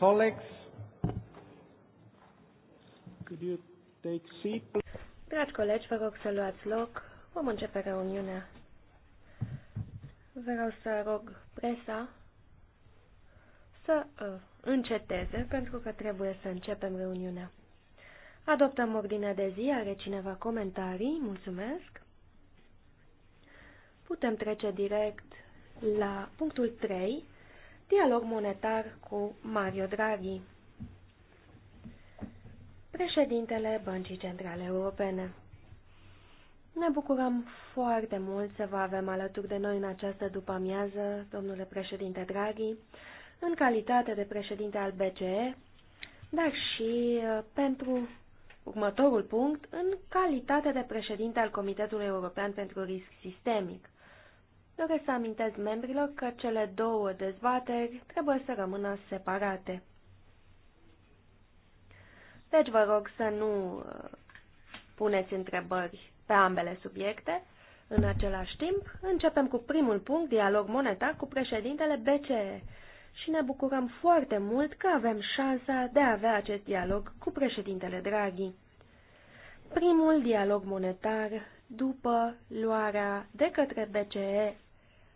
colleagues, could you take seat? Dragi colegi, vă rog să luați loc. Vom începe reuniunea. Vreau să rog presa să uh, înceteze, pentru că trebuie să începem reuniunea. Adoptăm ordinea de zi. Are cineva comentarii? Mulțumesc. Putem trece direct la punctul 3, dialog monetar cu Mario Draghi, președintele Băncii Centrale Europene. Ne bucurăm foarte mult să vă avem alături de noi în această după-amiază, domnule președinte Draghi, în calitate de președinte al BCE, dar și uh, pentru următorul punct, în calitate de președinte al Comitetului European pentru Risc Sistemic. Doresc să amintesc membrilor că cele două dezbateri trebuie să rămână separate. Deci vă rog să nu uh, puneți întrebări pe ambele subiecte. În același timp, începem cu primul punct, dialog monetar cu președintele BCE. Și ne bucurăm foarte mult că avem șansa de a avea acest dialog cu președintele Draghi. Primul dialog monetar după luarea de către BCE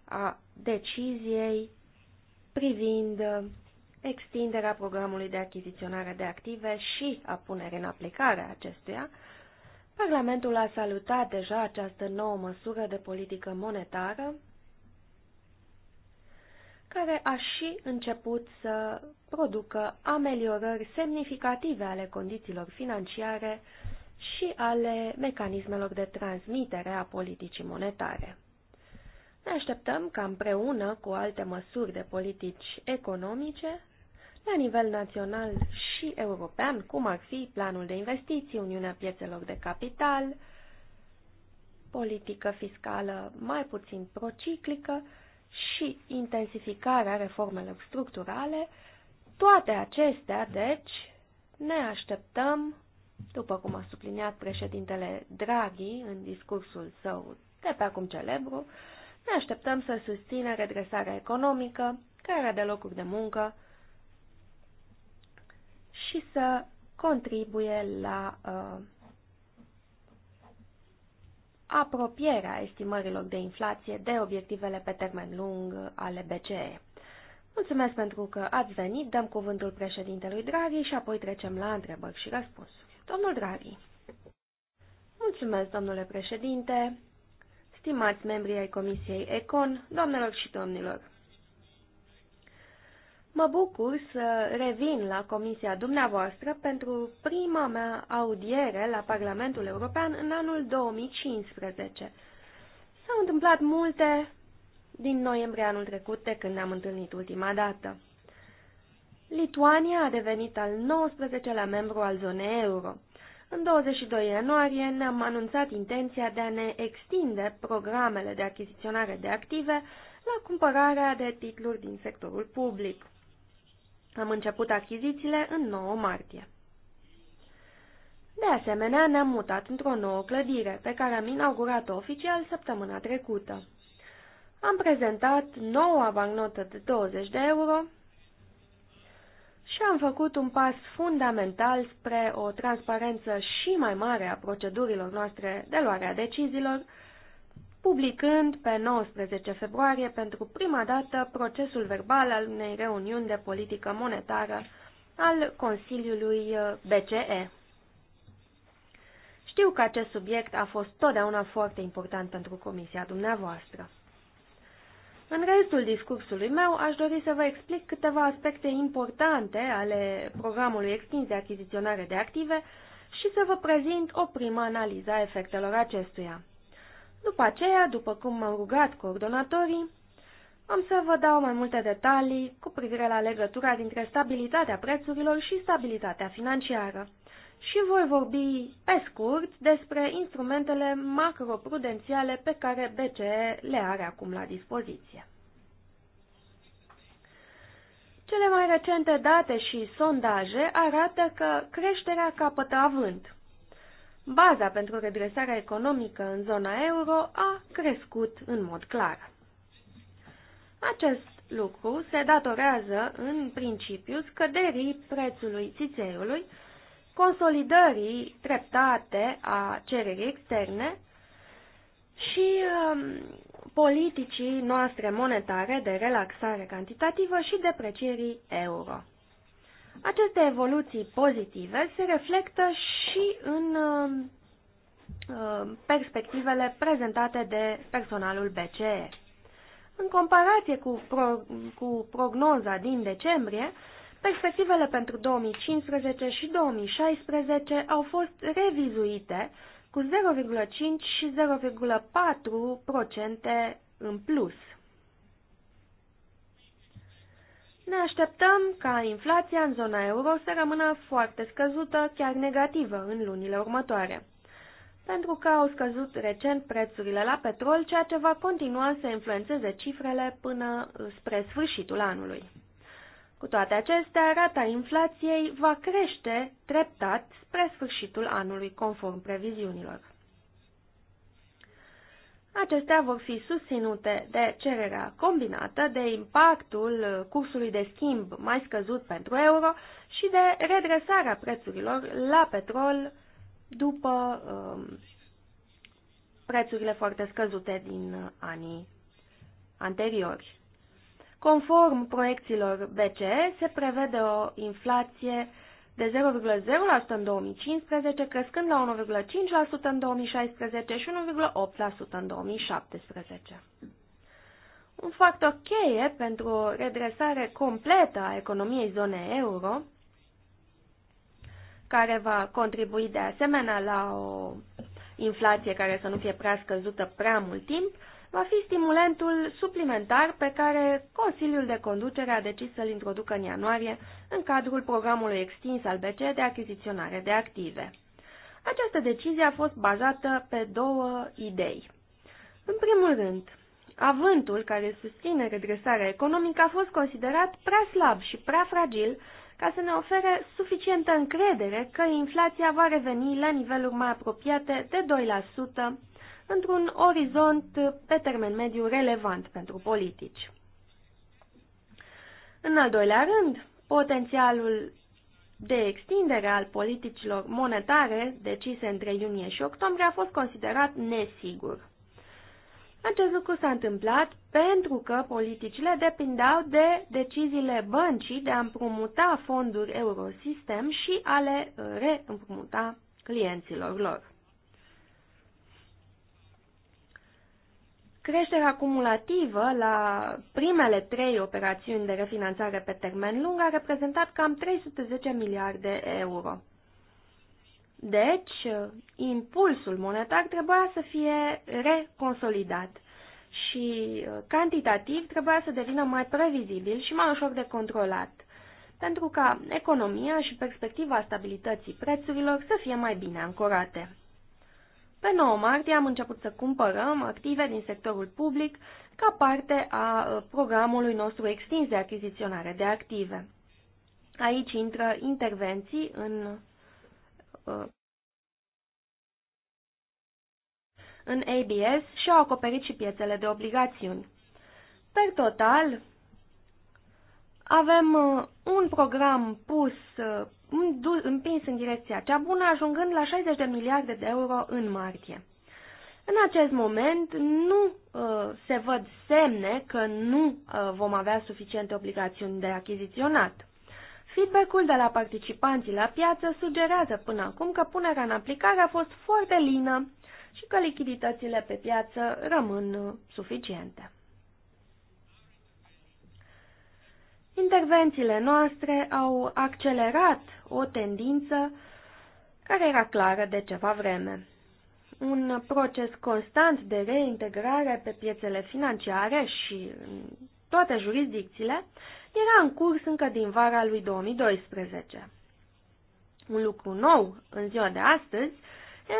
a deciziei privind extinderea programului de achiziționare de active și a punere în aplicare a acestuia, Parlamentul a salutat deja această nouă măsură de politică monetară, care a și început să producă ameliorări semnificative ale condițiilor financiare și ale mecanismelor de transmitere a politicii monetare. Ne așteptăm ca împreună cu alte măsuri de politici economice, la nivel național și european, cum ar fi planul de investiții, Uniunea Piețelor de Capital, politică fiscală mai puțin prociclică și intensificarea reformelor structurale, toate acestea, deci, ne așteptăm, după cum a subliniat președintele Draghi în discursul său de pe acum celebru, ne așteptăm să susțină redresarea economică, crearea de locuri de muncă și să contribuie la uh, apropierea estimărilor de inflație de obiectivele pe termen lung ale BCE. Mulțumesc pentru că ați venit, dăm cuvântul președintelui Draghi și apoi trecem la întrebări și răspunsuri. Domnul Draghi. Mulțumesc, domnule președinte stimați membrii ai Comisiei Econ, doamnelor și domnilor. Mă bucur să revin la Comisia dumneavoastră pentru prima mea audiere la Parlamentul European în anul 2015. S-au întâmplat multe din noiembrie anul trecut de când ne-am întâlnit ultima dată. Lituania a devenit al 19-lea membru al zonei euro. În 22 ianuarie ne-am anunțat intenția de a ne extinde programele de achiziționare de active la cumpărarea de titluri din sectorul public. Am început achizițiile în 9 martie. De asemenea, ne-am mutat într-o nouă clădire, pe care am inaugurat-o oficial săptămâna trecută. Am prezentat noua bancnotă de 20 de euro și am făcut un pas fundamental spre o transparență și mai mare a procedurilor noastre de luare a deciziilor, publicând pe 19 februarie pentru prima dată procesul verbal al unei reuniuni de politică monetară al Consiliului BCE. Știu că acest subiect a fost totdeauna foarte important pentru comisia dumneavoastră. În restul discursului meu aș dori să vă explic câteva aspecte importante ale programului extins de achiziționare de active și să vă prezint o primă analiză a efectelor acestuia. După aceea, după cum m-au rugat coordonatorii, am să vă dau mai multe detalii cu privire la legătura dintre stabilitatea prețurilor și stabilitatea financiară și voi vorbi pe scurt despre instrumentele macroprudențiale pe care BCE le are acum la dispoziție. Cele mai recente date și sondaje arată că creșterea capătă avânt. Baza pentru redresarea economică în zona euro a crescut în mod clar. Acest lucru se datorează, în principiu, scăderii prețului țițeiului, consolidării treptate a cererii externe și um, politicii noastre monetare de relaxare cantitativă și deprecierii euro. Aceste evoluții pozitive se reflectă și în um, um, perspectivele prezentate de personalul BCE. În comparație cu, pro, cu prognoza din decembrie, Perspectivele pentru 2015 și 2016 au fost revizuite cu 0,5 și 0,4% în plus. Ne așteptăm ca inflația în zona euro să rămână foarte scăzută, chiar negativă, în lunile următoare. Pentru că au scăzut recent prețurile la petrol, ceea ce va continua să influențeze cifrele până spre sfârșitul anului. Cu toate acestea, rata inflației va crește treptat spre sfârșitul anului conform previziunilor. Acestea vor fi susținute de cererea combinată, de impactul cursului de schimb mai scăzut pentru euro și de redresarea prețurilor la petrol după um, prețurile foarte scăzute din anii anteriori. Conform proiecțiilor BCE, se prevede o inflație de 0,0% în 2015, crescând la 1,5% în 2016 și 1,8% în 2017. Un factor cheie pentru o redresare completă a economiei zonei euro, care va contribui de asemenea la o inflație care să nu fie prea scăzută prea mult timp, va fi stimulentul suplimentar pe care Consiliul de Conducere a decis să-l introducă în ianuarie în cadrul programului extins al BCE de achiziționare de active. Această decizie a fost bazată pe două idei. În primul rând, avântul care susține redresarea economică a fost considerat prea slab și prea fragil ca să ne ofere suficientă încredere că inflația va reveni la niveluri mai apropiate de 2% într-un orizont pe termen mediu relevant pentru politici. În al doilea rând, potențialul de extindere al politicilor monetare decise între iunie și octombrie a fost considerat nesigur. Acest lucru s-a întâmplat pentru că politicile depindeau de deciziile băncii de a împrumuta fonduri Eurosystem și a le uh, reîmprumuta clienților lor. Creșterea cumulativă la primele trei operațiuni de refinanțare pe termen lung a reprezentat cam 310 miliarde euro. Deci, impulsul monetar trebuia să fie reconsolidat și uh, cantitativ trebuia să devină mai previzibil și mai ușor de controlat, pentru ca economia și perspectiva stabilității prețurilor să fie mai bine ancorate. Pe 9 martie am început să cumpărăm active din sectorul public ca parte a programului nostru extins de achiziționare de active. Aici intră intervenții în, în ABS și au acoperit și piețele de obligațiuni. Per total, avem uh, un program pus, uh, împins în direcția cea bună, ajungând la 60 de miliarde de euro în martie. În acest moment nu uh, se văd semne că nu uh, vom avea suficiente obligațiuni de achiziționat. Feedback-ul de la participanții la piață sugerează până acum că punerea în aplicare a fost foarte lină și că lichiditățile pe piață rămân uh, suficiente. Intervențiile noastre au accelerat o tendință care era clară de ceva vreme. Un proces constant de reintegrare pe piețele financiare și toate jurisdicțiile era în curs încă din vara lui 2012. Un lucru nou în ziua de astăzi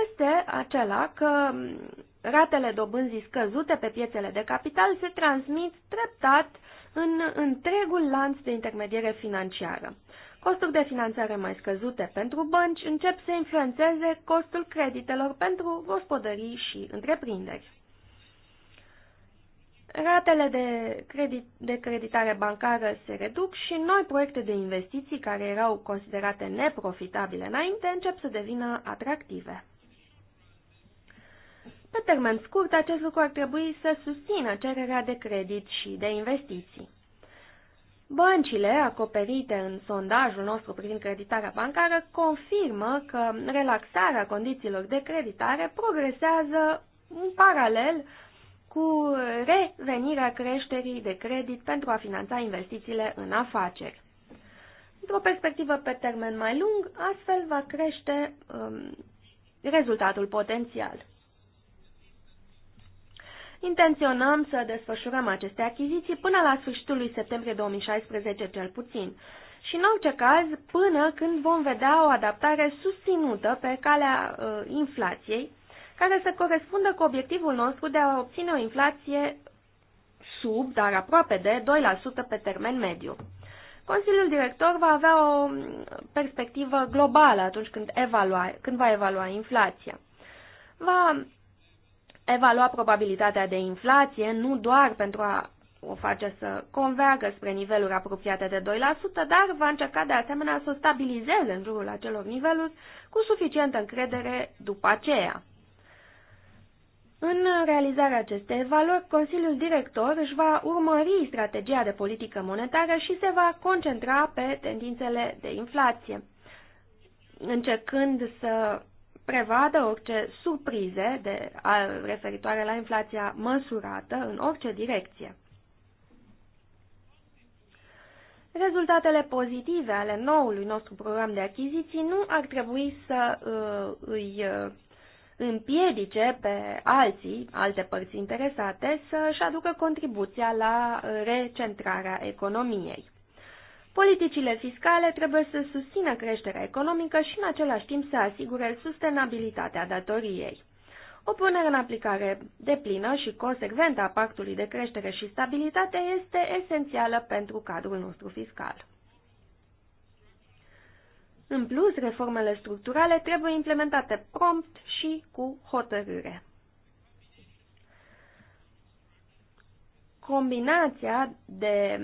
este acela că ratele dobânzii scăzute pe piețele de capital se transmit treptat în întregul lanț de intermediere financiară. Costuri de finanțare mai scăzute pentru bănci încep să influențeze costul creditelor pentru gospodării și întreprinderi. Ratele de, credit, de creditare bancară se reduc și noi proiecte de investiții care erau considerate neprofitabile înainte încep să devină atractive. Pe termen scurt, acest lucru ar trebui să susțină cererea de credit și de investiții. Băncile acoperite în sondajul nostru privind creditarea bancară confirmă că relaxarea condițiilor de creditare progresează în paralel cu revenirea creșterii de credit pentru a finanța investițiile în afaceri. Într-o perspectivă pe termen mai lung, astfel va crește um, rezultatul potențial. Intenționăm să desfășurăm aceste achiziții până la sfârșitul lui septembrie 2016 cel puțin și în orice caz până când vom vedea o adaptare susținută pe calea uh, inflației care să corespundă cu obiectivul nostru de a obține o inflație sub, dar aproape de 2% pe termen mediu. Consiliul director va avea o mm, perspectivă globală atunci când, evalua, când va evalua inflația. Va evalua probabilitatea de inflație, nu doar pentru a o face să convergă spre niveluri apropiate de 2%, dar va încerca de asemenea să o stabilizeze în jurul acelor niveluri cu suficientă încredere după aceea. În realizarea acestei evaluări, Consiliul Director își va urmări strategia de politică monetară și se va concentra pe tendințele de inflație, încercând să prevadă orice surprize de, a, referitoare la inflația măsurată în orice direcție. Rezultatele pozitive ale noului nostru program de achiziții nu ar trebui să uh, îi uh, împiedice pe alții, alte părți interesate, să-și aducă contribuția la recentrarea economiei. Politicile fiscale trebuie să susțină creșterea economică și în același timp să asigure sustenabilitatea datoriei. O punere în aplicare deplină și consecventă a pactului de creștere și stabilitate este esențială pentru cadrul nostru fiscal. În plus, reformele structurale trebuie implementate prompt și cu hotărâre. combinația de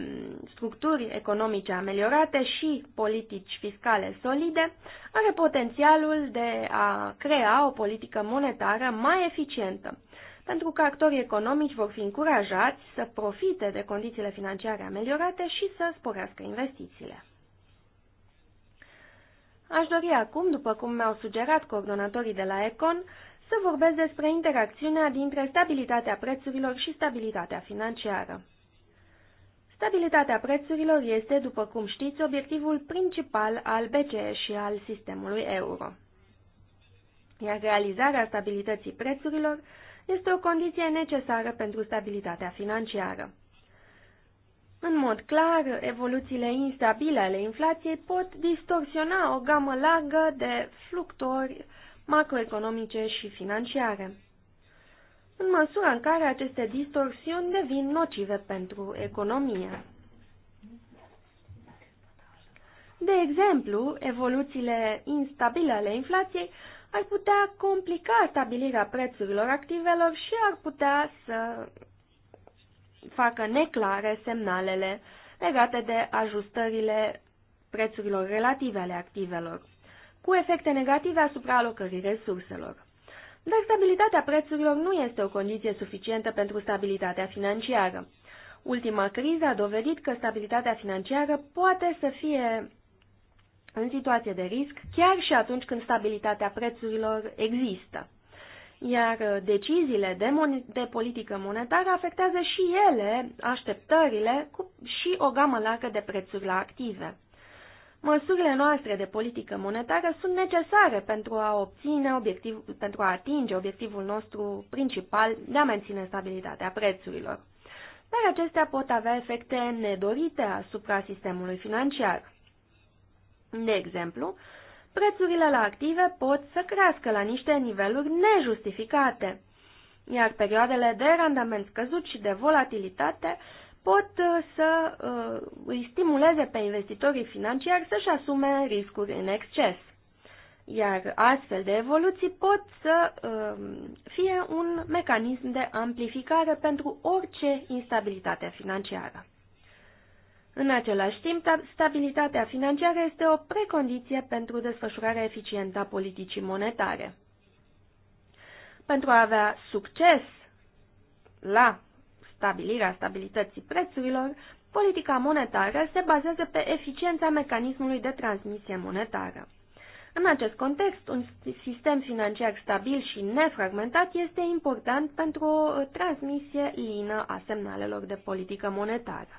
structuri economice ameliorate și politici fiscale solide are potențialul de a crea o politică monetară mai eficientă, pentru că actorii economici vor fi încurajați să profite de condițiile financiare ameliorate și să sporească investițiile. Aș dori acum, după cum mi-au sugerat coordonatorii de la Econ, să vorbesc despre interacțiunea dintre stabilitatea prețurilor și stabilitatea financiară. Stabilitatea prețurilor este, după cum știți, obiectivul principal al BCE și al sistemului euro. Iar realizarea stabilității prețurilor este o condiție necesară pentru stabilitatea financiară. În mod clar, evoluțiile instabile ale inflației pot distorsiona o gamă largă de fluctuări macroeconomice și financiare, în măsura în care aceste distorsiuni devin nocive pentru economie. De exemplu, evoluțiile instabile ale inflației ar putea complica stabilirea prețurilor activelor și ar putea să facă neclare semnalele legate de ajustările prețurilor relative ale activelor cu efecte negative asupra alocării resurselor. Dar stabilitatea prețurilor nu este o condiție suficientă pentru stabilitatea financiară. Ultima criză a dovedit că stabilitatea financiară poate să fie în situație de risc chiar și atunci când stabilitatea prețurilor există. Iar uh, deciziile de, de politică monetară afectează și ele așteptările cu și o gamă largă de prețuri la active. Măsurile noastre de politică monetară sunt necesare pentru a, obține obiectiv, pentru a atinge obiectivul nostru principal de a menține stabilitatea prețurilor. Dar acestea pot avea efecte nedorite asupra sistemului financiar. De exemplu, prețurile la active pot să crească la niște niveluri nejustificate, iar perioadele de randament scăzut și de volatilitate pot uh, să uh, îi stimuleze pe investitorii financiari să-și asume riscuri în exces. Iar astfel de evoluții pot să um, fie un mecanism de amplificare pentru orice instabilitate financiară. În același timp, stabilitatea financiară este o precondiție pentru desfășurarea eficientă a politicii monetare. Pentru a avea succes la stabilirea stabilității prețurilor, politica monetară se bazează pe eficiența mecanismului de transmisie monetară. În acest context, un sistem financiar stabil și nefragmentat este important pentru o transmisie lină a semnalelor de politică monetară.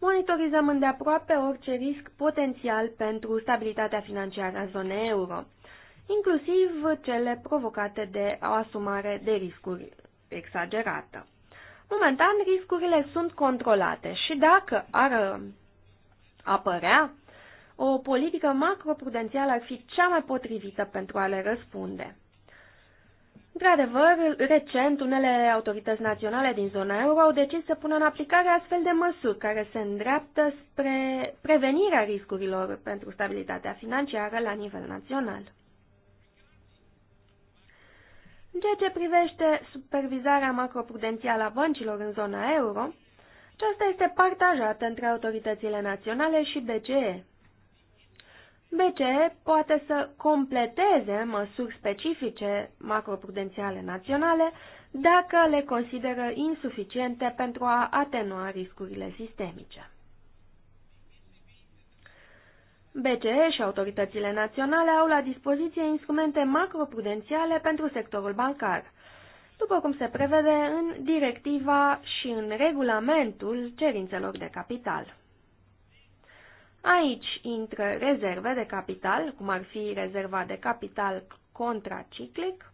Monitorizăm îndeaproape orice risc potențial pentru stabilitatea financiară a zonei euro, inclusiv cele provocate de o asumare de riscuri exagerată. Momentan, riscurile sunt controlate și dacă ar uh, apărea, o politică macroprudențială ar fi cea mai potrivită pentru a le răspunde. Într-adevăr, recent, unele autorități naționale din zona euro au decis să pună în aplicare astfel de măsuri care se îndreaptă spre prevenirea riscurilor pentru stabilitatea financiară la nivel național. În ceea ce privește supervizarea macroprudențială a băncilor în zona euro, aceasta este partajată între autoritățile naționale și BCE. BCE poate să completeze măsuri specifice macroprudențiale naționale dacă le consideră insuficiente pentru a atenua riscurile sistemice. BCE și autoritățile naționale au la dispoziție instrumente macroprudențiale pentru sectorul bancar, după cum se prevede în directiva și în regulamentul cerințelor de capital. Aici intră rezerve de capital, cum ar fi rezerva de capital contraciclic,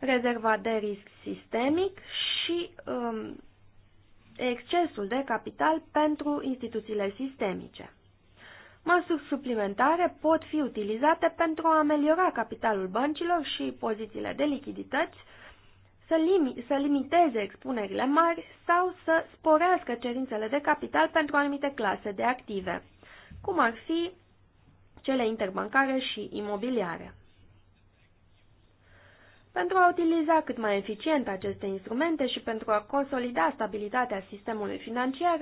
rezerva de risc sistemic și um, excesul de capital pentru instituțiile sistemice. Măsuri suplimentare pot fi utilizate pentru a ameliora capitalul băncilor și pozițiile de lichidități, să, limi să limiteze expunerile mari sau să sporească cerințele de capital pentru anumite clase de active, cum ar fi cele interbancare și imobiliare. Pentru a utiliza cât mai eficient aceste instrumente și pentru a consolida stabilitatea sistemului financiar,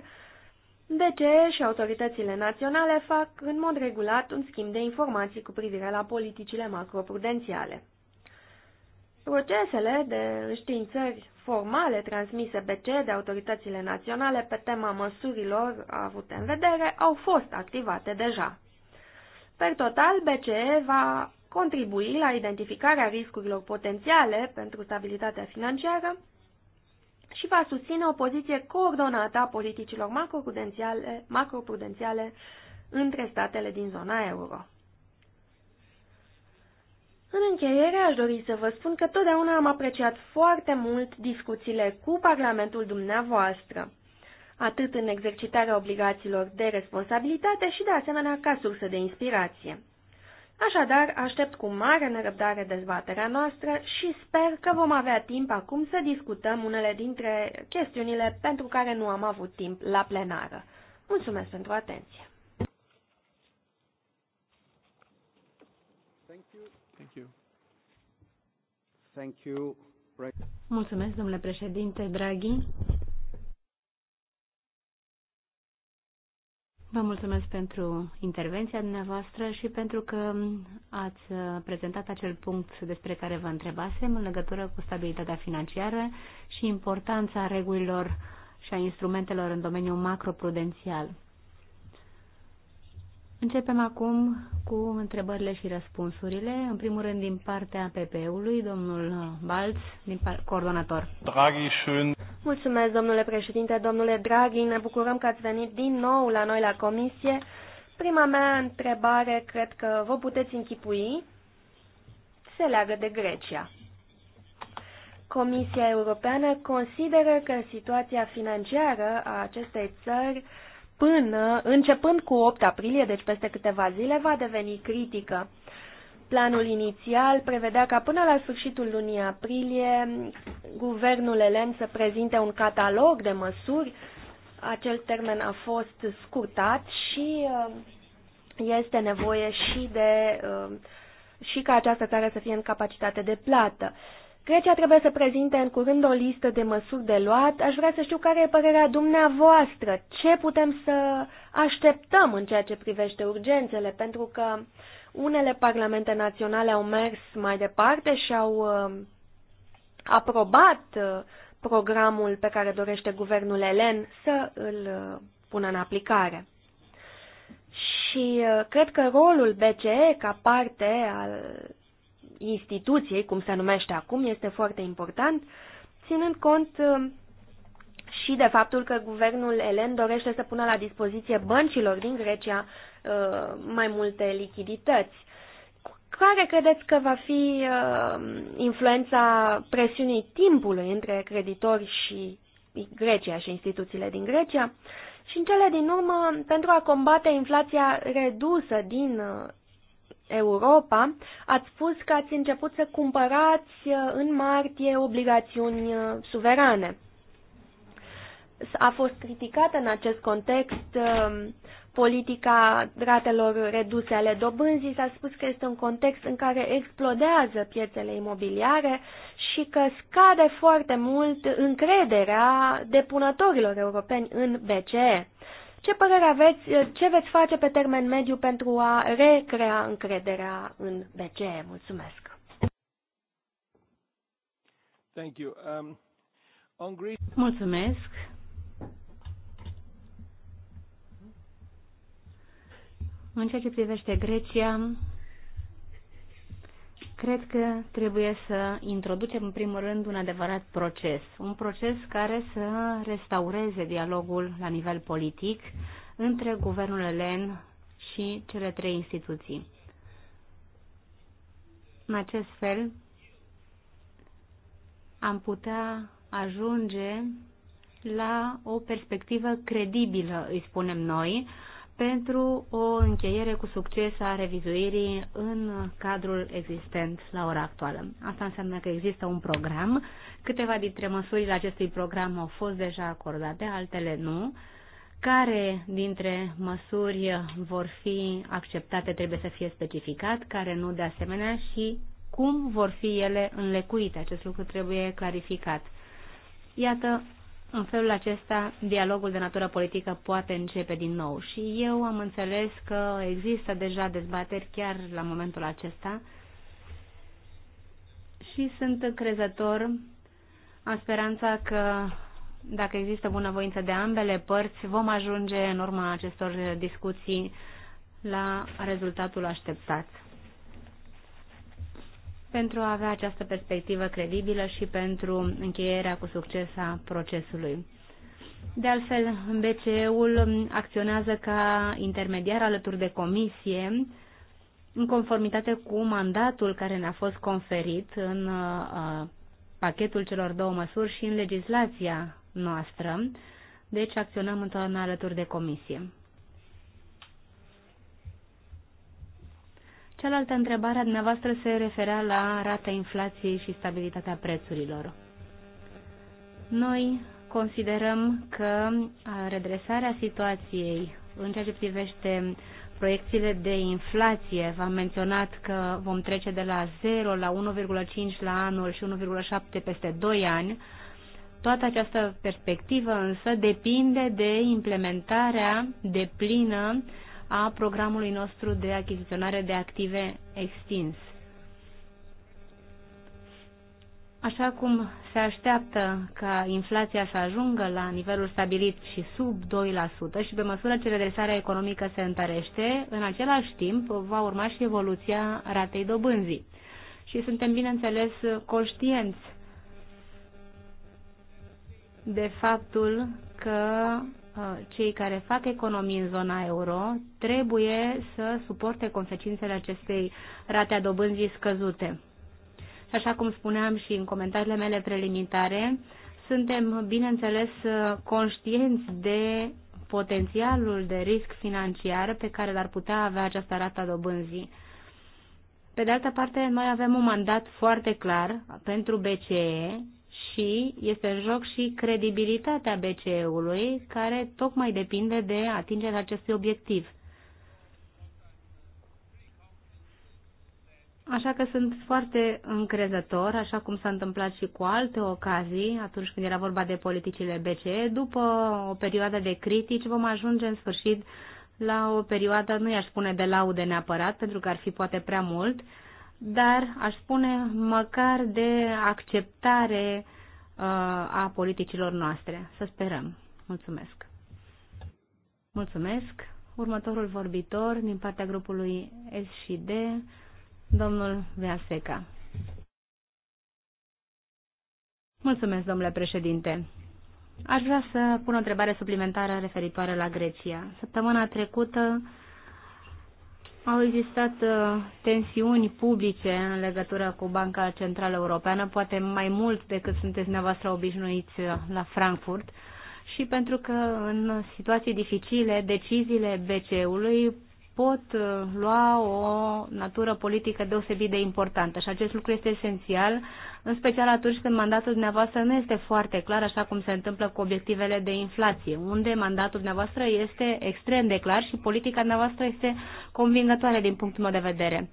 de ce și autoritățile naționale fac în mod regulat un schimb de informații cu privire la politicile macroprudențiale. Procesele de înștiințări formale transmise BC de autoritățile naționale pe tema măsurilor avute în vedere au fost activate deja. Per total, BCE va contribui la identificarea riscurilor potențiale pentru stabilitatea financiară și va susține o poziție coordonată a politicilor macroprudențiale, macroprudențiale între statele din zona euro. În încheiere, aș dori să vă spun că totdeauna am apreciat foarte mult discuțiile cu Parlamentul dumneavoastră, atât în exercitarea obligațiilor de responsabilitate și, de asemenea, ca sursă de inspirație. Așadar, aștept cu mare nerăbdare dezbaterea noastră și sper că vom avea timp acum să discutăm unele dintre chestiunile pentru care nu am avut timp la plenară. Mulțumesc pentru atenție! Mulțumesc, domnule președinte Draghi. Vă mulțumesc pentru intervenția dumneavoastră și pentru că ați prezentat acel punct despre care vă întrebasem în legătură cu stabilitatea financiară și importanța regulilor și a instrumentelor în domeniul macroprudențial. Începem acum cu întrebările și răspunsurile. În primul rând din partea PP-ului, domnul Balț, din coordonator. Draghi, schön. Mulțumesc, domnule președinte, domnule Draghi, ne bucurăm că ați venit din nou la noi la comisie. Prima mea întrebare, cred că vă puteți închipui, se leagă de Grecia. Comisia Europeană consideră că situația financiară a acestei țări uh, până, începând cu 8 aprilie, deci peste câteva zile, va deveni critică. Planul inițial prevedea ca până la sfârșitul lunii aprilie guvernul elen să prezinte un catalog de măsuri. Acel termen a fost scurtat și uh, este nevoie și de uh, și ca această țară să fie în capacitate de plată. Grecia trebuie să prezinte în curând o listă de măsuri de luat. Aș vrea să știu care e părerea dumneavoastră. Ce putem să așteptăm în ceea ce privește urgențele? Pentru că unele parlamente naționale au mers mai departe și au uh, aprobat uh, programul pe care dorește guvernul elen să îl uh, pună în aplicare. Și cred că rolul BCE ca parte al instituției, cum se numește acum, este foarte important, ținând cont um, și de faptul că guvernul elen dorește să pună la dispoziție băncilor din Grecia uh, mai multe lichidități. Care credeți că va fi uh, influența presiunii timpului între creditori și Grecia și instituțiile din Grecia? Și în cele din urmă, pentru a combate inflația redusă din uh, Europa, ați spus că ați început să cumpărați uh, în martie obligațiuni uh, suverane. A fost criticată în acest context uh, politica ratelor reduse ale dobânzii, s-a spus că este un context în care explodează piețele imobiliare și că scade foarte mult încrederea depunătorilor europeni în BCE. Ce părere aveți, eh, ce veți face pe termen mediu pentru a recrea încrederea în BCE? Mulțumesc! Thank you. Um, on Greece... Mulțumesc! În ceea ce privește Grecia, Cred că trebuie să introducem în primul rând un adevărat proces, un proces care să restaureze dialogul la nivel politic între guvernul elen și cele trei instituții. În acest fel am putea ajunge la o perspectivă credibilă, îi spunem noi, pentru o încheiere cu succes a revizuirii în cadrul existent la ora actuală. Asta înseamnă că există un program, câteva dintre măsurile acestui program au fost deja acordate, altele nu. Care dintre măsuri vor fi acceptate trebuie să fie specificat, care nu de asemenea și cum vor fi ele înlecuite. Acest lucru trebuie clarificat. Iată în felul acesta, dialogul de natură politică poate începe din nou și eu am înțeles că există deja dezbateri chiar la momentul acesta și sunt încrezător în speranța că dacă există bunăvoință de ambele părți, vom ajunge în urma acestor discuții la rezultatul așteptat pentru a avea această perspectivă credibilă și pentru încheierea cu succes a procesului. De altfel, BCE-ul acționează ca intermediar alături de comisie, în conformitate cu mandatul care ne-a fost conferit în uh, pachetul celor două măsuri și în legislația noastră, deci acționăm întotdeauna alături de comisie. Cealaltă întrebare a dumneavoastră se referea la rata inflației și stabilitatea prețurilor. Noi considerăm că redresarea situației în ceea ce privește proiecțiile de inflație, v-am menționat că vom trece de la 0 la 1,5 la anul și 1,7 peste 2 ani, toată această perspectivă însă depinde de implementarea deplină plină a programului nostru de achiziționare de active extins. Așa cum se așteaptă ca inflația să ajungă la nivelul stabilit și sub 2% și pe măsură ce redresarea economică se întărește, în același timp va urma și evoluția ratei dobânzii. Și suntem, bineînțeles, conștienți de faptul că Uh, cei care fac economii în zona euro trebuie să suporte consecințele acestei rate a dobânzii scăzute. Și așa cum spuneam și în comentariile mele preliminare, suntem, bineînțeles, uh, conștienți de potențialul de risc financiar pe care l-ar putea avea această rată a dobânzii. Pe de altă parte, noi avem un mandat foarte clar pentru BCE și este în joc și credibilitatea BCE-ului, care tocmai depinde de atingerea acestui obiectiv. Așa că sunt foarte încrezător, așa cum s-a întâmplat și cu alte ocazii, atunci când era vorba de politicile BCE, după o perioadă de critici vom ajunge în sfârșit la o perioadă, nu i-aș spune de laude neapărat, pentru că ar fi poate prea mult, dar aș spune măcar de acceptare a politicilor noastre. Să sperăm. Mulțumesc. Mulțumesc. Următorul vorbitor din partea grupului S și D, domnul Veaseca. Mulțumesc, domnule președinte. Aș vrea să pun o întrebare suplimentară referitoare la Grecia. Săptămâna trecută au existat uh, tensiuni publice în legătură cu Banca Centrală Europeană, poate mai mult decât sunteți dumneavoastră obișnuiți uh, la Frankfurt, și pentru că în situații dificile deciziile BCE-ului pot uh, lua o natură politică deosebit de importantă și acest lucru este esențial, în special atunci când mandatul dumneavoastră nu este foarte clar, așa cum se întâmplă cu obiectivele de inflație, unde mandatul dumneavoastră este extrem de clar și politica dumneavoastră este convingătoare din punctul meu de vedere.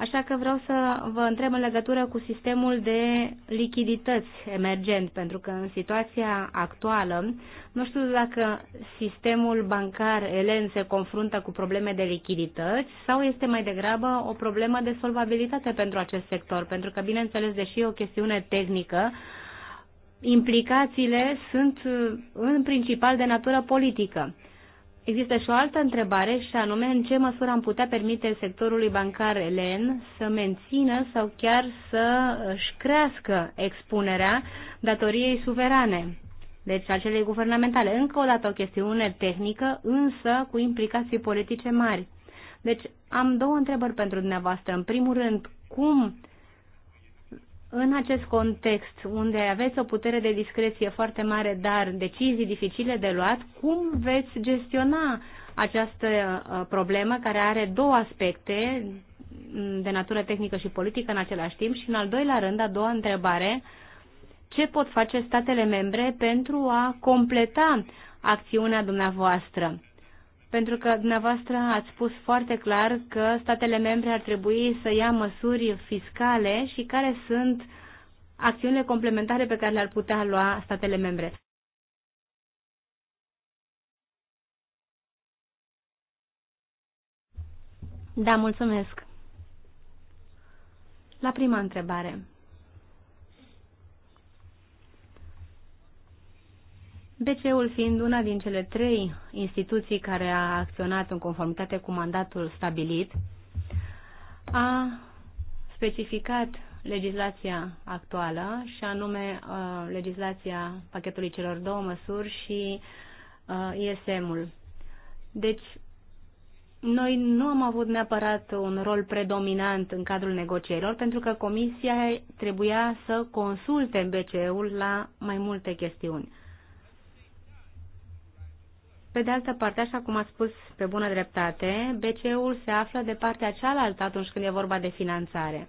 Așa că vreau să vă întreb în legătură cu sistemul de lichidități emergent, pentru că în situația actuală, nu știu dacă sistemul bancar elen se confruntă cu probleme de lichidități sau este mai degrabă o problemă de solvabilitate pentru acest sector, pentru că, bineînțeles, deși e o chestiune tehnică, implicațiile sunt în principal de natură politică. Există și o altă întrebare și anume în ce măsură am putea permite sectorului bancar elen să mențină sau chiar să își crească expunerea datoriei suverane, deci acelei guvernamentale. Încă o dată o chestiune tehnică, însă cu implicații politice mari. Deci am două întrebări pentru dumneavoastră. În primul rând, cum în acest context, unde aveți o putere de discreție foarte mare, dar decizii dificile de luat, cum veți gestiona această uh, problemă care are două aspecte de natură tehnică și politică în același timp? Și în al doilea rând, a doua întrebare, ce pot face statele membre pentru a completa acțiunea dumneavoastră? pentru că dumneavoastră ați spus foarte clar că statele membre ar trebui să ia măsuri fiscale și care sunt acțiunile complementare pe care le-ar putea lua statele membre. Da, mulțumesc. La prima întrebare. BCE-ul fiind una din cele trei instituții care a acționat în conformitate cu mandatul stabilit, a specificat legislația actuală și anume uh, legislația pachetului celor două măsuri și uh, ISM-ul. Deci, noi nu am avut neapărat un rol predominant în cadrul negocierilor, pentru că Comisia trebuia să consulte BCE-ul la mai multe chestiuni. Pe de altă parte, așa cum a spus pe bună dreptate, BCE-ul se află de partea cealaltă atunci când e vorba de finanțare.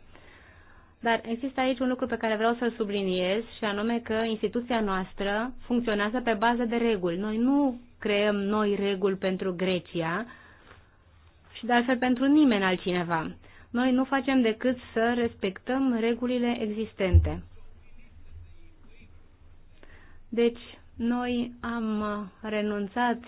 Dar există aici un lucru pe care vreau să-l subliniez și anume că instituția noastră funcționează pe bază de reguli. Noi nu creăm noi reguli pentru Grecia și de altfel pentru nimeni altcineva. Noi nu facem decât să respectăm regulile existente. Deci, noi am uh, renunțat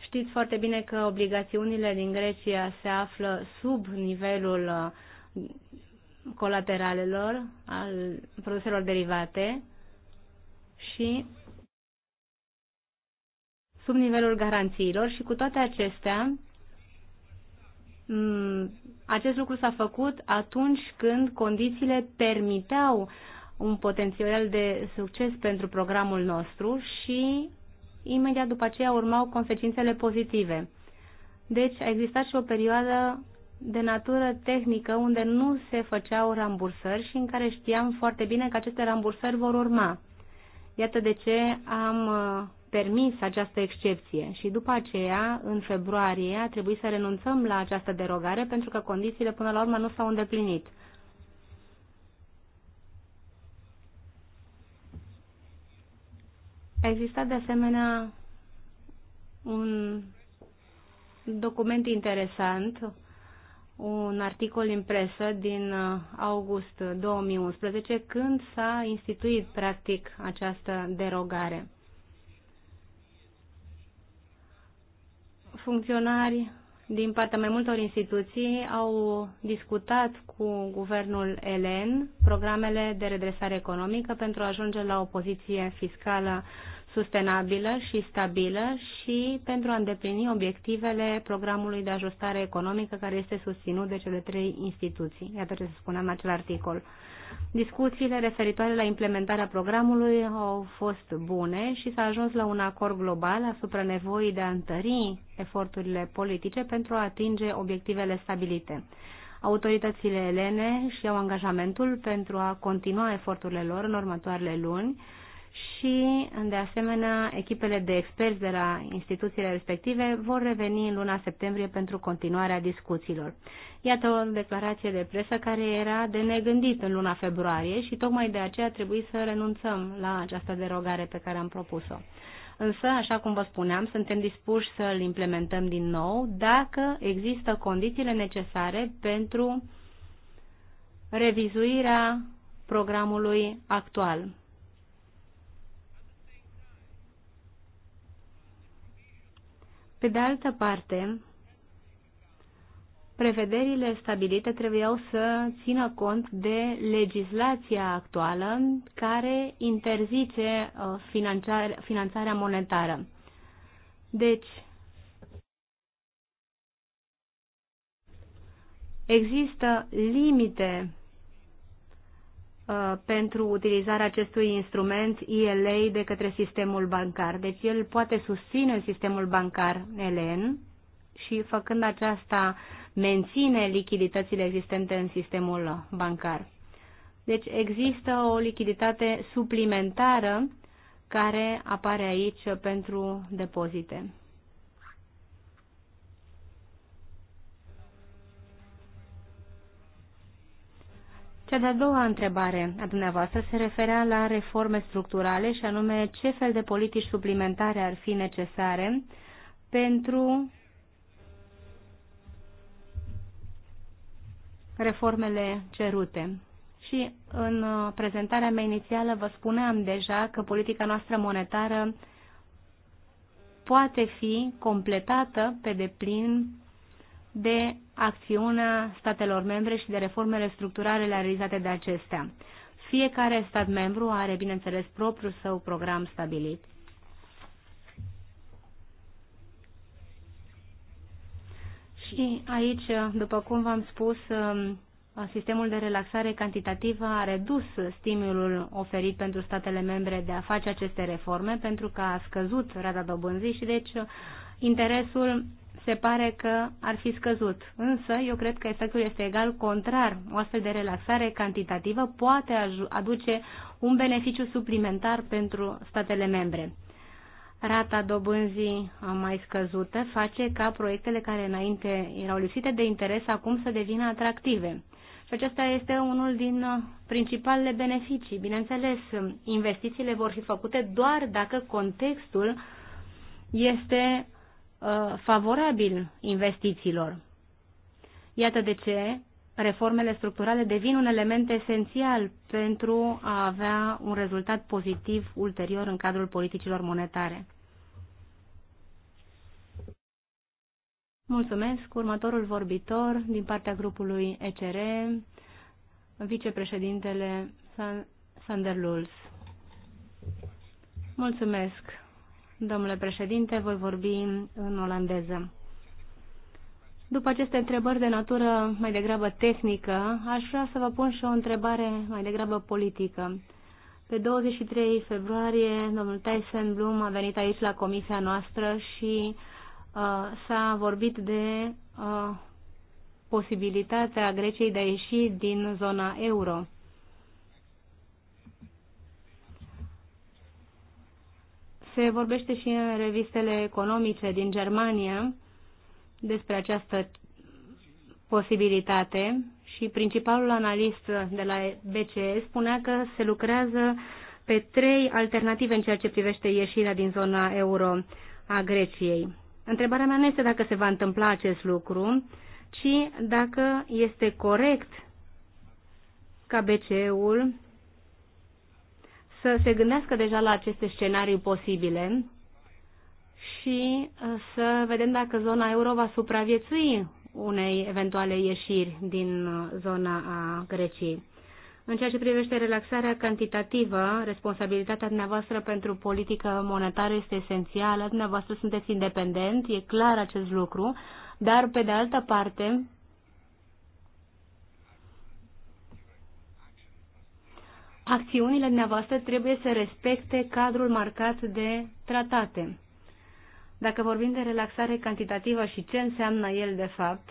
Știți foarte bine că obligațiunile din Grecia se află sub nivelul uh, colateralelor al produselor derivate și sub nivelul garanțiilor și cu toate acestea mm, acest lucru s-a făcut atunci când condițiile permiteau un potențial de succes pentru programul nostru și imediat după aceea urmau consecințele pozitive. Deci a existat și o perioadă de natură tehnică unde nu se făceau rambursări și în care știam foarte bine că aceste rambursări vor urma. Iată de ce am uh, permis această excepție și după aceea, în februarie, a trebuit să renunțăm la această derogare pentru că condițiile până la urmă nu s-au îndeplinit. A existat de asemenea un document interesant, un articol în presă din uh, august 2011, când s-a instituit practic această derogare. Funcționari din partea mai multor instituții au discutat cu guvernul elen programele de redresare economică pentru a ajunge la o poziție fiscală uh, sustenabilă și stabilă și pentru a îndeplini obiectivele programului de ajustare economică care este susținut de cele trei instituții. Iată ce se spunea în acel articol. Discuțiile referitoare la implementarea programului au fost bune și s-a ajuns la un acord global asupra nevoii de a întări eforturile politice pentru a atinge obiectivele stabilite. Autoritățile elene și-au angajamentul pentru a continua eforturile lor în următoarele luni, și, de asemenea, echipele de experți de la instituțiile respective vor reveni în luna septembrie pentru continuarea discuțiilor. Iată o declarație de presă care era de negândit în luna februarie și tocmai de aceea trebuie să renunțăm la această derogare pe care am propus-o. Însă, așa cum vă spuneam, suntem dispuși să îl implementăm din nou dacă există condițiile necesare pentru revizuirea programului actual Pe de altă parte, prevederile stabilite trebuiau să țină cont de legislația actuală care interzice uh, finanțarea monetară. Deci, există limite Uh, pentru utilizarea acestui instrument ELA de către sistemul bancar. Deci el poate susține sistemul bancar elen și făcând aceasta menține lichiditățile existente în sistemul bancar. Deci există o lichiditate suplimentară care apare aici pentru depozite. Cea de-a doua întrebare a dumneavoastră se referea la reforme structurale și anume ce fel de politici suplimentare ar fi necesare pentru reformele cerute. Și în uh, prezentarea mea inițială vă spuneam deja că politica noastră monetară poate fi completată pe deplin de acțiunea statelor membre și de reformele structurale realizate de acestea. Fiecare stat membru are, bineînțeles, propriul său program stabilit. Și aici, după cum v-am spus, um, sistemul de relaxare cantitativă a redus stimulul oferit pentru statele membre de a face aceste reforme pentru că a scăzut rata dobânzii și deci interesul se pare că ar fi scăzut. Însă, eu cred că efectul este egal contrar. O astfel de relaxare cantitativă poate aduce un beneficiu suplimentar pentru statele membre. Rata dobânzii mai scăzută face ca proiectele care înainte erau lipsite de interes acum să devină atractive. Și acesta este unul din principalele beneficii. Bineînțeles, investițiile vor fi făcute doar dacă contextul este Uh, favorabil investițiilor. Iată de ce reformele structurale devin un element esențial pentru a avea un rezultat pozitiv ulterior în cadrul politicilor monetare. Mulțumesc. Următorul vorbitor din partea grupului ECR, vicepreședintele Sander Lulz. Mulțumesc domnule președinte, voi vorbi în olandeză. După aceste întrebări de natură mai degrabă tehnică, aș vrea să vă pun și o întrebare mai degrabă politică. Pe 23 februarie, domnul Tyson Bloom a venit aici la comisia noastră și uh, s-a vorbit de uh, posibilitatea Greciei de a ieși din zona euro. Se vorbește și în revistele economice din Germania despre această posibilitate și principalul analist de la BCE spunea că se lucrează pe trei alternative în ceea ce privește ieșirea din zona euro a Greciei. Întrebarea mea nu este dacă se va întâmpla acest lucru, ci dacă este corect ca BCE-ul să se gândească deja la aceste scenarii posibile și uh, să vedem dacă zona euro va supraviețui unei eventuale ieșiri din uh, zona a Greciei. În ceea ce privește relaxarea cantitativă, responsabilitatea dumneavoastră pentru politică monetară este esențială. Dumneavoastră sunteți independent, e clar acest lucru, dar pe de altă parte acțiunile dumneavoastră trebuie să respecte cadrul marcat de tratate. Dacă vorbim de relaxare cantitativă și ce înseamnă el de fapt,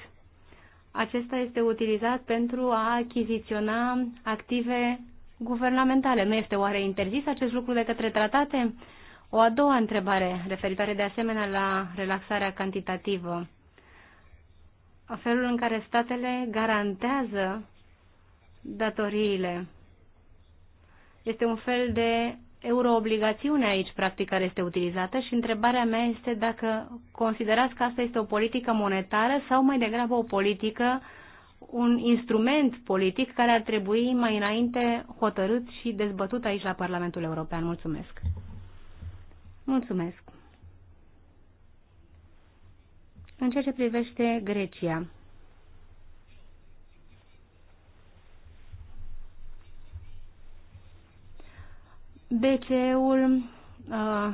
acesta este utilizat pentru a achiziționa active guvernamentale. Nu este oare interzis acest lucru de către tratate? O a doua întrebare, referitoare de asemenea la relaxarea cantitativă. Felul în care statele garantează datoriile este un fel de euroobligațiune aici, practic, care este utilizată și întrebarea mea este dacă considerați că asta este o politică monetară sau mai degrabă o politică, un instrument politic care ar trebui mai înainte hotărât și dezbătut aici la Parlamentul European. Mulțumesc! Mulțumesc! În ceea ce privește Grecia, BCE-ul uh,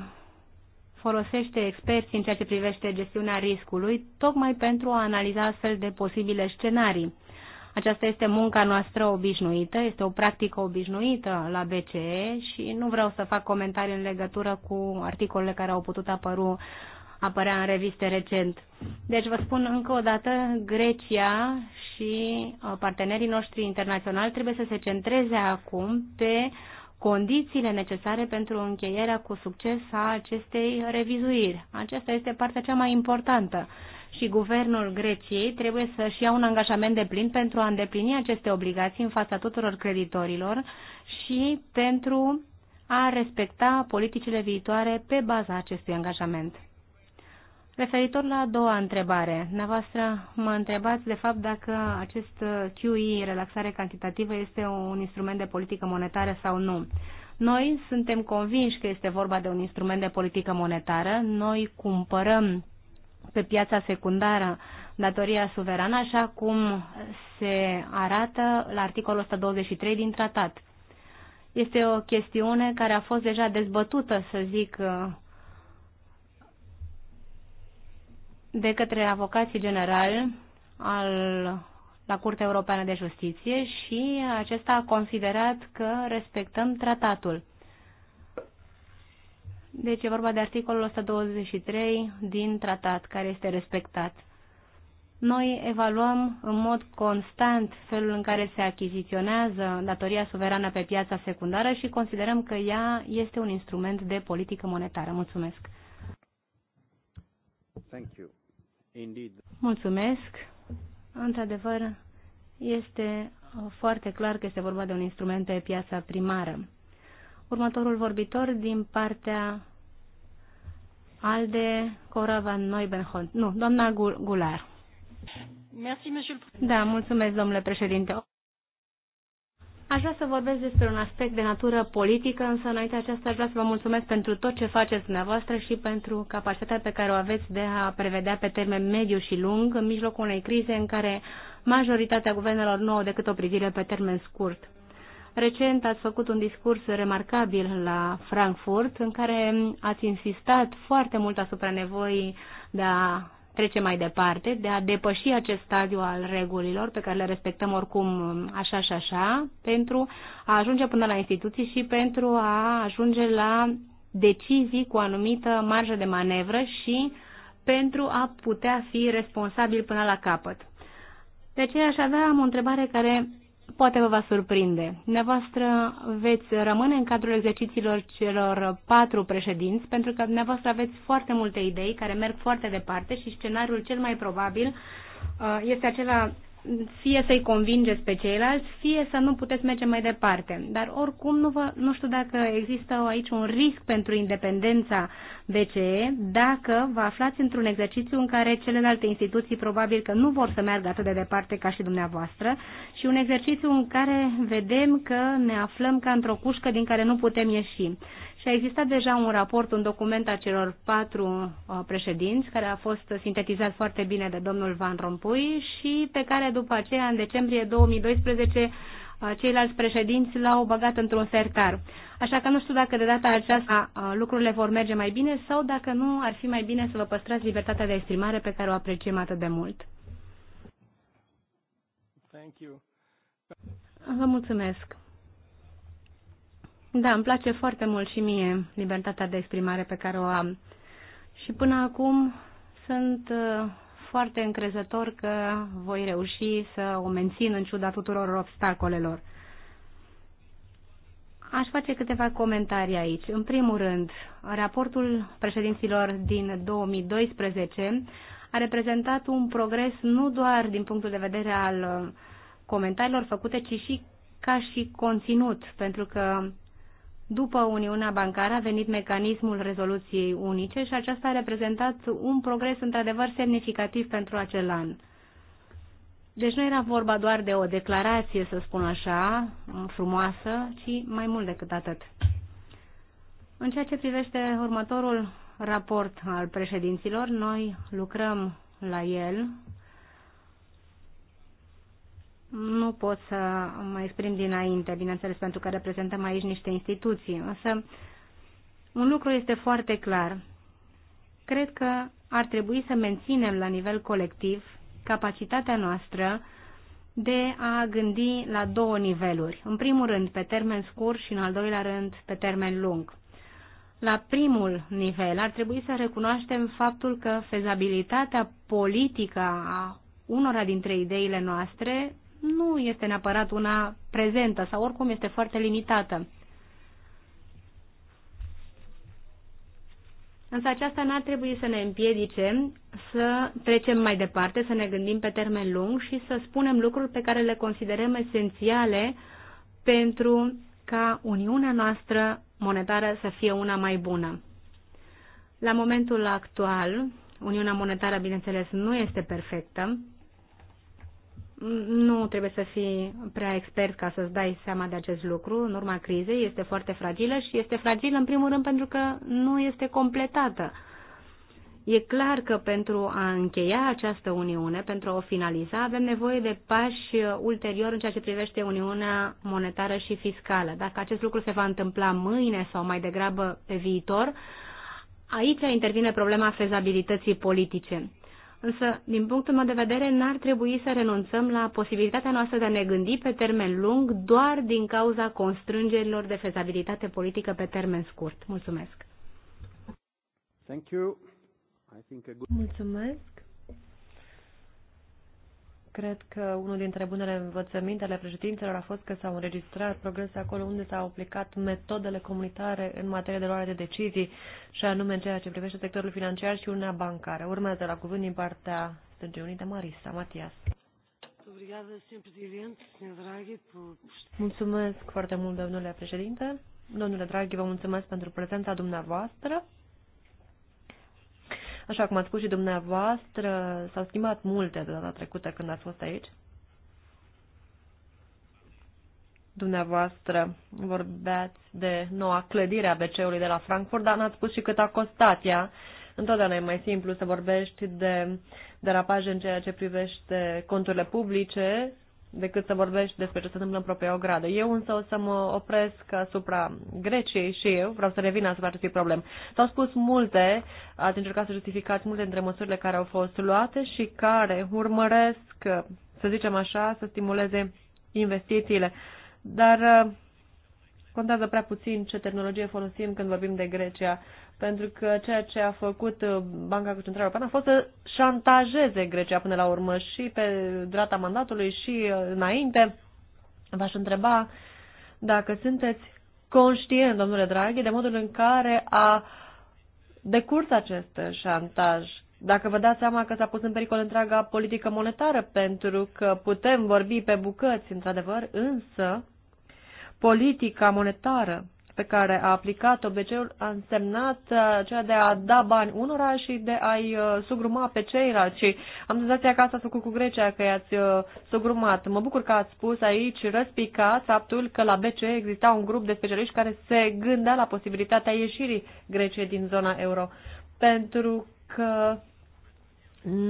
folosește experți în ceea ce privește gestiunea riscului, tocmai pentru a analiza astfel de posibile scenarii. Aceasta este munca noastră obișnuită, este o practică obișnuită la BCE și nu vreau să fac comentarii în legătură cu articolele care au putut apăru, apărea în reviste recent. Deci vă spun încă o dată, Grecia și uh, partenerii noștri internaționali trebuie să se centreze acum pe uh, condițiile necesare pentru încheierea cu succes a acestei revizuiri. Aceasta este partea cea mai importantă și guvernul Greciei trebuie să-și ia un angajament de plin pentru a îndeplini aceste obligații în fața tuturor creditorilor și pentru a respecta politicile viitoare pe baza acestui angajament. Referitor la a doua întrebare, dumneavoastră mă întrebați de fapt dacă acest QE, relaxare cantitativă, este un instrument de politică monetară sau nu. Noi suntem convinși că este vorba de un instrument de politică monetară. Noi cumpărăm pe piața secundară datoria suverană, așa cum se arată la articolul 123 din tratat. Este o chestiune care a fost deja dezbătută, să zic, de către avocații generali al, la Curtea Europeană de Justiție și acesta a considerat că respectăm tratatul. Deci e vorba de articolul 123 din tratat care este respectat. Noi evaluăm în mod constant felul în care se achiziționează datoria suverană pe piața secundară și considerăm că ea este un instrument de politică monetară. Mulțumesc! Thank you. Mulțumesc. Într-adevăr, este uh, foarte clar că este vorba de un instrument pe piața primară. Următorul vorbitor din partea Alde Corava Neubenhond. Nu, doamna Gular. Merci, monsieur Da, mulțumesc, domnule președinte. Aș vrea să vorbesc despre un aspect de natură politică, însă înainte aceasta aș vrea să vă mulțumesc pentru tot ce faceți dumneavoastră și pentru capacitatea pe care o aveți de a prevedea pe termen mediu și lung în mijlocul unei crize în care majoritatea guvernelor nu au decât o privire pe termen scurt. Recent ați făcut un discurs remarcabil la Frankfurt în care ați insistat foarte mult asupra nevoii de a trece mai departe, de a depăși acest stadiu al regulilor pe care le respectăm oricum așa și așa, pentru a ajunge până la instituții și pentru a ajunge la decizii cu anumită marjă de manevră și pentru a putea fi responsabil până la capăt. De aceea aș avea am o întrebare care poate vă va surprinde. Dumneavoastră veți rămâne în cadrul exercițiilor celor patru președinți, pentru că dumneavoastră aveți foarte multe idei care merg foarte departe și scenariul cel mai probabil uh, este acela fie să-i convingeți pe ceilalți, fie să nu puteți merge mai departe. Dar oricum nu, vă, nu știu dacă există aici un risc pentru independența BCE dacă vă aflați într-un exercițiu în care celelalte instituții probabil că nu vor să meargă atât de departe ca și dumneavoastră și un exercițiu în care vedem că ne aflăm ca într-o cușcă din care nu putem ieși. Și a existat deja un raport, un document a celor patru uh, președinți, care a fost sintetizat foarte bine de domnul Van Rompuy și pe care după aceea, în decembrie 2012, uh, ceilalți președinți l-au băgat într-un sertar. Așa că nu știu dacă de data aceasta uh, lucrurile vor merge mai bine sau dacă nu ar fi mai bine să vă păstrați libertatea de exprimare pe care o apreciem atât de mult. Thank you. Vă mulțumesc. Da, îmi place foarte mult și mie libertatea de exprimare pe care o am. Și până acum sunt uh, foarte încrezător că voi reuși să o mențin în ciuda tuturor obstacolelor. Aș face câteva comentarii aici. În primul rând, raportul președinților din 2012 a reprezentat un progres nu doar din punctul de vedere al uh, comentariilor făcute, ci și ca și conținut, pentru că după Uniunea Bancară a venit mecanismul rezoluției unice și aceasta a reprezentat un progres într-adevăr semnificativ pentru acel an. Deci nu era vorba doar de o declarație, să spun așa, frumoasă, ci mai mult decât atât. În ceea ce privește următorul raport al președinților, noi lucrăm la el nu pot să mă exprim dinainte, bineînțeles, pentru că reprezentăm aici niște instituții, însă un lucru este foarte clar. Cred că ar trebui să menținem la nivel colectiv capacitatea noastră de a gândi la două niveluri. În primul rând, pe termen scurt și în al doilea rând, pe termen lung. La primul nivel ar trebui să recunoaștem faptul că fezabilitatea politică a unora dintre ideile noastre nu este neapărat una prezentă sau oricum este foarte limitată. Însă aceasta n-ar trebui să ne împiedice să trecem mai departe, să ne gândim pe termen lung și să spunem lucruri pe care le considerăm esențiale pentru ca Uniunea noastră monetară să fie una mai bună. La momentul actual, Uniunea monetară, bineînțeles, nu este perfectă, nu trebuie să fii prea expert ca să-ți dai seama de acest lucru. În urma crizei este foarte fragilă și este fragilă în primul rând pentru că nu este completată. E clar că pentru a încheia această Uniune, pentru a o finaliza, avem nevoie de pași ulterior în ceea ce privește Uniunea monetară și fiscală. Dacă acest lucru se va întâmpla mâine sau mai degrabă pe viitor, aici intervine problema fezabilității politice. Însă, din punctul meu de vedere, n-ar trebui să renunțăm la posibilitatea noastră de a ne gândi pe termen lung doar din cauza constrângerilor de fezabilitate politică pe termen scurt. Mulțumesc! Thank you. I think a good... Mulțumesc! Cred că unul dintre bunele învățăminte ale președintelor a fost că s-au înregistrat progrese acolo unde s-au aplicat metodele comunitare în materie de luare de decizii, și anume în ceea ce privește sectorul financiar și una bancară. Urmează la cuvânt din partea Stângei Unite Marisa Matias. Mulțumesc foarte mult, domnule președinte. Domnule Draghi, vă mulțumesc pentru prezența dumneavoastră. Așa cum ați spus și dumneavoastră, s-au schimbat multe de data trecută când ați fost aici. Dumneavoastră vorbeați de noua clădire a BC-ului de la Frankfurt, dar n-ați spus și cât a costat ea. Întotdeauna e mai simplu să vorbești de derapaje în ceea ce privește conturile publice decât să vorbești despre ce se întâmplă în propria ogradă. Eu însă o să mă opresc asupra Greciei și eu vreau să revin asupra acestui problem. S-au spus multe, ați încercat să justificați multe dintre măsurile care au fost luate și care urmăresc, să zicem așa, să stimuleze investițiile. Dar contează prea puțin ce tehnologie folosim când vorbim de Grecia, pentru că ceea ce a făcut uh, Banca Centrală Europeană a fost să șantajeze Grecia până la urmă și pe durata mandatului și uh, înainte. V-aș întreba dacă sunteți conștient, domnule Draghi, de modul în care a decurs acest șantaj. Dacă vă dați seama că s-a pus în pericol întreaga politică monetară, pentru că putem vorbi pe bucăți, într-adevăr, însă politica monetară pe care a aplicat OBC-ul a însemnat aceea uh, de a da bani unora și de a-i uh, sugruma pe ceilalți. Și am senzația că asta a făcut cu Grecia, că i-ați uh, sugrumat. Mă bucur că ați spus aici, răspicat, faptul că la BCE exista un grup de specialiști care se gândea la posibilitatea ieșirii Greciei din zona euro. Pentru că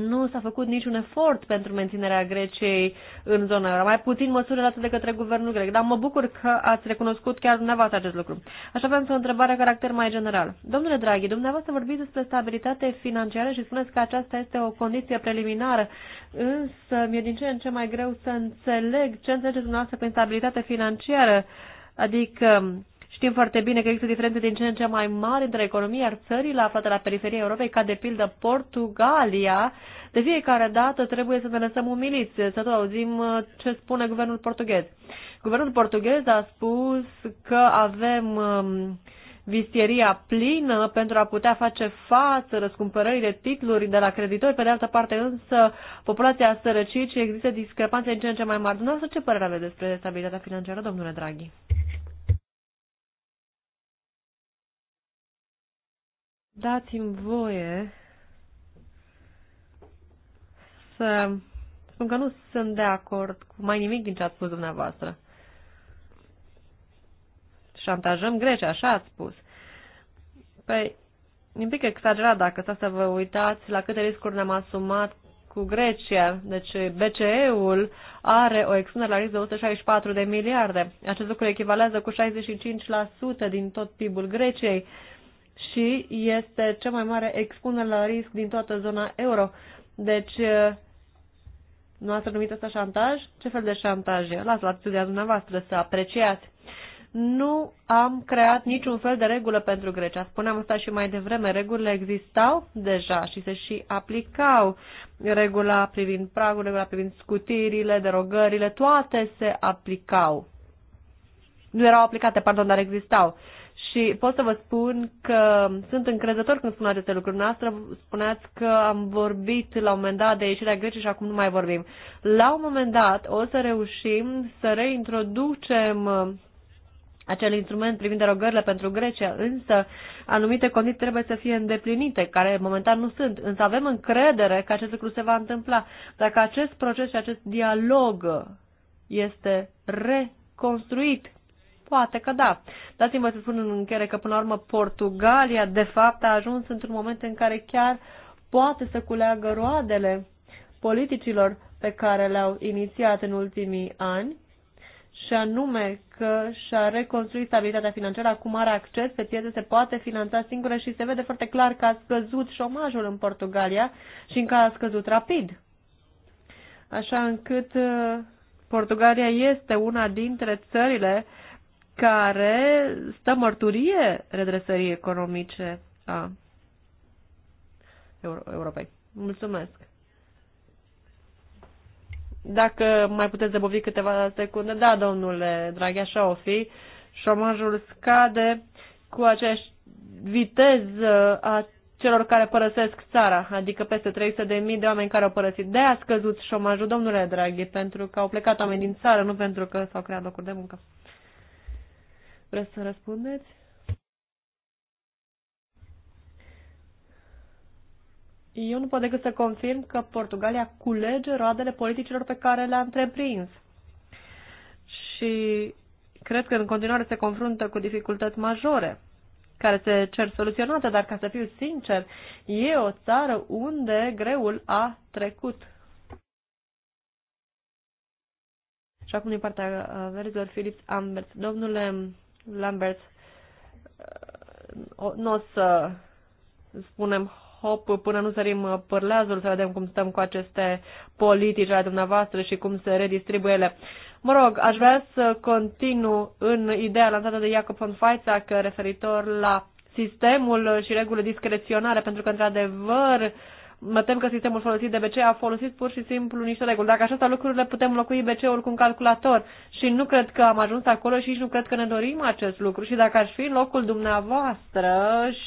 nu s-a făcut niciun efort pentru menținerea Greciei în zona euro, mai puțin măsuri luate de către guvernul grec, dar mă bucur că ați recunoscut chiar dumneavoastră acest lucru. Așa avem o întrebare caracter mai general. Domnule Draghi, dumneavoastră vorbiți despre stabilitate financiară și spuneți că aceasta este o condiție preliminară, însă mi-e din ce în ce mai greu să înțeleg ce înțelegeți dumneavoastră prin stabilitate financiară, adică Știm foarte bine că există diferențe din ce în ce mai mari între economia iar la aflate la periferia Europei, ca de pildă Portugalia, de fiecare dată trebuie să ne lăsăm umiliți, să tot auzim uh, ce spune guvernul portughez. Guvernul portughez a spus că avem um, vistieria plină pentru a putea face față răscumpărării de titluri de la creditori. Pe de altă parte, însă, populația a sărăcit și există discrepanțe în ce în ce mai mari. Dumneavoastră, ce părere aveți despre stabilitatea financiară, domnule Draghi? dați-mi voie să spun că nu sunt de acord cu mai nimic din ce ați spus dumneavoastră. Șantajăm Grecia, așa ați spus. Păi, e un pic exagerat dacă stați să vă uitați la câte riscuri ne-am asumat cu Grecia. Deci BCE-ul are o expunere la risc de 164 de miliarde. Acest lucru echivalează cu 65% din tot PIB-ul Greciei. Uh, și este cea mai mare expunere la risc din toată zona euro. Deci, eh, nu ați numit asta șantaj? Ce fel de șantaj e? Lasă la atitudinea dumneavoastră să apreciați. Nu am creat niciun fel de regulă pentru Grecia. Spuneam asta și mai devreme. Regulile existau deja și se și aplicau. Regula privind pragul, regula privind scutirile, derogările, toate se aplicau. Nu erau aplicate, pardon, dar existau. Și pot să vă spun că sunt încrezător când spun aceste lucruri. Noastră spuneați că am vorbit la un moment dat de ieșirea Greciei și acum nu mai vorbim. La un moment dat o să reușim să reintroducem uh, acel instrument privind derogările pentru Grecia, însă anumite condiții trebuie să fie îndeplinite, care momentan nu sunt, însă avem încredere că acest lucru se va întâmpla. Dacă acest proces și acest dialog este reconstruit Poate că da. Dați-mi voi să spun în încheiere că, până la urmă, Portugalia, de fapt, a ajuns într-un moment în care chiar poate să culeagă roadele politicilor pe care le-au inițiat în ultimii ani, și anume că și-a reconstruit stabilitatea financiară, acum are acces pe piețe, se poate finanța singură și se vede foarte clar că a scăzut șomajul în Portugalia și încă a scăzut rapid. Așa încât uh, Portugalia este una dintre țările uh, care stă mărturie redresării economice a Euro Europei. Mulțumesc! Dacă mai puteți zăbovi câteva secunde, da, domnule Draghi, așa o fi, șomajul scade cu aceeași viteză a celor care părăsesc țara, adică peste 300 de mii de oameni care au părăsit. De a scăzut șomajul, domnule Draghi, pentru că au plecat oameni din țară, nu pentru că s-au creat locuri de muncă. Vreți să răspundeți? Eu nu pot decât să confirm că Portugalia culege roadele politicilor pe care le-a întreprins. Și cred că în continuare se confruntă cu dificultăți majore care se cer soluționate, dar ca să fiu sincer, e o țară unde greul a trecut. Și acum din partea verzilor Filip Ambers. Domnule Lambert, uh, nu o să spunem hop până nu sărim pârleazul, să vedem cum stăm cu aceste politici ale dumneavoastră și cum se redistribuie ele. Mă rog, aș vrea să continu în ideea lansată de Jacob von Feitzak referitor la sistemul și regulile discreționare, pentru că, într-adevăr, uh, Mă tem că sistemul folosit de BC a folosit pur și simplu niște reguli. Dacă așa stau lucrurile, putem locui bc ul cu un calculator și nu cred că am ajuns acolo și nici nu cred că ne dorim acest lucru. Și dacă aș fi în locul dumneavoastră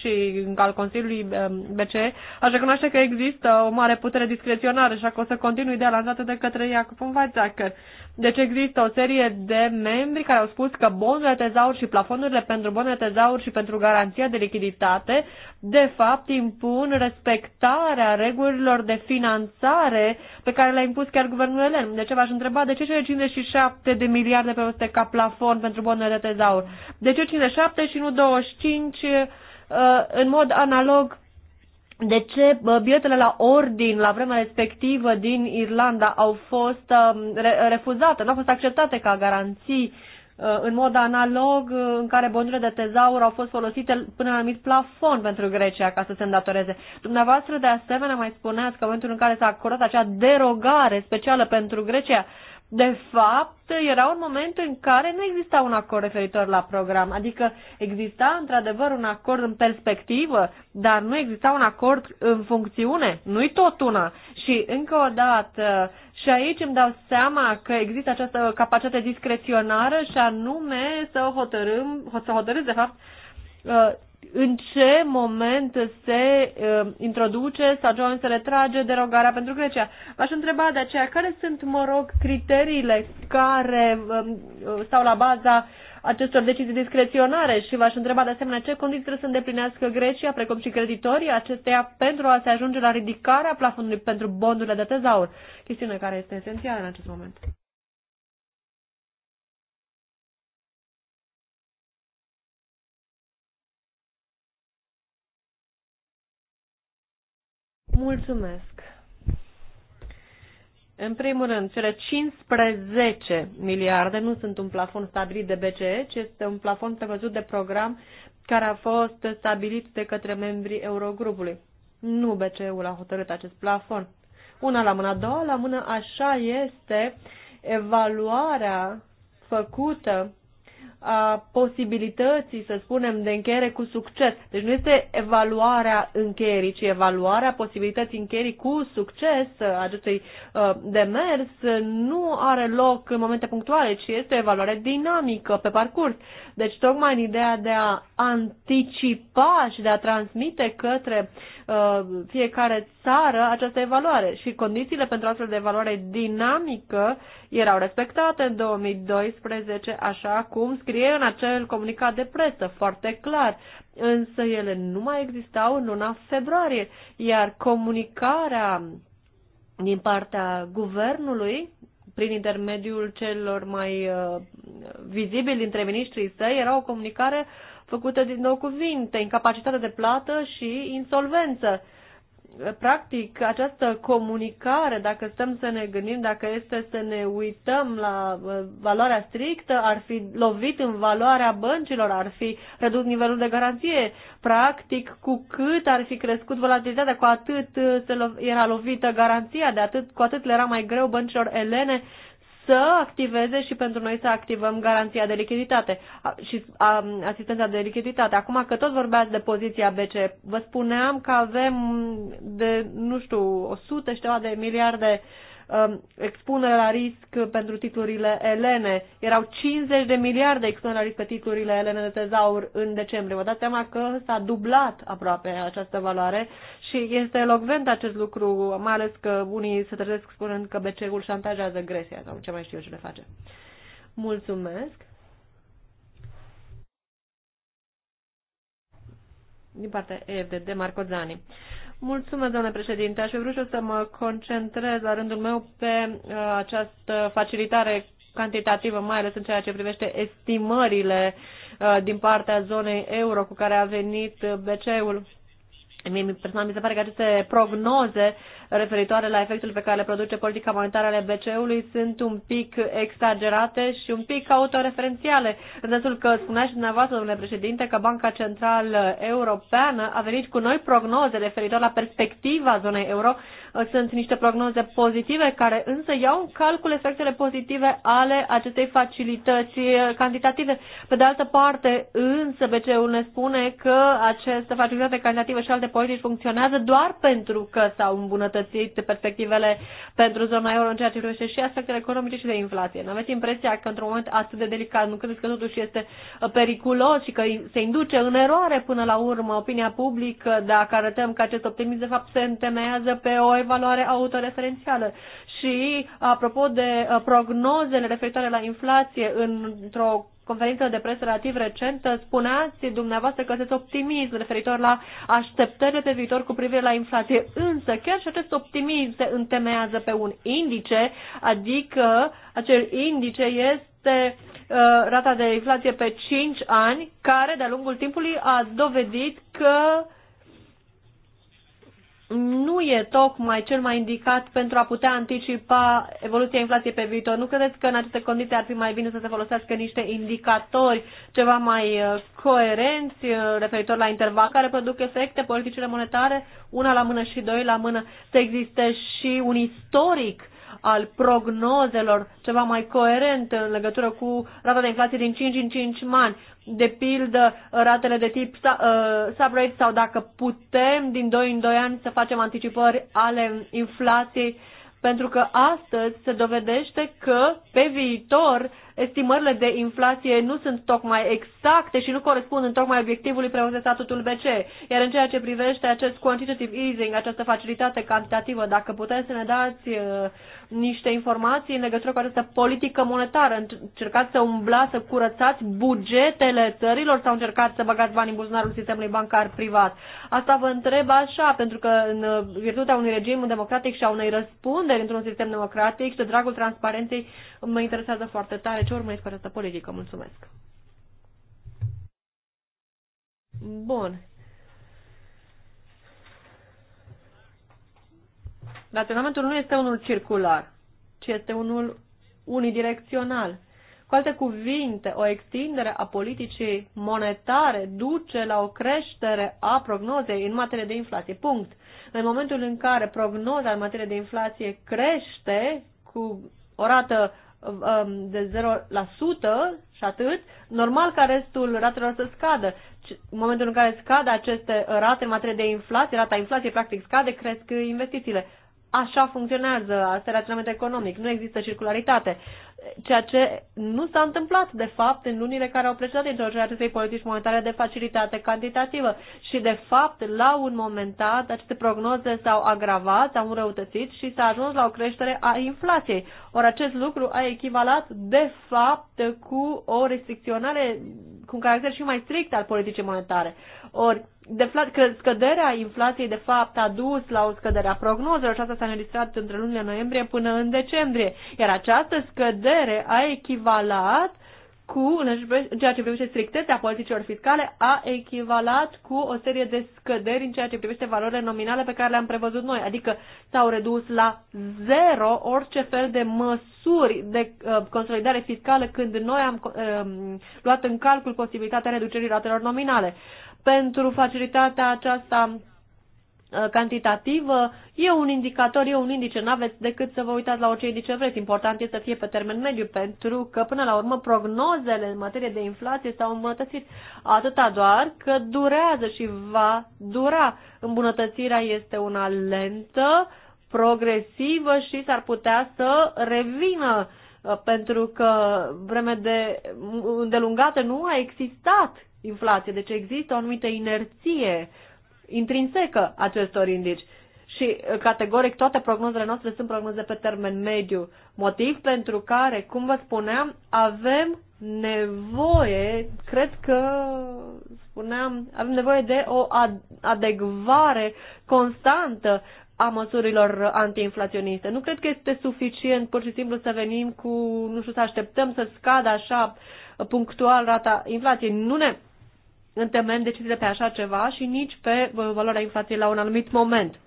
și în al Consiliului ehm, BC, aș recunoaște că există o mare putere discreționară, și că o să continui de lansată de către cu în că... Deci există o serie de membri care au spus că bonurile tezaur și plafonurile pentru bonurile tezaur și pentru garanția de lichiditate, de fapt, impun respectarea regulilor de finanțare pe care le-a impus chiar guvernul elen. De deci ce v-aș întreba de ce cele 57 de miliarde pe peste ca plafon pentru bonurile de tezaur? De ce 57 și nu 25 uh, în mod analog de ce uh, bietele la ordin la vremea respectivă din Irlanda au fost um, refuzate, nu au fost acceptate ca garanții Uh, în mod analog uh, în care bonurile de tezaur au fost folosite până la anumit plafon pentru Grecia ca să se îndatoreze. Dumneavoastră de asemenea mai spuneați că în momentul în care s-a acordat acea derogare specială pentru Grecia, de fapt, era un moment în care nu exista un acord referitor la program, adică exista într-adevăr un acord în perspectivă, dar nu exista un acord în funcțiune, nu-i tot una. Și încă o dată, și aici îmi dau seama că există această capacitate discreționară și anume să hotărâm, să hotărâți de fapt uh, în ce moment se uh, introduce sau ce moment se retrage derogarea pentru Grecia. V-aș întreba de aceea care sunt, mă rog, criteriile care um, uh, stau la baza acestor decizii discreționare și v-aș întreba de asemenea ce condiții trebuie să îndeplinească Grecia, precum și creditorii acesteia, pentru a se ajunge la ridicarea plafonului pentru bondurile de tezaur, chestiune care este esențială în acest moment. Mulțumesc. În primul rând, cele 15 miliarde nu sunt un plafon stabilit de BCE, ci este un plafon prevăzut de program care a fost stabilit de către membrii Eurogrupului. Nu BCE-ul a hotărât acest plafon. Una la mână, a doua la mână, așa este evaluarea făcută a posibilității, să spunem, de încheiere cu succes. Deci nu este evaluarea încheierii, ci evaluarea posibilității încheierii cu succes acestui uh, demers nu are loc în momente punctuale, ci este o evaluare dinamică pe parcurs. Deci tocmai în ideea de a anticipa și de a transmite către uh, Uh, fiecare țară această evaluare și condițiile pentru astfel de evaluare dinamică erau respectate în 2012, așa cum scrie în acel comunicat de presă, foarte clar. Însă ele nu mai existau în luna februarie, iar comunicarea din partea guvernului prin intermediul celor mai uh, vizibili dintre miniștrii săi, era o comunicare uh, făcute din nou cuvinte, incapacitate de plată și insolvență. Practic, această comunicare, dacă stăm să ne gândim, dacă este să ne uităm la uh, valoarea strictă, ar fi lovit în valoarea băncilor, ar fi redus nivelul de garanție. Practic, cu cât ar fi crescut volatilitatea, cu atât uh, era lovită garanția, de atât, cu atât le era mai greu băncilor elene să activeze și pentru noi să activăm garanția de lichiditate și asistența de lichiditate. Acum că tot vorbeați de poziția BC, vă spuneam că avem de, nu știu, 100 și ceva de miliarde um, expunere la risc pentru titlurile elene. Erau 50 de miliarde expunere la risc pe titlurile elene de tezaur în decembrie. Vă dați seama că s-a dublat aproape această valoare și este elogvent acest lucru, mai ales că unii se trezesc spunând că BCE-ul șantajează Grecia sau ce mai știu eu ce le face. Mulțumesc. Din partea de Marco Zani. Mulțumesc, domnule președinte. Aș fi vrut să mă concentrez la rândul meu pe uh, această facilitare cantitativă, mai ales în ceea ce privește estimările uh, din partea zonei euro cu care a venit uh, BCE-ul mie personal mi se pare că aceste prognoze referitoare la efectul pe care le produce politica monetară ale BCE-ului sunt un pic exagerate și un pic autoreferențiale, în sensul că spunea și dumneavoastră, domnule președinte, că Banca Centrală Europeană a venit cu noi prognoze referitor la perspectiva zonei euro. Sunt niște prognoze pozitive care însă iau în calcul efectele pozitive ale acestei facilități cantitative. Pe de altă parte, însă BCE-ul ne spune că această facilitate cantitativă și alte politici funcționează doar pentru că s-au îmbunătățit îmbunătățit perspectivele pentru zona euro în ceea ce privește și aspectele economice și de inflație. Nu aveți impresia că într-un moment atât de delicat, nu credeți că totuși este uh, periculos și că se induce în eroare până la urmă opinia publică dacă arătăm că acest optimism de fapt se întemeiază pe o evaluare autoreferențială. Și apropo de uh, prognozele referitoare la inflație într-o conferință de presă relativ recentă, spuneați dumneavoastră că sunteți optimist referitor la așteptările pe viitor cu privire la inflație. Însă, chiar și acest optimism se întemeiază pe un indice, adică acel indice este uh, rata de inflație pe 5 ani, care de-a lungul timpului a dovedit că uh, nu e tocmai cel mai indicat pentru a putea anticipa evoluția inflației pe viitor. Nu credeți că în aceste condiții ar fi mai bine să se folosească niște indicatori ceva mai uh, coerenți uh, referitor la interval care produc efecte politicile monetare, una la mână și doi la mână, să existe și un istoric al prognozelor ceva mai coerent în legătură cu rata de inflație din 5 în 5 ani, de pildă ratele de tip uh, subrate sau dacă putem din 2 în 2 ani să facem anticipări ale inflației, pentru că astăzi se dovedește că pe viitor estimările de inflație nu sunt tocmai exacte și nu corespund în tocmai obiectivului prevăzut de statutul BC. Iar în ceea ce privește acest quantitative easing, această facilitate cantitativă, dacă puteți să ne dați uh, niște informații în legătură cu această politică monetară. Încercați să umblați, să curățați bugetele țărilor sau încercați să băgați bani în buzunarul sistemului bancar privat? Asta vă întreb așa, pentru că în virtutea unui regim democratic și a unei răspunderi într-un sistem democratic și de dragul transparenței mă interesează foarte tare ce urmăresc cu această politică. Mulțumesc! Bun. Raționamentul nu este unul circular, ci este unul unidirecțional. Cu alte cuvinte, o extindere a politicii monetare duce la o creștere a prognozei în materie de inflație. Punct. În momentul în care prognoza în materie de inflație crește cu o rată um, de 0% și atât, normal ca restul ratelor să scadă. În momentul în care scadă aceste rate în materie de inflație, rata inflației practic scade, cresc investițiile. Așa funcționează asta economic, nu există circularitate. Ceea ce nu s-a întâmplat, de fapt, în lunile care au precedat introducerea acestei politici monetare de facilitate cantitativă. Și, de fapt, la un moment dat, aceste prognoze s-au agravat, s-au înrăutățit și s-a ajuns la o creștere a inflației. Ori acest lucru a echivalat, de fapt, cu o restricționare cu un caracter și mai strict al politicii monetare. Ori, defla- că scăderea inflației de fapt a dus la o scădere a prognozelor și asta s-a înregistrat între lunile noiembrie până în decembrie. Iar această scădere a echivalat cu, în ceea ce privește strictețea politicilor fiscale, a echivalat cu o serie de scăderi în ceea ce privește valorile nominale pe care le-am prevăzut noi, adică s-au redus la zero orice fel de măsuri de uh, consolidare fiscală când noi am uh, luat în calcul posibilitatea reducerii ratelor nominale pentru facilitatea aceasta uh, cantitativă, e un indicator, e un indice, nu aveți decât să vă uitați la orice indice vreți. Important este să fie pe termen mediu, pentru că până la urmă prognozele în materie de inflație s-au îmbunătățit atâta doar că durează și va dura. Îmbunătățirea este una lentă, progresivă și s-ar putea să revină uh, pentru că vreme de îndelungată nu a existat inflație. Deci există o anumită inerție intrinsecă acestor indici. Și uh, categoric toate prognozele noastre sunt prognoze pe termen mediu, motiv pentru care, cum vă spuneam, avem nevoie, cred că spuneam, avem nevoie de o adecvare constantă a măsurilor antiinflaționiste. Nu cred că este suficient pur și simplu să venim cu, nu știu, să așteptăm să scadă așa punctual rata inflației. Nu ne întemeiem deciziile pe așa ceva și nici pe uh, valoarea inflației la un anumit moment.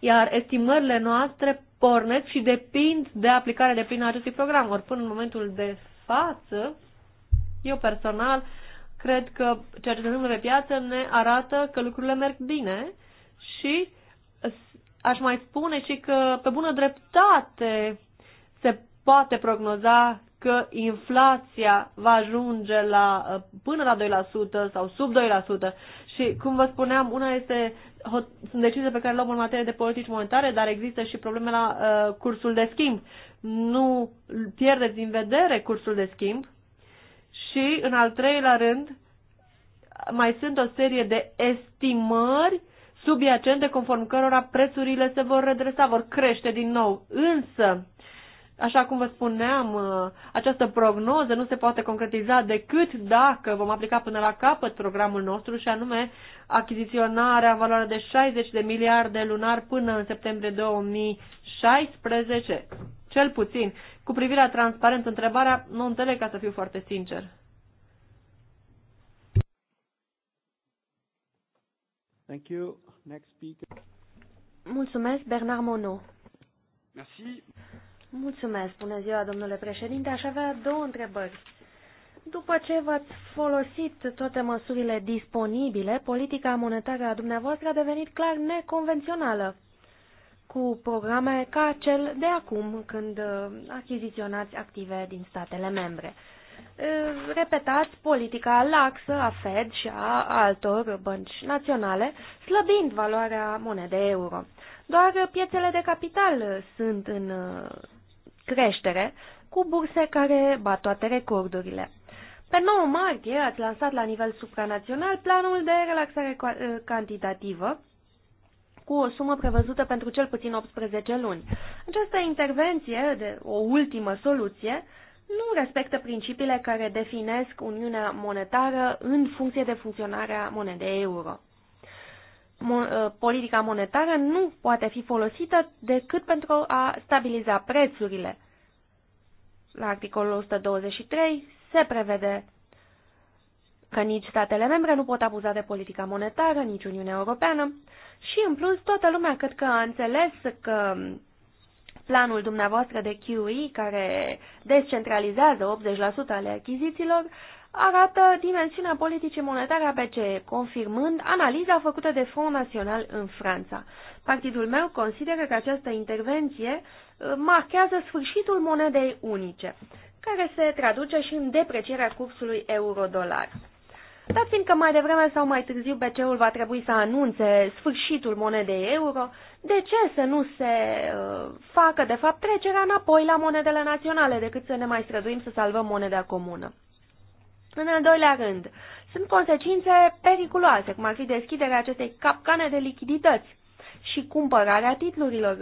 Iar estimările noastre pornesc și depind de aplicarea de plină a acestui program. Ori până în momentul de față, eu personal cred că ceea ce se întâmplă pe piață ne arată că lucrurile merg bine și aș mai spune și că pe bună dreptate se poate prognoza că inflația va ajunge la uh, până la 2% sau sub 2%. Și, cum vă spuneam, una este sunt decizii pe care le luăm în materie de politici monetare, dar există și probleme la uh, cursul de schimb. Nu pierdeți din vedere cursul de schimb. Și, în al treilea rând, mai sunt o serie de estimări subiacente conform cărora prețurile se vor redresa, vor crește din nou. Însă, Așa cum vă spuneam, uh, această prognoză nu se poate concretiza decât dacă vom aplica până la capăt programul nostru și anume achiziționarea în valoare de 60 de miliarde lunar până în septembrie 2016. Cel puțin. Cu privirea transparent, întrebarea nu înțeleg ca să fiu foarte sincer. Thank you. Next speaker. Mulțumesc, Bernard Monod. Merci. Mulțumesc, bună ziua, domnule președinte. Aș avea două întrebări. După ce v-ați folosit toate măsurile disponibile, politica monetară a dumneavoastră a devenit clar neconvențională, cu programe ca cel de acum, când uh, achiziționați active din statele membre. Uh, repetați politica laxă a Fed și a altor bănci naționale, slăbind valoarea monedei euro. Doar piețele de capital sunt în uh, creștere, cu burse care bat toate recordurile. Pe 9 martie ați lansat la nivel supranațional planul de relaxare eh, cantitativă cu o sumă prevăzută pentru cel puțin 18 luni. Această intervenție, de o ultimă soluție, nu respectă principiile care definesc Uniunea Monetară în funcție de funcționarea monedei euro. Uh, politica monetară nu poate fi folosită decât pentru a stabiliza prețurile. La articolul 123 se prevede că nici statele membre nu pot abuza de politica monetară, nici Uniunea Europeană și, în plus, toată lumea cred că a înțeles că planul dumneavoastră de QE, care descentralizează 80% ale achizițiilor, arată dimensiunea politicii monetare a BCE, confirmând analiza făcută de Front Național în Franța. Partidul meu consideră că această intervenție uh, marchează sfârșitul monedei unice, care se traduce și în deprecierea cursului euro-dolar. Dar fiindcă mai devreme sau mai târziu BCE-ul va trebui să anunțe sfârșitul monedei euro, de ce să nu se uh, facă, de fapt, trecerea înapoi la monedele naționale, decât să ne mai străduim să salvăm moneda comună? În al doilea rând, sunt consecințe periculoase, cum ar fi deschiderea acestei capcane de lichidități și cumpărarea titlurilor,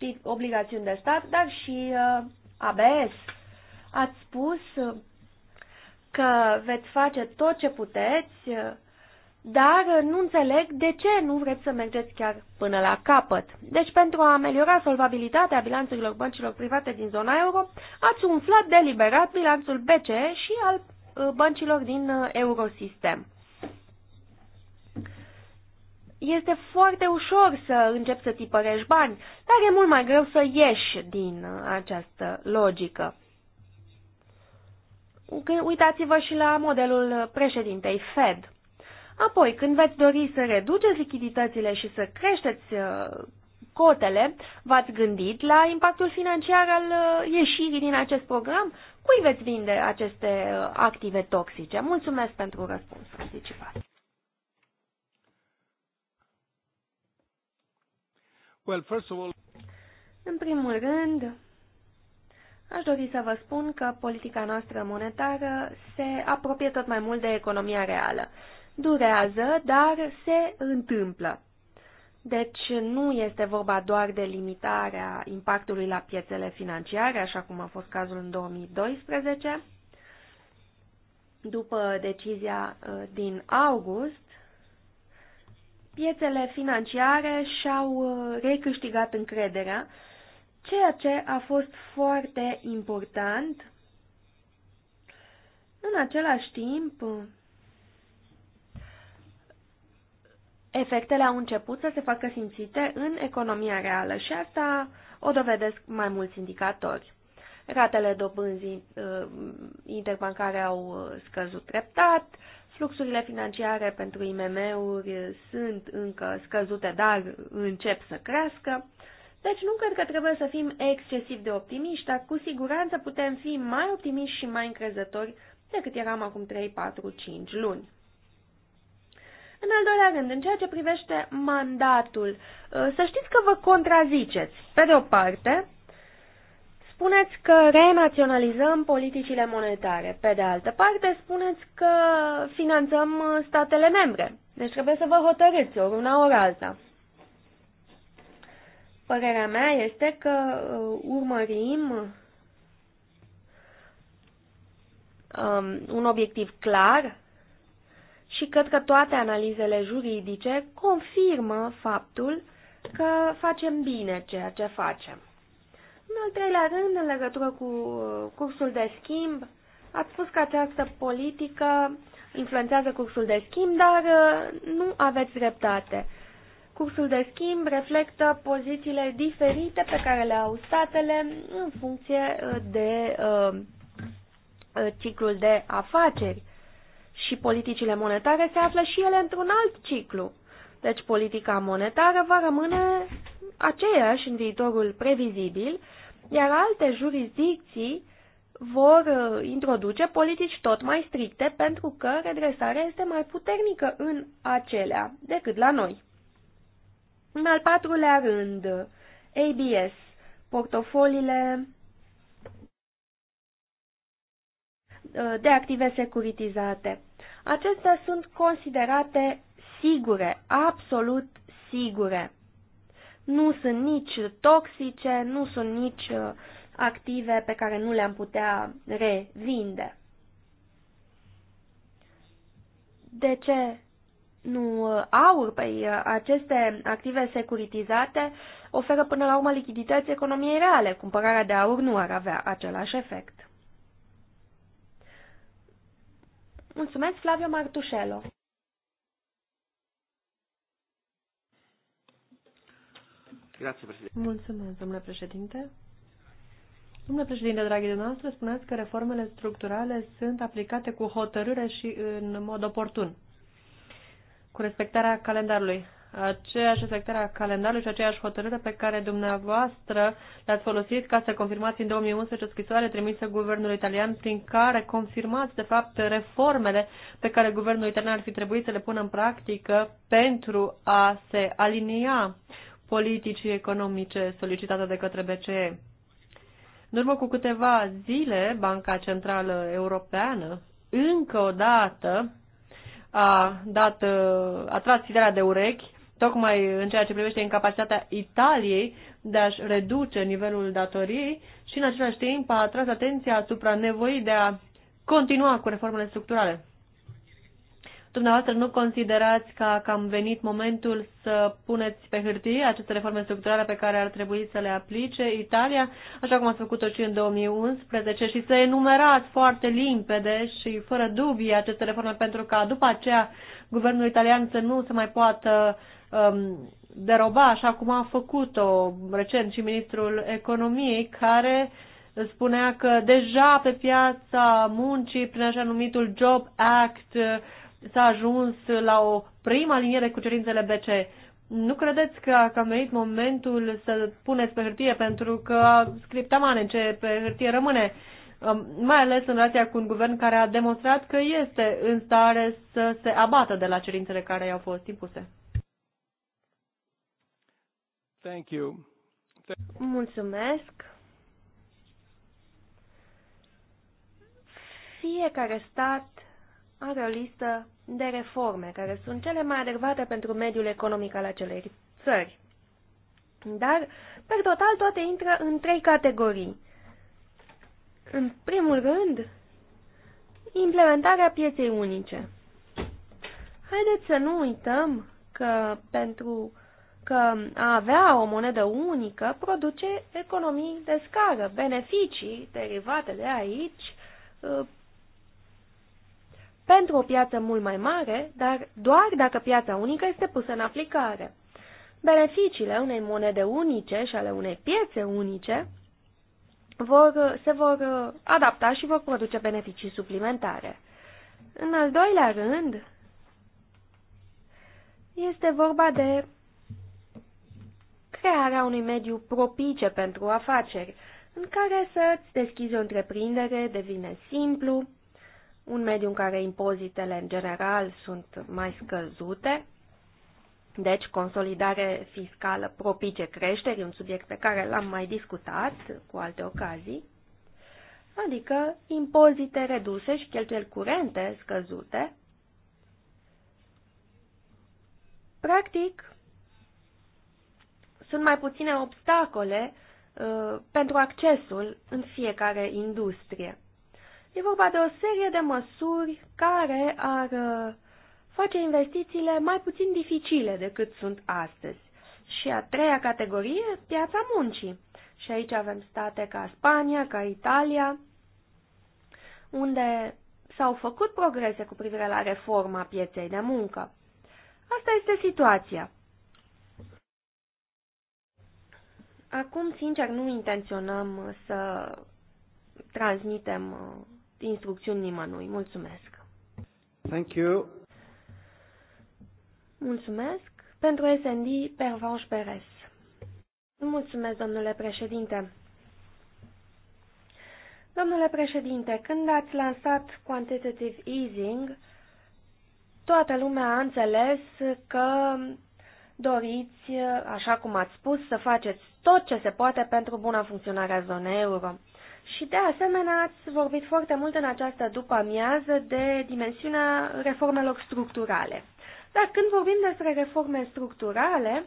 uh, obligațiuni de stat, dar și uh, ABS. Ați spus uh, că veți face tot ce puteți, uh, dar nu înțeleg de ce nu vreți să mergeți chiar până la capăt. Deci, pentru a ameliora solvabilitatea bilanțurilor băncilor private din zona euro, ați umflat deliberat bilanțul BCE și al Uh, băncilor din uh, Eurosistem. Este foarte ușor să începi să tipărești bani, dar e mult mai greu să ieși din uh, această logică. Uitați-vă și la modelul președintei Fed. Apoi, când veți dori să reduceți lichiditățile și să creșteți cotele, v-ați gândit la impactul financiar al uh, ieșirii din acest program? Cui veți vinde aceste uh, active toxice? Mulțumesc pentru răspuns anticipat. Well, first of all... În primul rând, Aș dori să vă spun că politica noastră monetară se apropie tot mai mult de economia reală. Durează, dar se întâmplă. Deci nu este vorba doar de limitarea impactului la piețele financiare, așa cum a fost cazul în 2012. După decizia uh, din august, piețele financiare și-au uh, recâștigat încrederea, ceea ce a fost foarte important. În același timp, efectele au început să se facă simțite în economia reală și asta o dovedesc mai mulți indicatori. Ratele dobânzii uh, interbancare au uh, scăzut treptat, fluxurile financiare pentru IMM-uri uh, sunt încă scăzute, dar încep să crească. Deci nu cred că trebuie să fim excesiv de optimiști, dar cu siguranță putem fi mai optimiști și mai încrezători decât eram acum 3, 4, 5 luni. În al doilea rând, în ceea ce privește mandatul, uh, să știți că vă contraziceți. Pe de o parte, spuneți că renaționalizăm politicile monetare. Pe de altă parte, spuneți că finanțăm uh, statele membre. Deci trebuie să vă hotărâți ori una, ori alta. Părerea mea este că uh, urmărim um, un obiectiv clar și cred că toate analizele juridice confirmă faptul că facem bine ceea ce facem. În al treilea rând, în legătură cu uh, cursul de schimb, ați spus că această politică influențează cursul de schimb, dar uh, nu aveți dreptate. Cursul de schimb reflectă pozițiile diferite pe care le au statele în funcție uh, de uh, ciclul de afaceri și politicile monetare se află și ele într-un alt ciclu. Deci politica monetară va rămâne aceeași în viitorul previzibil, iar alte jurisdicții vor uh, introduce politici tot mai stricte pentru că redresarea este mai puternică în acelea decât la noi. În al patrulea rând, ABS, portofoliile uh, de active securitizate acestea sunt considerate sigure, absolut sigure. Nu sunt nici toxice, nu sunt nici uh, active pe care nu le-am putea revinde. De ce nu uh, aur? Păi uh, aceste active securitizate oferă până la urmă lichidități economiei reale. Cumpărarea de aur nu ar avea același efect. Mulțumesc, Flavio Martușelo. Mulțumesc, domnule președinte. Domnule președinte, dragi dumneavoastră, spuneți că reformele structurale sunt aplicate cu hotărâre și în mod oportun, cu respectarea calendarului aceeași respectare a calendarului și aceeași hotărâre pe care dumneavoastră le-ați folosit ca să confirmați în 2011 o scrisoare trimisă guvernului italian prin care confirmați, de fapt, reformele pe care guvernul italian ar fi trebuit să le pună în practică pentru a se alinia politicii economice solicitate de către BCE. În urmă cu câteva zile, Banca Centrală Europeană încă o dată a dat, a tras fiderea de urechi tocmai în ceea ce privește incapacitatea Italiei de a-și reduce nivelul datoriei și în același timp a atras atenția asupra nevoii de a continua cu reformele structurale. Dumneavoastră nu considerați că, a cam venit momentul să puneți pe hârtie aceste reforme structurale pe care ar trebui să le aplice Italia, așa cum ați făcut-o și în 2011, și să enumerați foarte limpede și fără dubii aceste reforme pentru ca după aceea guvernul italian să nu se mai poată uh, um, deroba, așa cum a făcut-o recent și ministrul economiei, care spunea că deja pe piața muncii, prin așa numitul Job Act, s-a ajuns la o prima aliniere cu cerințele BC. Nu credeți că a cam venit momentul să puneți pe hârtie, pentru că scriptamane ce pe hârtie rămâne, um, mai ales în relația cu un guvern care a demonstrat că este în stare să se abată de la cerințele care i-au fost impuse? Thank you. Mulțumesc. Fiecare stat are o listă de reforme care sunt cele mai adecvate pentru mediul economic al acelei țări. Dar, pe total, toate intră în trei categorii. În primul rând, implementarea pieței unice. Haideți să nu uităm că pentru că a avea o monedă unică produce economii de scară, beneficii derivate de aici uh, pentru o piață mult mai mare, dar doar dacă piața unică este pusă în aplicare. Beneficiile unei monede unice și ale unei piețe unice vor, uh, se vor uh, adapta și vor produce beneficii suplimentare. În al doilea rând, este vorba de crearea unui mediu propice pentru afaceri, în care să-ți deschizi o întreprindere devine simplu, un mediu în care impozitele în general sunt mai scăzute, deci consolidare fiscală propice creșterii, un subiect pe care l-am mai discutat cu alte ocazii, adică impozite reduse și cheltuieli curente scăzute. Practic, sunt mai puține obstacole uh, pentru accesul în fiecare industrie. E vorba de o serie de măsuri care ar uh, face investițiile mai puțin dificile decât sunt astăzi. Și a treia categorie, piața muncii. Și aici avem state ca Spania, ca Italia, unde s-au făcut progrese cu privire la reforma pieței de muncă. Asta este situația. Acum, sincer, nu intenționăm să transmitem uh, instrucțiuni nimănui. Mulțumesc. Thank you. Mulțumesc. Pentru SND, Pervanș Peres. Mulțumesc, domnule președinte. Domnule președinte, când ați lansat quantitative easing, toată lumea a înțeles că doriți, așa cum ați spus, să faceți tot ce se poate pentru buna funcționare a zonei euro. Și de asemenea ați vorbit foarte mult în această după-amiază de dimensiunea reformelor structurale. Dar când vorbim despre reforme structurale,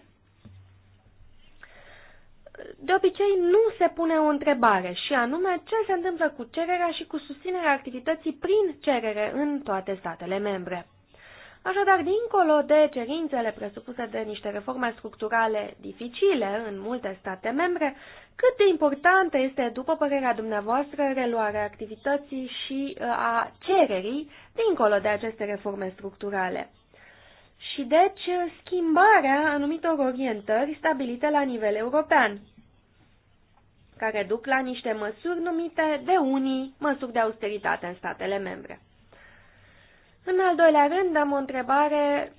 de obicei nu se pune o întrebare și anume ce se întâmplă cu cererea și cu susținerea activității prin cerere în toate statele membre. Așadar, dincolo de cerințele presupuse de niște reforme structurale dificile în multe state membre, cât de importantă este, după părerea dumneavoastră, reluarea activității și uh, a cererii dincolo de aceste reforme structurale? Și deci schimbarea anumitor orientări stabilite la nivel european, care duc la niște măsuri numite de unii măsuri de austeritate în statele membre. În al doilea rând, am o întrebare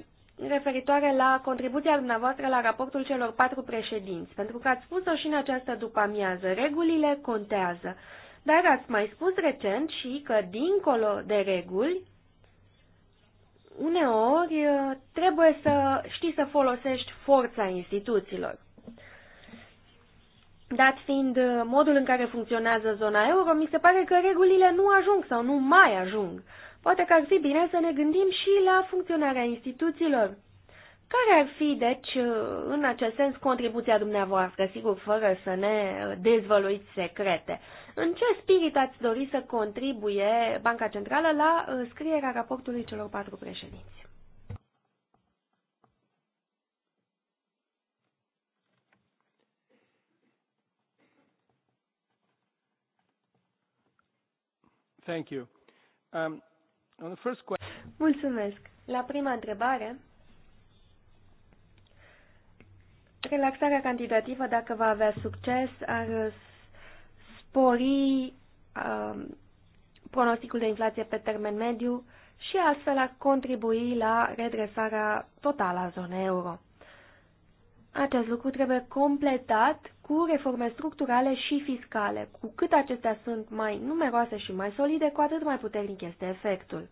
referitoare la contribuția dumneavoastră la raportul celor patru președinți, pentru că ați spus-o și în această după-amiază, regulile contează. Dar ați mai spus recent și că, dincolo de reguli, uneori uh, trebuie să știi să folosești forța instituțiilor. Dat fiind uh, modul în care funcționează zona euro, mi se pare că regulile nu ajung sau nu mai ajung. Poate că ar fi bine să ne gândim și la funcționarea instituțiilor. Care ar fi, deci, în acest sens, contribuția dumneavoastră, sigur, fără să ne dezvăluiți secrete? În ce spirit ați dori să contribuie Banca Centrală la uh, scrierea raportului celor patru președinți? Thank you. Um, Mulțumesc. La prima întrebare, relaxarea cantitativă, dacă va avea succes, ar spori uh, pronosticul de inflație pe termen mediu și astfel ar contribui la redresarea totală a zonei euro. Acest lucru trebuie completat cu reforme structurale și fiscale. Cu cât acestea sunt mai numeroase și mai solide, cu atât mai puternic este efectul.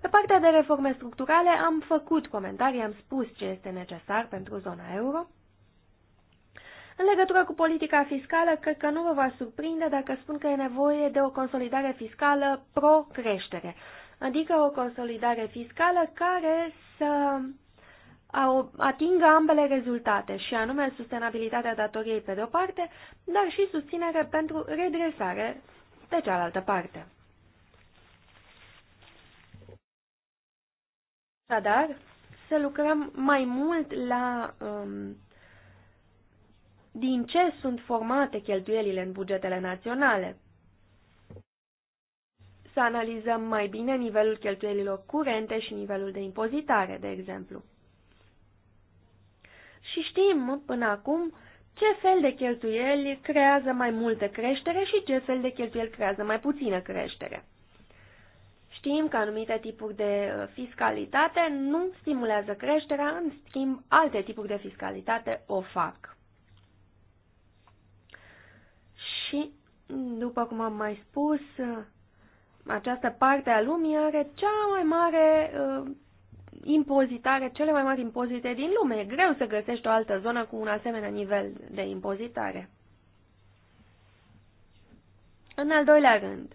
Pe partea de reforme structurale am făcut comentarii, am spus ce este necesar pentru zona euro. În legătură cu politica fiscală, cred că nu vă va surprinde dacă spun că e nevoie de o consolidare fiscală pro-creștere, adică o consolidare fiscală care să atingă ambele rezultate, și anume sustenabilitatea datoriei pe de-o parte, dar și susținere pentru redresare pe cealaltă parte. Așadar, să lucrăm mai mult la um, din ce sunt formate cheltuielile în bugetele naționale. Să analizăm mai bine nivelul cheltuielilor curente și nivelul de impozitare, de exemplu și știm până acum ce fel de cheltuieli creează mai multă creștere și ce fel de cheltuieli creează mai puțină creștere. Știm că anumite tipuri de uh, fiscalitate nu stimulează creșterea, în schimb alte tipuri de fiscalitate o fac. Și, după cum am mai spus, uh, această parte a lumii are cea mai mare uh, impozitare, cele mai mari impozite din lume. E greu să găsești o altă zonă cu un asemenea nivel de impozitare. În al doilea rând,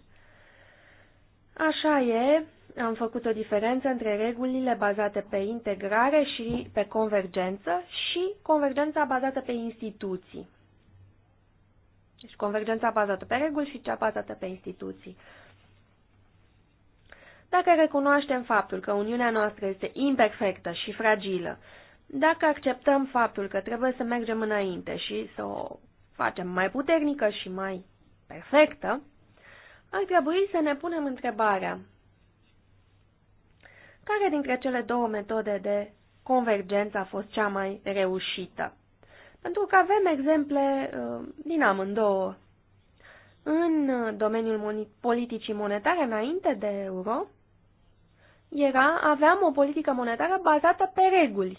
așa e, am făcut o diferență între regulile bazate pe integrare și pe convergență și convergența bazată pe instituții. Deci convergența bazată pe reguli și cea bazată pe instituții. Dacă recunoaștem faptul că Uniunea noastră este imperfectă și fragilă, dacă acceptăm faptul că trebuie să mergem înainte și să o facem mai puternică și mai perfectă, ar trebui să ne punem întrebarea care dintre cele două metode de convergență a fost cea mai reușită. Pentru că avem exemple uh, din amândouă. În domeniul politicii monetare, înainte de euro, era, aveam o politică monetară bazată pe reguli.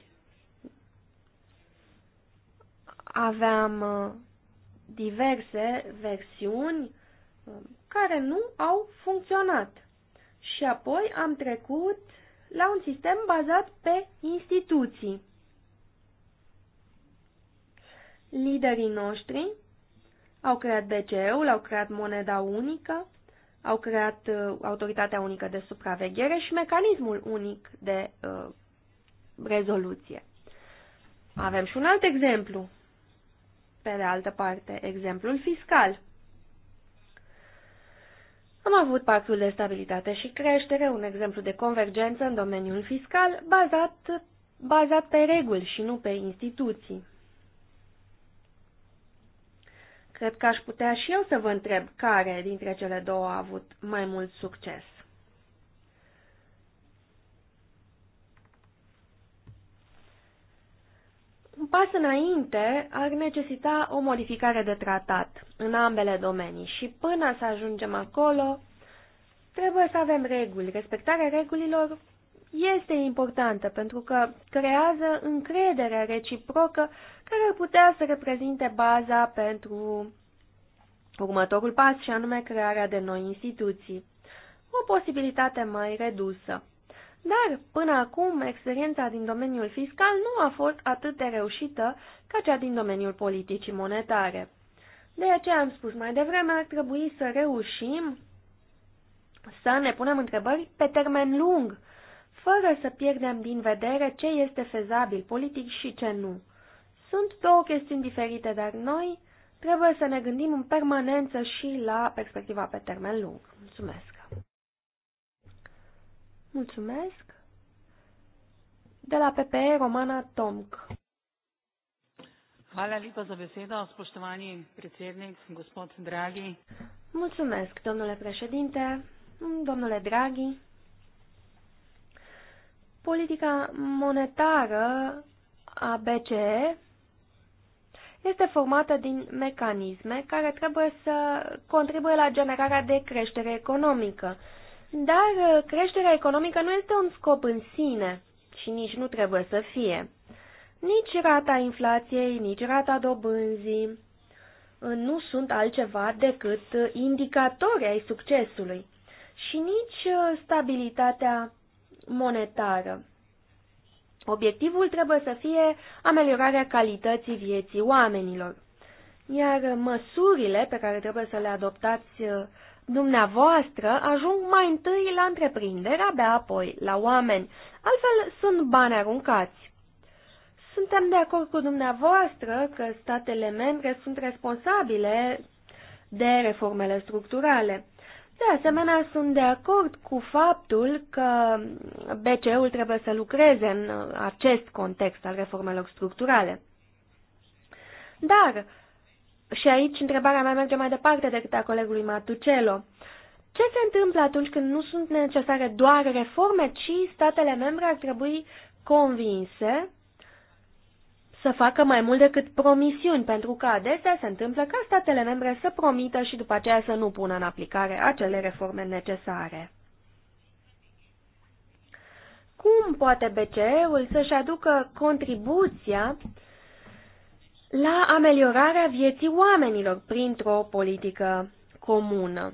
Aveam uh, diverse versiuni uh, care nu au funcționat. Și apoi am trecut la un sistem bazat pe instituții. Liderii noștri au creat BCE-ul, au creat moneda unică, au creat uh, Autoritatea Unică de Supraveghere și Mecanismul Unic de uh, Rezoluție. Avem și un alt exemplu. Pe de altă parte, exemplul fiscal. Am avut pactul de stabilitate și creștere, un exemplu de convergență în domeniul fiscal, bazat, bazat pe reguli și nu pe instituții. Cred că aș putea și eu să vă întreb care dintre cele două a avut mai mult succes. Un pas înainte ar necesita o modificare de tratat în ambele domenii și până să ajungem acolo, trebuie să avem reguli. Respectarea regulilor este importantă pentru că creează încrederea reciprocă care ar putea să reprezinte baza pentru următorul pas și anume crearea de noi instituții. O posibilitate mai redusă. Dar, până acum, experiența din domeniul fiscal nu a fost atât de reușită ca cea din domeniul politicii monetare. De aceea am spus mai devreme, ar trebui să reușim să ne punem întrebări pe termen lung fără să pierdem din vedere ce este fezabil politic și ce nu. Sunt două chestiuni diferite, dar noi trebuie să ne gândim în permanență și la perspectiva pe termen lung. Mulțumesc! Mulțumesc! De la PPE, Romana Tomc. Hvala lepa za besedo, spoštovani predsednik, gospod Draghi. Mulțumesc, domnule președinte, domnule Draghi. Politica monetară a BCE este formată din mecanisme care trebuie să contribuie la generarea de creștere economică. Dar creșterea economică nu este un scop în sine și nici nu trebuie să fie. Nici rata inflației, nici rata dobânzii nu sunt altceva decât indicatori ai succesului și nici stabilitatea monetară. Obiectivul trebuie să fie ameliorarea calității vieții oamenilor. Iar măsurile pe care trebuie să le adoptați uh, dumneavoastră ajung mai întâi la întreprindere, abia apoi la oameni. Altfel sunt bani aruncați. Suntem de acord cu dumneavoastră că statele membre sunt responsabile de reformele structurale. De asemenea, sunt de acord cu faptul că BCE-ul trebuie să lucreze în acest context al reformelor structurale. Dar, și aici întrebarea mea merge mai departe decât a colegului Matucelo, ce se întâmplă atunci când nu sunt necesare doar reforme, ci statele membre ar trebui convinse să facă mai mult decât promisiuni, pentru că adesea se întâmplă ca statele membre să promită și după aceea să nu pună în aplicare acele reforme necesare. Cum poate BCE-ul să-și aducă contribuția la ameliorarea vieții oamenilor printr-o politică comună?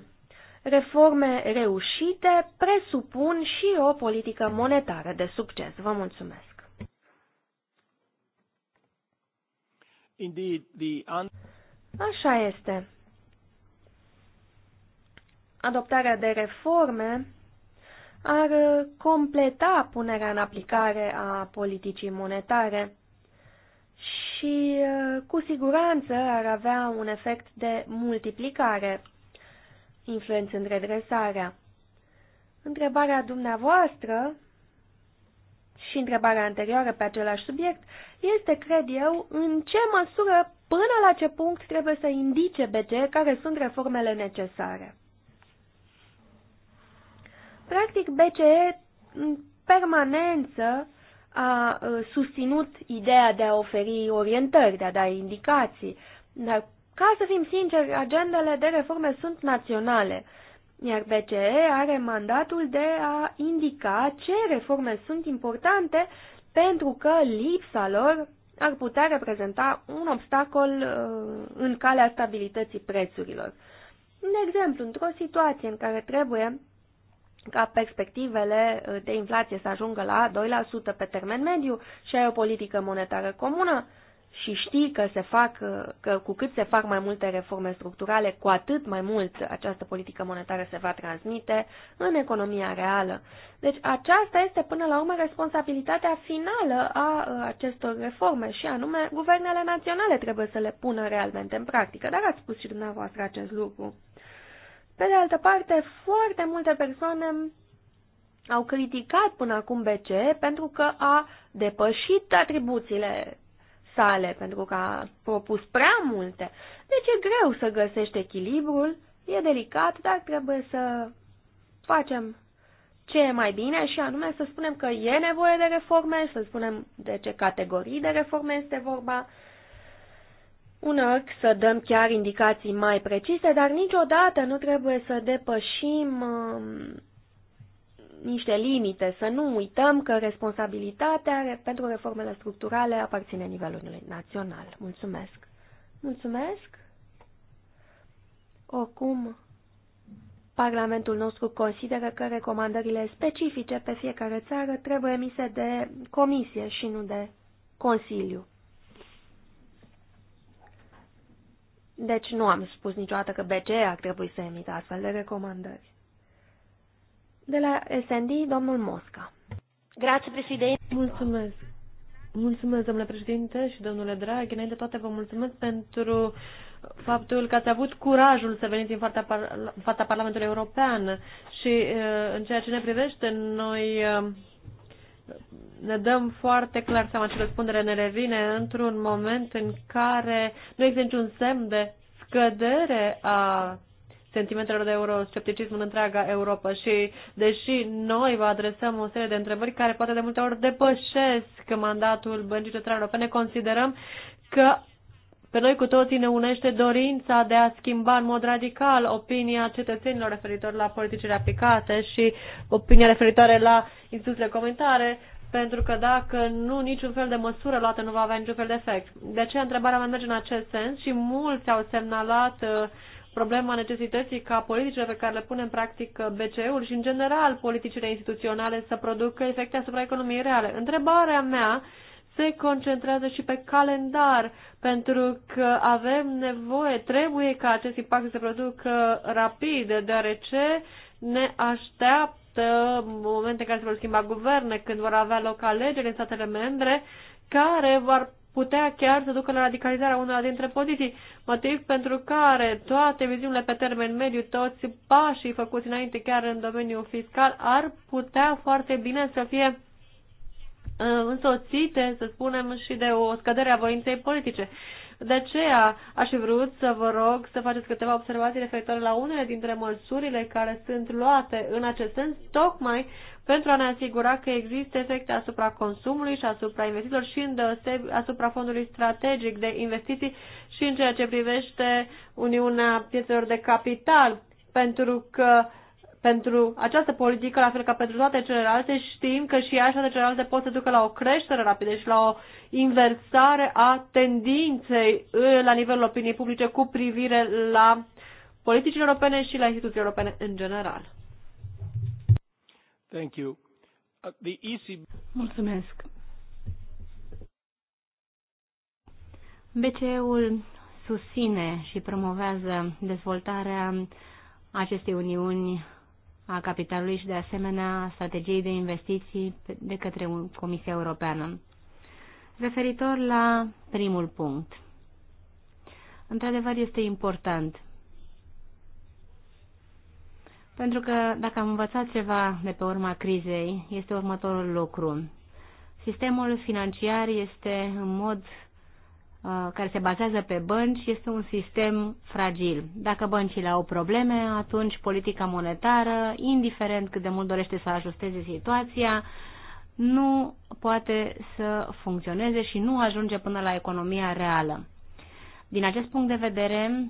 Reforme reușite presupun și o politică monetară de succes. Vă mulțumesc! Așa este. Adoptarea de reforme ar completa punerea în aplicare a politicii monetare și cu siguranță ar avea un efect de multiplicare, influențând redresarea. Întrebarea dumneavoastră și întrebarea anterioară pe același subiect este, cred eu, în ce măsură până la ce punct trebuie să indice BCE care sunt reformele necesare. Practic, BCE în permanență a susținut ideea de a oferi orientări, de a da indicații, dar ca să fim sinceri, agendele de reforme sunt naționale iar BCE are mandatul de a indica ce reforme sunt importante pentru că lipsa lor ar putea reprezenta un obstacol uh, în calea stabilității prețurilor. De exemplu, într-o situație în care trebuie ca perspectivele uh, de inflație să ajungă la 2% pe termen mediu și ai o politică monetară comună, și știi că, se fac, că cu cât se fac mai multe reforme structurale, cu atât mai mult această politică monetară se va transmite în economia reală. Deci aceasta este până la urmă responsabilitatea finală a acestor reforme și anume guvernele naționale trebuie să le pună realmente în practică, dar ați spus și dumneavoastră acest lucru. Pe de altă parte, foarte multe persoane au criticat până acum BCE pentru că a depășit atribuțiile sale, pentru că a propus prea multe. Deci e greu să găsești echilibrul, e delicat, dar trebuie să facem ce e mai bine și anume să spunem că e nevoie de reforme, să spunem de ce categorii de reforme este vorba, uneori să dăm chiar indicații mai precise, dar niciodată nu trebuie să depășim uh, niște limite, să nu uităm că responsabilitatea pentru reformele structurale aparține nivelului național. Mulțumesc! Mulțumesc! Oricum, Parlamentul nostru consideră că recomandările specifice pe fiecare țară trebuie emise de comisie și nu de Consiliu. Deci nu am spus niciodată că BCE ar trebui să emită astfel de recomandări. De la SND, domnul Mosca. Grație, președinte. Mulțumesc. Mulțumesc, domnule președinte și domnule Draghi. Înainte de toate, vă mulțumesc pentru faptul că ați avut curajul să veniți în fața, par în fața Parlamentului European și uh, în ceea ce ne privește, noi uh, ne dăm foarte clar seama ce răspundere ne revine într-un moment în care nu există niciun semn de scădere a sentimentelor de euroscepticism în întreaga Europa și deși noi vă adresăm o serie de întrebări care poate de multe ori depășesc mandatul Băncii Centrale Europene, considerăm că pe noi cu toții ne unește dorința de a schimba în mod radical opinia cetățenilor referitor la politicile aplicate și opinia referitoare la instituțiile comentare, pentru că dacă nu, niciun fel de măsură luată nu va avea niciun fel de efect. De aceea întrebarea mea merge în acest sens și mulți au semnalat uh, problema necesității ca politicile pe care le pune în practică BCE-ul și, în general, politicile instituționale să producă efecte asupra economiei reale. Întrebarea mea se concentrează și pe calendar, pentru că avem nevoie, trebuie ca acest impact să se producă rapid, deoarece ne așteaptă momente în care se vor schimba guverne, când vor avea loc alegeri în statele membre, care vor putea chiar să ducă la radicalizarea unora dintre poziții, motiv pentru care toate viziunile pe termen mediu, toți pașii făcuți înainte chiar în domeniul fiscal, ar putea foarte bine să fie uh, însoțite, să spunem, și de o scădere a voinței politice. De aceea aș vrut să vă rog să faceți câteva observații referitoare la unele dintre măsurile care sunt luate în acest sens, tocmai pentru a ne asigura că există efecte asupra consumului și asupra investiților, și în deoseb, asupra fondului strategic de investiții și în ceea ce privește Uniunea Piețelor de Capital, pentru că pentru această politică, la fel ca pentru toate celelalte, știm că și așa de celelalte pot să ducă la o creștere rapidă și la o inversare a tendinței la nivelul opiniei publice cu privire la politicile europene și la instituții europene în general. Thank you. Uh, the ECB... Mulțumesc. BCE-ul susține și promovează dezvoltarea acestei uniuni a capitalului și de asemenea strategiei de investiții de către Comisia Europeană. Referitor la primul punct, într-adevăr este important pentru că dacă am învățat ceva de pe urma crizei, este următorul lucru. Sistemul financiar este în mod uh, care se bazează pe bănci este un sistem fragil. Dacă băncile au probleme, atunci politica monetară, indiferent cât de mult dorește să ajusteze situația, nu poate să funcționeze și nu ajunge până la economia reală. Din acest punct de vedere,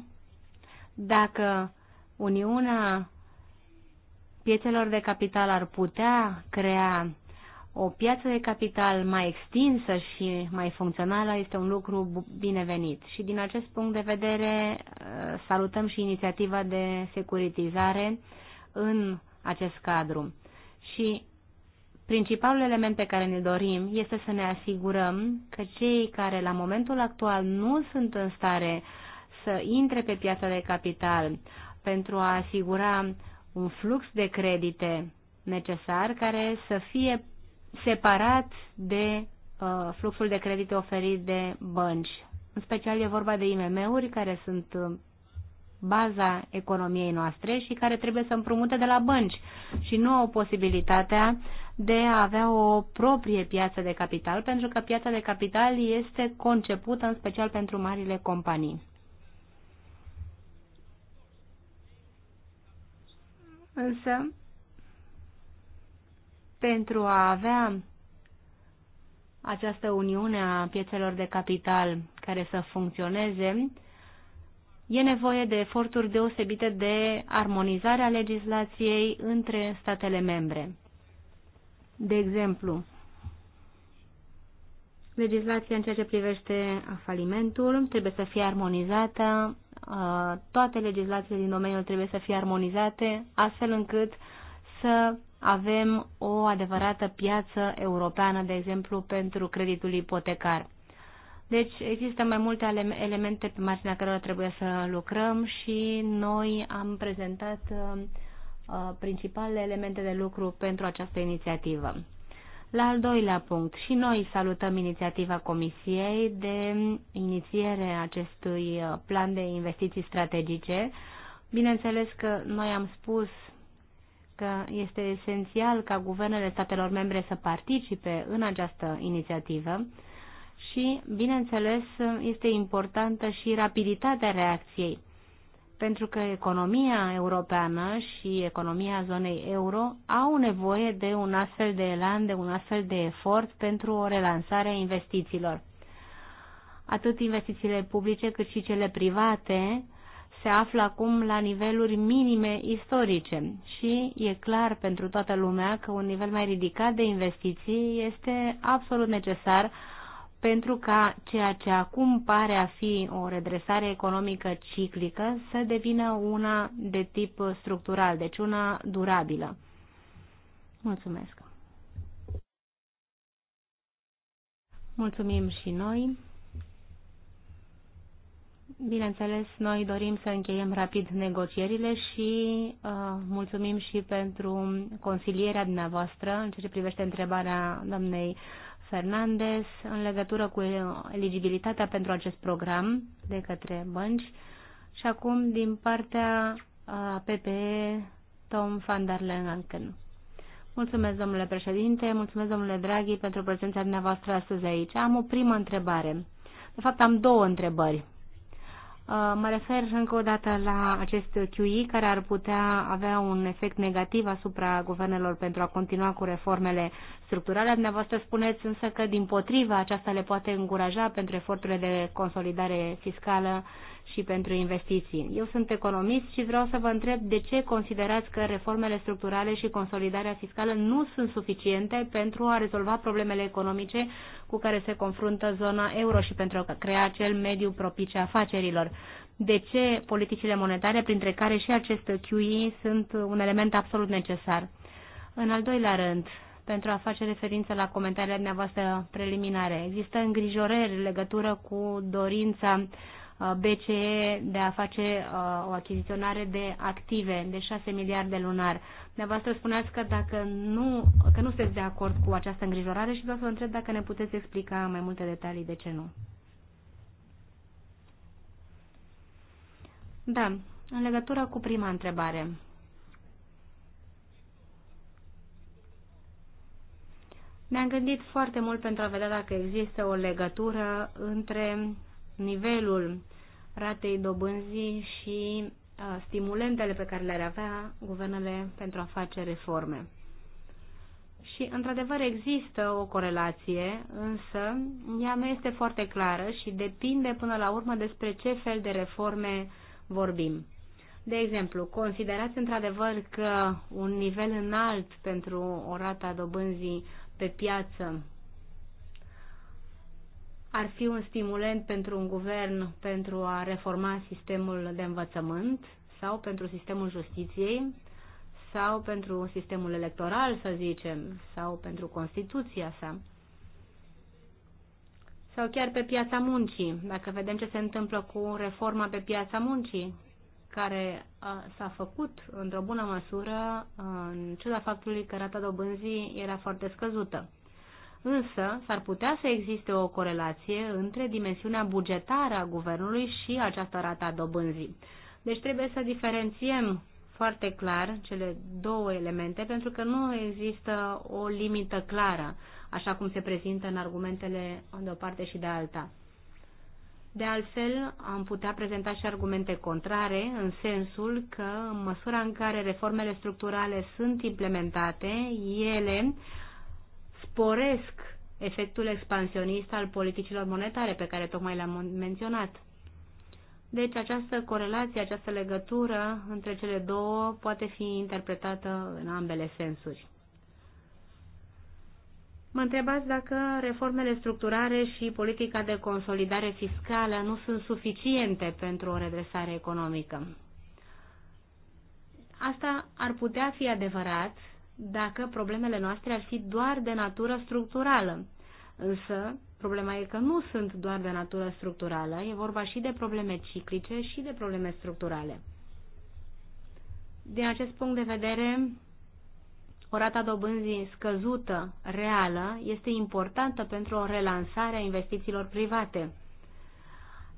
dacă Uniunea piețelor de capital ar putea crea o piață de capital mai extinsă și mai funcțională este un lucru binevenit. Și din acest punct de vedere uh, salutăm și inițiativa de securitizare în acest cadru. Și principalul element pe care ne dorim este să ne asigurăm că cei care la momentul actual nu sunt în stare să intre pe piața de capital pentru a asigura un flux de credite necesar care să fie separat de uh, fluxul de credite oferit de bănci. În special e vorba de IMM-uri care sunt uh, baza economiei noastre și care trebuie să împrumute de la bănci și nu au posibilitatea de a avea o proprie piață de capital, pentru că piața de capital este concepută în special pentru marile companii. Însă, pentru a avea această uniune a piețelor de capital care să funcționeze, e nevoie de eforturi deosebite de armonizare a legislației între statele membre. De exemplu, legislația în ceea ce privește falimentul trebuie să fie armonizată Uh, toate legislațiile din domeniul trebuie să fie armonizate, astfel încât să avem o adevărată piață europeană, de exemplu, pentru creditul ipotecar. Deci există mai multe elemente pe marginea cărora trebuie să lucrăm și noi am prezentat uh, uh, principalele elemente de lucru pentru această inițiativă. La al doilea punct, și noi salutăm inițiativa Comisiei de inițiere acestui uh, plan de investiții strategice. Bineînțeles că noi am spus că este esențial ca guvernele statelor membre să participe în această inițiativă și, bineînțeles, este importantă și rapiditatea reacției pentru că economia europeană și economia zonei euro au nevoie de un astfel de elan, de un astfel de efort pentru o relansare a investițiilor. Atât investițiile publice cât și cele private se află acum la niveluri minime istorice și e clar pentru toată lumea că un nivel mai ridicat de investiții este absolut necesar pentru ca ceea ce acum pare a fi o redresare economică ciclică să devină una de tip structural, deci una durabilă. Mulțumesc! Mulțumim și noi! Bineînțeles, noi dorim să încheiem rapid negocierile și uh, mulțumim și pentru consilierea dumneavoastră în ceea ce privește întrebarea doamnei uh, Fernandez în legătură cu eligibilitatea pentru acest program de către bănci și acum din partea PPE Tom van der Lenken. Mulțumesc, domnule președinte, mulțumesc, domnule Draghi, pentru prezența dumneavoastră astăzi aici. Am o primă întrebare. De fapt, am două întrebări Uh, mă refer încă o dată la acest QI care ar putea avea un efect negativ asupra guvernelor pentru a continua cu reformele structurale. Dumneavoastră spuneți însă că din potriva aceasta le poate încuraja pentru eforturile de consolidare fiscală uh, și pentru investiții. Eu sunt economist și vreau să vă întreb de ce considerați că reformele structurale și consolidarea fiscală nu sunt suficiente pentru a rezolva problemele economice cu care se confruntă zona euro și pentru a crea acel mediu propice afacerilor. De ce politicile monetare, printre care și acest QE, sunt un element absolut necesar? În al doilea rând, pentru a face referință la comentariile dumneavoastră preliminare. Există îngrijorări legătură cu dorința BCE de a face uh, o achiziționare de active de 6 miliarde lunar. Dumneavoastră spuneați că, dacă nu, că nu sunteți de acord cu această îngrijorare și vreau să vă întreb dacă ne puteți explica mai multe detalii de ce nu. Da, în legătură cu prima întrebare. Ne-am gândit foarte mult pentru a vedea dacă există o legătură între nivelul ratei dobânzii și uh, stimulentele pe care le-ar avea guvernele pentru a face reforme. Și, într-adevăr, există o corelație, însă ea nu este foarte clară și depinde până la urmă despre ce fel de reforme vorbim. De exemplu, considerați într-adevăr că un nivel înalt pentru o rata dobânzii pe piață ar fi un stimulent pentru un guvern pentru a reforma sistemul de învățământ sau pentru sistemul justiției sau pentru sistemul electoral, să zicem, sau pentru Constituția sa sau chiar pe piața muncii. Dacă vedem ce se întâmplă cu reforma pe piața muncii, care s-a făcut într-o bună măsură, în ciuda faptului că rata dobânzii era foarte scăzută. Însă, s-ar putea să existe o corelație între dimensiunea bugetară a guvernului și această rată a dobânzii. Deci trebuie să diferențiem foarte clar cele două elemente, pentru că nu există o limită clară, așa cum se prezintă în argumentele de o parte și de alta. De altfel, am putea prezenta și argumente contrare, în sensul că, în măsura în care reformele structurale sunt implementate, ele sporesc efectul expansionist al politicilor monetare pe care tocmai le-am menționat. Deci această corelație, această legătură între cele două poate fi interpretată în ambele sensuri. Mă întrebați dacă reformele structurare și politica de consolidare fiscală nu sunt suficiente pentru o redresare economică. Asta ar putea fi adevărat dacă problemele noastre ar fi doar de natură structurală. Însă, problema e că nu sunt doar de natură structurală, e vorba și de probleme ciclice și de probleme structurale. Din acest punct de vedere, o rata dobânzii scăzută, reală, este importantă pentru o relansare a investițiilor private.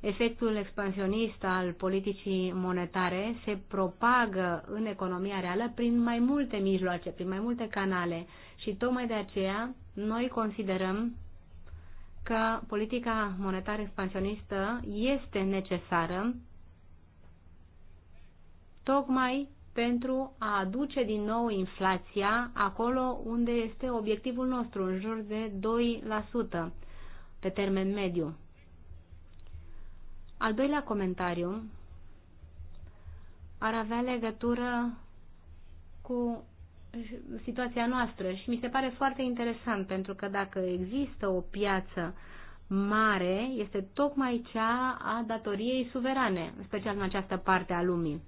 Efectul expansionist al politicii monetare se propagă în economia reală prin mai multe mijloace, prin mai multe canale și tocmai de aceea noi considerăm că politica monetară expansionistă este necesară tocmai pentru a aduce din nou inflația acolo unde este obiectivul nostru, în jur de 2% pe termen mediu. Al doilea comentariu ar avea legătură cu situația noastră și mi se pare foarte interesant pentru că dacă există o piață mare, este tocmai cea a datoriei suverane, în special în această parte a lumii.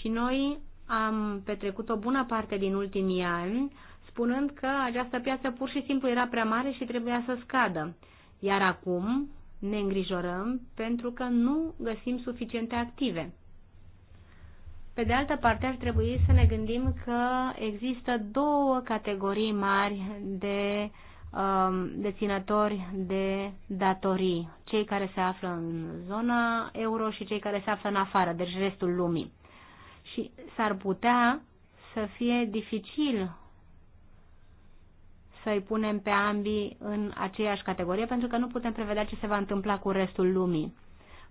Și noi am petrecut o bună parte din ultimii ani spunând că această piață pur și simplu era prea mare și trebuia să scadă. Iar acum ne îngrijorăm pentru că nu găsim suficiente active. Pe de altă parte, ar trebui să ne gândim că există două categorii mari de um, deținători de datorii, cei care se află în zona euro și cei care se află în afară, deci restul lumii. Și s-ar putea să fie dificil să-i punem pe ambii în aceeași categorie, pentru că nu putem prevedea ce se va întâmpla cu restul lumii.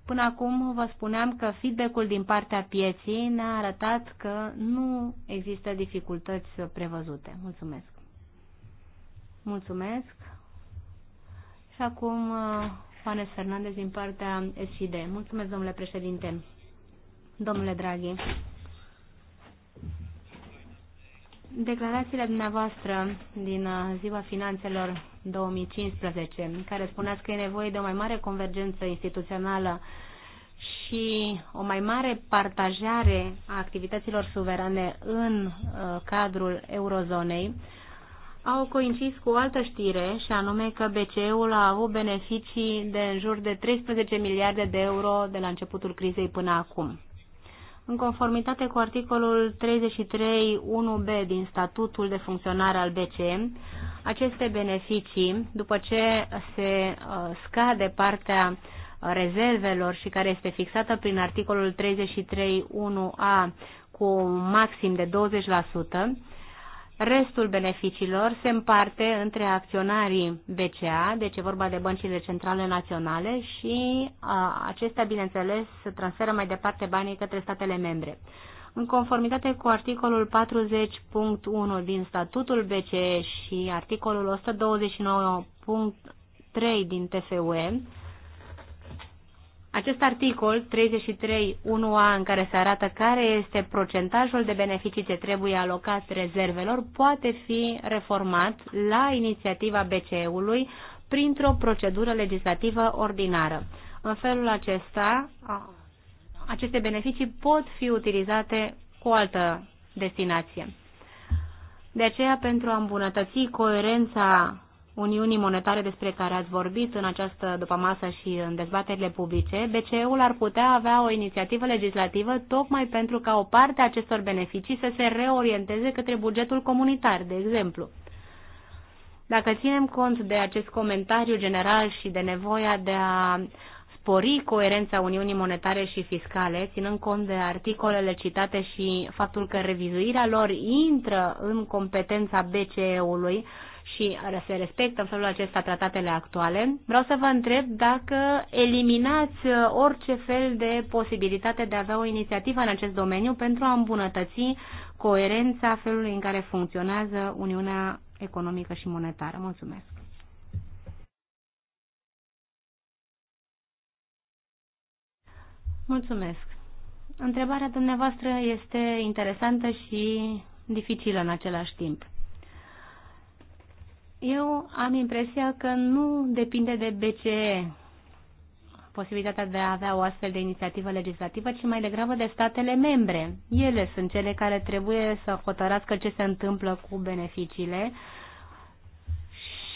Până acum vă spuneam că feedback-ul din partea pieții ne-a arătat că nu există dificultăți prevăzute. Mulțumesc! Mulțumesc! Și acum uh, Juanes Fernandez din partea SID. Mulțumesc, domnule președinte! Domnule Draghi! declarațiile dumneavoastră din uh, ziua finanțelor 2015, în care spuneați că e nevoie de o mai mare convergență instituțională și o mai mare partajare a activităților suverane în uh, cadrul eurozonei, au coincis cu o altă știre, și anume că BCE-ul a avut beneficii de în jur de 13 miliarde de euro de la începutul crizei până acum în conformitate cu articolul 33.1b din statutul de funcționare al BCE, aceste beneficii, după ce se uh, scade partea uh, rezervelor și care este fixată prin articolul 33.1a cu maxim de 20%, Restul beneficiilor se împarte între acționarii BCA, deci e vorba de băncile centrale naționale și a, acestea, bineînțeles, transferă mai departe banii către statele membre. În conformitate cu articolul 40.1 din statutul BCE și articolul 129.3 din TFUE, acest articol 33.1a în care se arată care este procentajul de beneficii ce trebuie alocat rezervelor poate fi reformat la inițiativa BCE-ului printr-o procedură legislativă ordinară. În felul acesta, aceste beneficii pot fi utilizate cu o altă destinație. De aceea, pentru a îmbunătăți coerența Uniunii Monetare despre care ați vorbit în această dupămasă și în dezbaterile publice, BCE-ul ar putea avea o inițiativă legislativă tocmai pentru ca o parte a acestor beneficii să se reorienteze către bugetul comunitar, de exemplu. Dacă ținem cont de acest comentariu general și de nevoia de a spori coerența Uniunii Monetare și Fiscale, ținând cont de articolele citate și faptul că revizuirea lor intră în competența BCE-ului, și se respectă în felul acesta tratatele actuale, vreau să vă întreb dacă eliminați uh, orice fel de posibilitate de a avea o inițiativă în acest domeniu pentru a îmbunătăți coerența felului în care funcționează Uniunea Economică și Monetară. Mulțumesc! Mulțumesc! Întrebarea dumneavoastră este interesantă și dificilă în același timp. Eu am impresia că nu depinde de BCE posibilitatea de a avea o astfel de inițiativă legislativă, ci mai degrabă de statele membre. Ele sunt cele care trebuie să hotărască ce se întâmplă cu beneficiile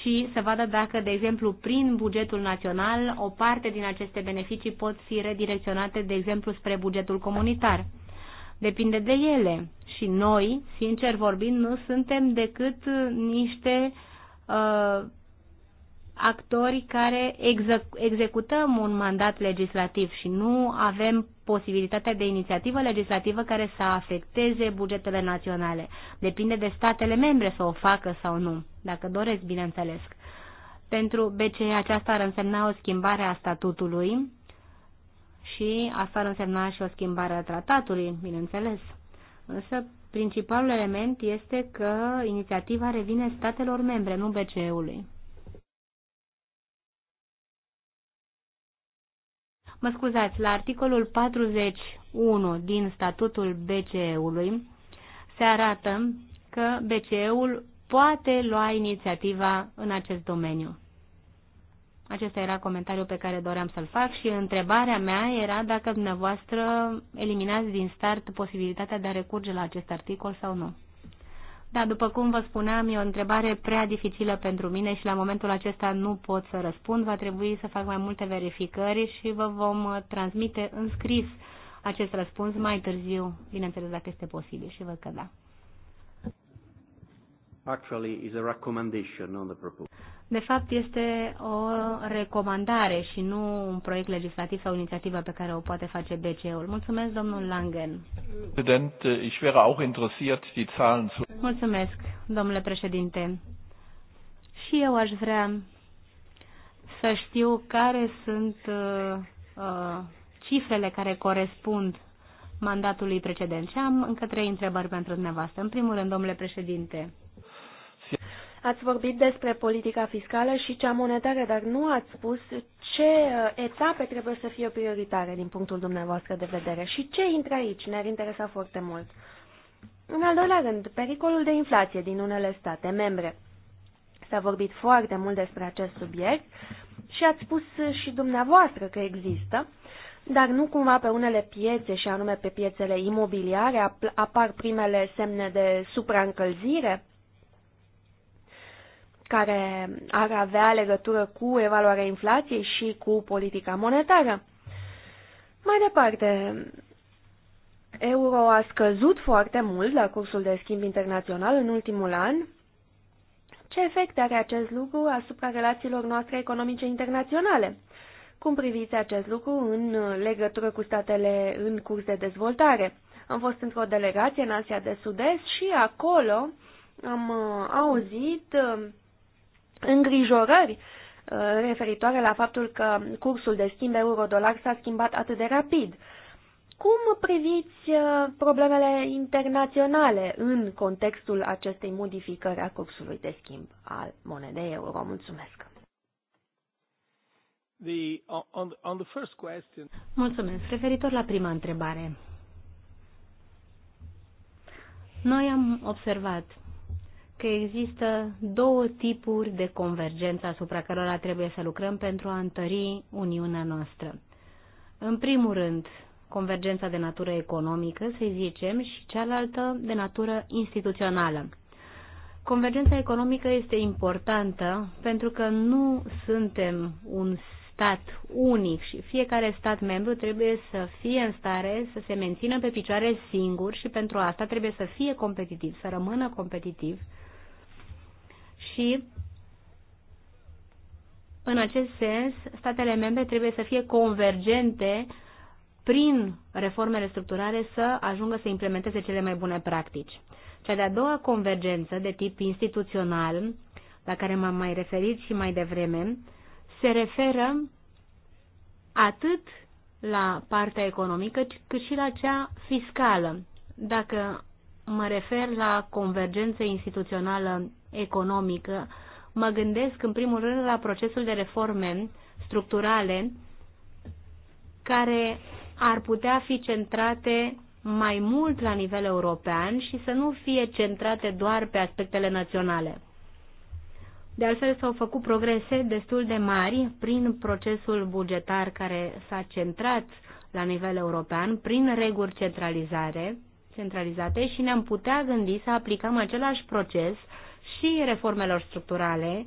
și să vadă dacă, de exemplu, prin bugetul național, o parte din aceste beneficii pot fi redirecționate, de exemplu, spre bugetul comunitar. Depinde de ele. Și noi, sincer vorbind, nu suntem decât niște uh, uh, actori care exec- executăm un mandat legislativ și nu avem posibilitatea de inițiativă legislativă care să afecteze bugetele naționale. Depinde de statele membre să o facă sau nu, dacă doresc, bineînțeles. Pentru BCE aceasta ar însemna o schimbare a statutului și asta ar însemna și o schimbare a tratatului, bineînțeles. Însă Principalul element este că inițiativa revine statelor membre, nu BCE-ului. Mă scuzați, la articolul 41 din statutul BCE-ului se arată că BCE-ul poate lua inițiativa în acest domeniu. Acesta era comentariul pe care doream să-l fac și întrebarea mea era dacă dumneavoastră eliminați din start posibilitatea de a recurge la acest articol sau nu. Da, după cum vă spuneam, e o întrebare prea dificilă pentru mine și la momentul acesta nu pot să răspund. Va trebui să fac mai multe verificări și vă vom transmite în scris acest răspuns mai târziu, bineînțeles dacă este posibil și văd că da. Actually, is a recommendation on the proposal de fapt, este o recomandare și nu un proiect legislativ sau inițiativă pe care o poate face BCE-ul. Mulțumesc, domnul Langen. Mulțumesc, domnule președinte. Și eu aș vrea să știu care sunt uh, uh, cifrele care corespund mandatului precedent. Și am încă trei întrebări pentru dumneavoastră. În primul rând, domnule președinte. Ați vorbit despre politica fiscală și cea monetară, dar nu ați spus ce uh, etape trebuie să fie prioritare din punctul dumneavoastră de vedere și ce intră aici. Ne-ar interesa foarte mult. În al doilea rând, pericolul de inflație din unele state membre. S-a vorbit foarte mult despre acest subiect și ați spus și dumneavoastră că există, dar nu cumva pe unele piețe, și anume pe piețele imobiliare, apar primele semne de supraîncălzire? care ar avea legătură cu evaluarea inflației și cu politica monetară. Mai departe, euro a scăzut foarte mult la cursul de schimb internațional în ultimul an. Ce efect are acest lucru asupra relațiilor noastre economice internaționale? Cum priviți acest lucru în legătură cu statele în curs de dezvoltare? Am fost într-o delegație în Asia de Sud-Est și acolo am uh, auzit uh, îngrijorări uh, referitoare la faptul că cursul de schimb euro-dolar s-a schimbat atât de rapid. Cum priviți uh, problemele internaționale în contextul acestei modificări a cursului de schimb al monedei euro? Mulțumesc! The, uh, on, on the first question... Mulțumesc. Referitor la prima întrebare, noi am observat că există două tipuri de convergență asupra cărora trebuie să lucrăm pentru a întări Uniunea noastră. În primul rând, convergența de natură economică, să zicem, și cealaltă de natură instituțională. Convergența economică este importantă pentru că nu suntem un stat unic și fiecare stat membru trebuie să fie în stare să se mențină pe picioare singur și pentru asta trebuie să fie competitiv, să rămână competitiv și în acest sens, statele membre trebuie să fie convergente prin reformele structurale să ajungă să implementeze cele mai bune practici. Cea de-a doua convergență de tip instituțional, la care m-am mai referit și mai devreme, se referă atât la partea economică, cât și la cea fiscală. Dacă mă refer la convergență instituțională economică, mă gândesc în primul rând la procesul de reforme structurale care ar putea fi centrate mai mult la nivel european și să nu fie centrate doar pe aspectele naționale. De altfel, s-au făcut progrese destul de mari prin procesul bugetar care s-a centrat la nivel european, prin reguli centralizare, centralizate și ne-am putea gândi să aplicăm același proces uh, și reformelor structurale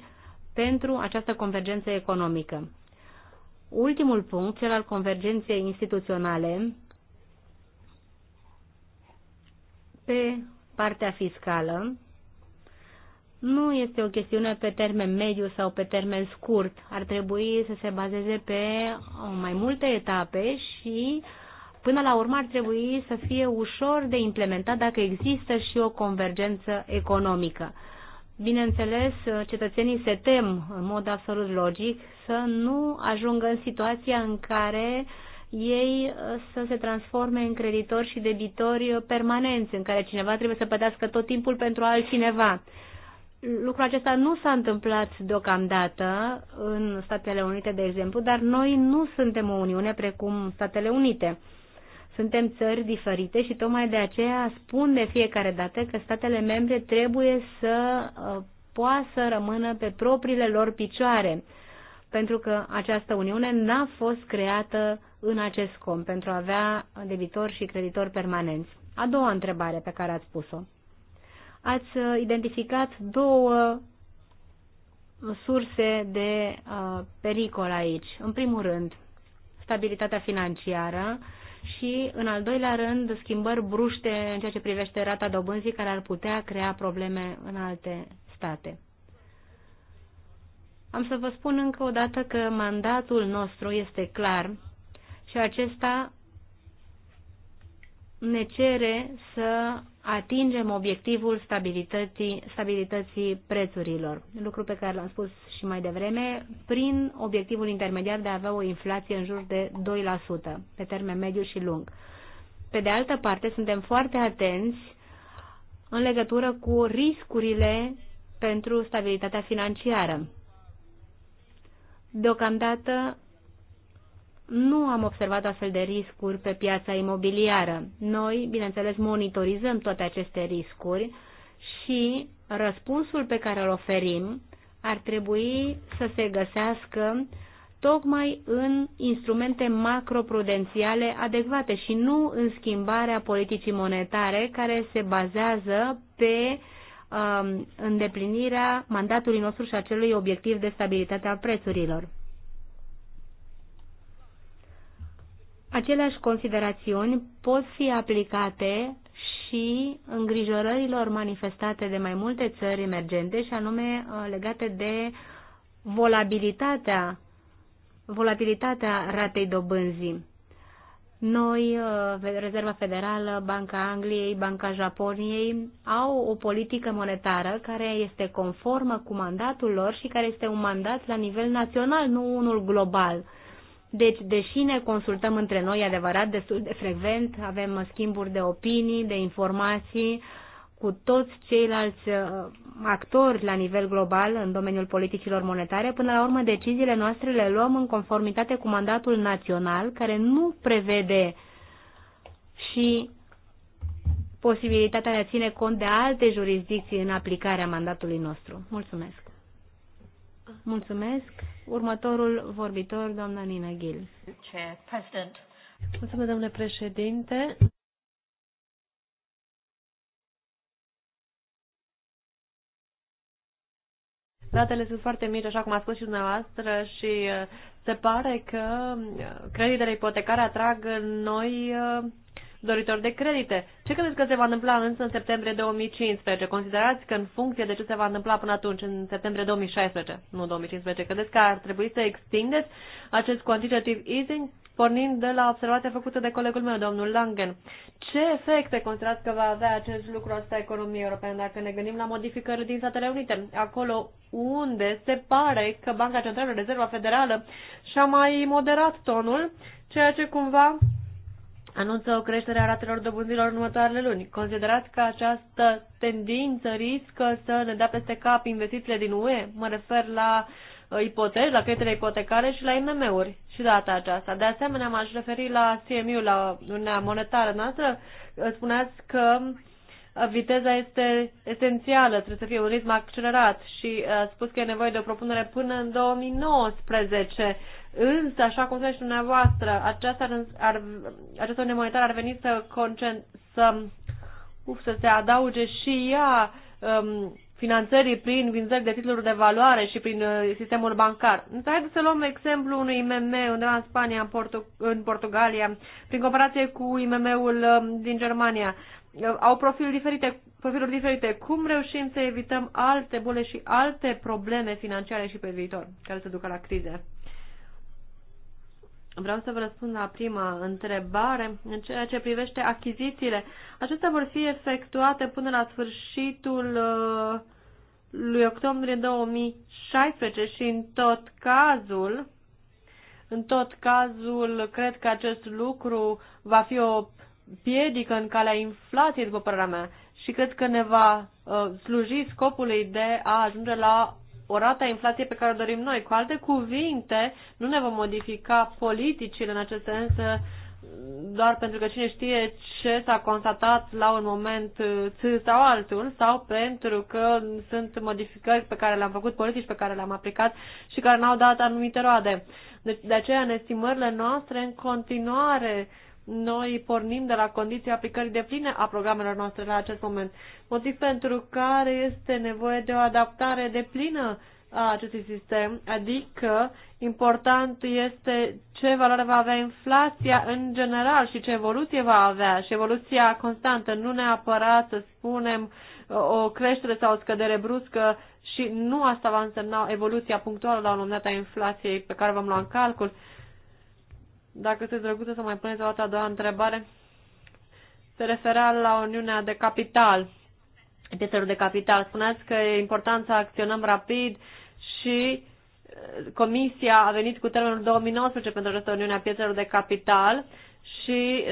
pentru această convergență economică. Ultimul punct, cel al convergenței instituționale, pe partea fiscală, nu este o chestiune pe termen mediu sau pe termen scurt. Ar trebui să se bazeze pe uh, mai multe etape și până la urmă ar trebui să fie ușor de implementat dacă există și o convergență economică. Bineînțeles, cetățenii se tem, în mod absolut logic, să nu ajungă în situația în care ei să se transforme în creditori și debitori permanenți, în care cineva trebuie să pădească tot timpul pentru altcineva. Lucrul acesta nu s-a întâmplat deocamdată în Statele Unite, de exemplu, dar noi nu suntem o Uniune precum Statele Unite. Suntem țări diferite și tocmai de aceea spun de fiecare dată că statele membre trebuie să uh, poată să rămână pe propriile lor picioare, pentru că această Uniune n-a fost creată în acest scop, pentru a avea debitori și creditori permanenți. A doua întrebare pe care ați pus-o. Ați uh, identificat două surse de uh, pericol aici. În primul rând, stabilitatea financiară, uh, și, în al doilea rând, schimbări bruște în ceea ce privește rata dobânzii care ar putea crea probleme în alte state. Am să vă spun încă o dată că mandatul nostru este clar și acesta ne cere să atingem obiectivul stabilității, stabilității prețurilor, lucru pe care l-am spus și mai devreme, prin obiectivul intermediar de a avea o inflație în jur de 2% pe termen mediu și lung. Pe de altă parte, suntem foarte atenți în legătură cu riscurile pentru stabilitatea financiară. Deocamdată nu am observat astfel de riscuri pe piața imobiliară. Noi, bineînțeles, monitorizăm toate aceste riscuri și răspunsul pe care îl oferim ar trebui să se găsească tocmai în instrumente macroprudențiale adecvate și nu în schimbarea politicii monetare care se bazează pe um, îndeplinirea mandatului nostru și acelui obiectiv de stabilitate a prețurilor. Aceleași considerațiuni pot fi aplicate și îngrijorărilor manifestate de mai multe țări emergente și anume uh, legate de volabilitatea, volabilitatea ratei dobânzii. Noi, uh, Rezerva Federală, Banca Angliei, Banca Japoniei, au o politică monetară care este conformă cu mandatul lor și care este un mandat la nivel național, nu unul global. Deci, deși ne consultăm între noi, adevărat, destul de frecvent, avem schimburi de opinii, de informații cu toți ceilalți uh, actori la nivel global în domeniul politicilor monetare, până la urmă deciziile noastre le luăm în conformitate cu mandatul național, care nu prevede și posibilitatea de a ține cont de alte jurisdicții în aplicarea mandatului nostru. Mulțumesc! Mulțumesc! Următorul vorbitor, doamna Nina Gil. Mulțumesc, domnule președinte. Datele sunt foarte mici, așa cum a spus și dumneavoastră, și uh, se pare că uh, creditele ipotecare atrag noi uh, doritori de credite. Ce credeți că se va întâmpla însă în septembrie 2015? Considerați că în funcție de ce se va întâmpla până atunci, în septembrie 2016, nu 2015, credeți că ar trebui să extindeți acest quantitative easing pornind de la observația făcută de colegul meu, domnul Langen. Ce efecte considerați că va avea acest lucru asta economiei europene dacă ne gândim la modificările din Statele Unite, acolo unde se pare că Banca Centrală, Rezerva Federală, și-a mai moderat tonul, ceea ce cumva anunță o creștere a ratelor dobânzilor în următoarele luni. Considerați că această tendință riscă să ne dea peste cap investițiile din UE? Mă refer la uh, ipoteci, la creditele ipotecare și la IMM-uri și data aceasta. De asemenea, m-aș referi la CMU, la Uniunea Monetară noastră. Uh, spuneați că uh, viteza este esențială, trebuie să fie un ritm accelerat și a spus că e nevoie de o propunere până în 2019. Însă, așa cum spuneți dumneavoastră, această, ar, ar, această nemonetară ar veni să, concent, să, uf, să se adauge și ea um, finanțării prin vânzări de titluri de valoare și prin uh, sistemul bancar. Însă haideți să luăm exemplu unui IMM undeva în Spania, în, Portu- în Portugalia, prin comparație cu IMM-ul um, din Germania. Uh, au profil diferite, profiluri diferite. Cum reușim să evităm alte bule și alte probleme financiare și pe viitor care se ducă la crize? Vreau să vă răspund la prima întrebare în ceea ce privește achizițiile. Acestea vor fi efectuate până la sfârșitul uh, lui octombrie 2016 și în tot cazul, în tot cazul, cred că acest lucru va fi o piedică în calea inflației, după părerea mea, și cred că ne va uh, sluji scopului de a ajunge la o rată a inflației pe care o dorim noi. Cu alte cuvinte, nu ne vom modifica politicile în acest sens uh, doar pentru că cine știe ce s-a constatat la un moment uh, sau altul sau pentru că sunt modificări pe care le-am făcut politici pe care le-am aplicat și care n-au dat anumite roade. Deci de aceea în estimările noastre în continuare uh, noi pornim de la condiția aplicării de pline a programelor noastre la acest moment, motiv pentru care este nevoie de o adaptare de plină a acestui sistem, adică important este ce valoare va avea inflația în general și ce evoluție va avea și evoluția constantă, nu neapărat să spunem uh, o creștere sau o scădere bruscă și nu asta va însemna evoluția punctuală la un moment dat a inflației pe care vom lua în calcul, dacă sunteți drăguță să mai puneți o altă a doua întrebare, se referea la Uniunea de Capital, piețelor de capital. Spuneați că e important să acționăm rapid și eh, Comisia a venit cu termenul 2019 pentru această Uniune a piețelor de capital și eh,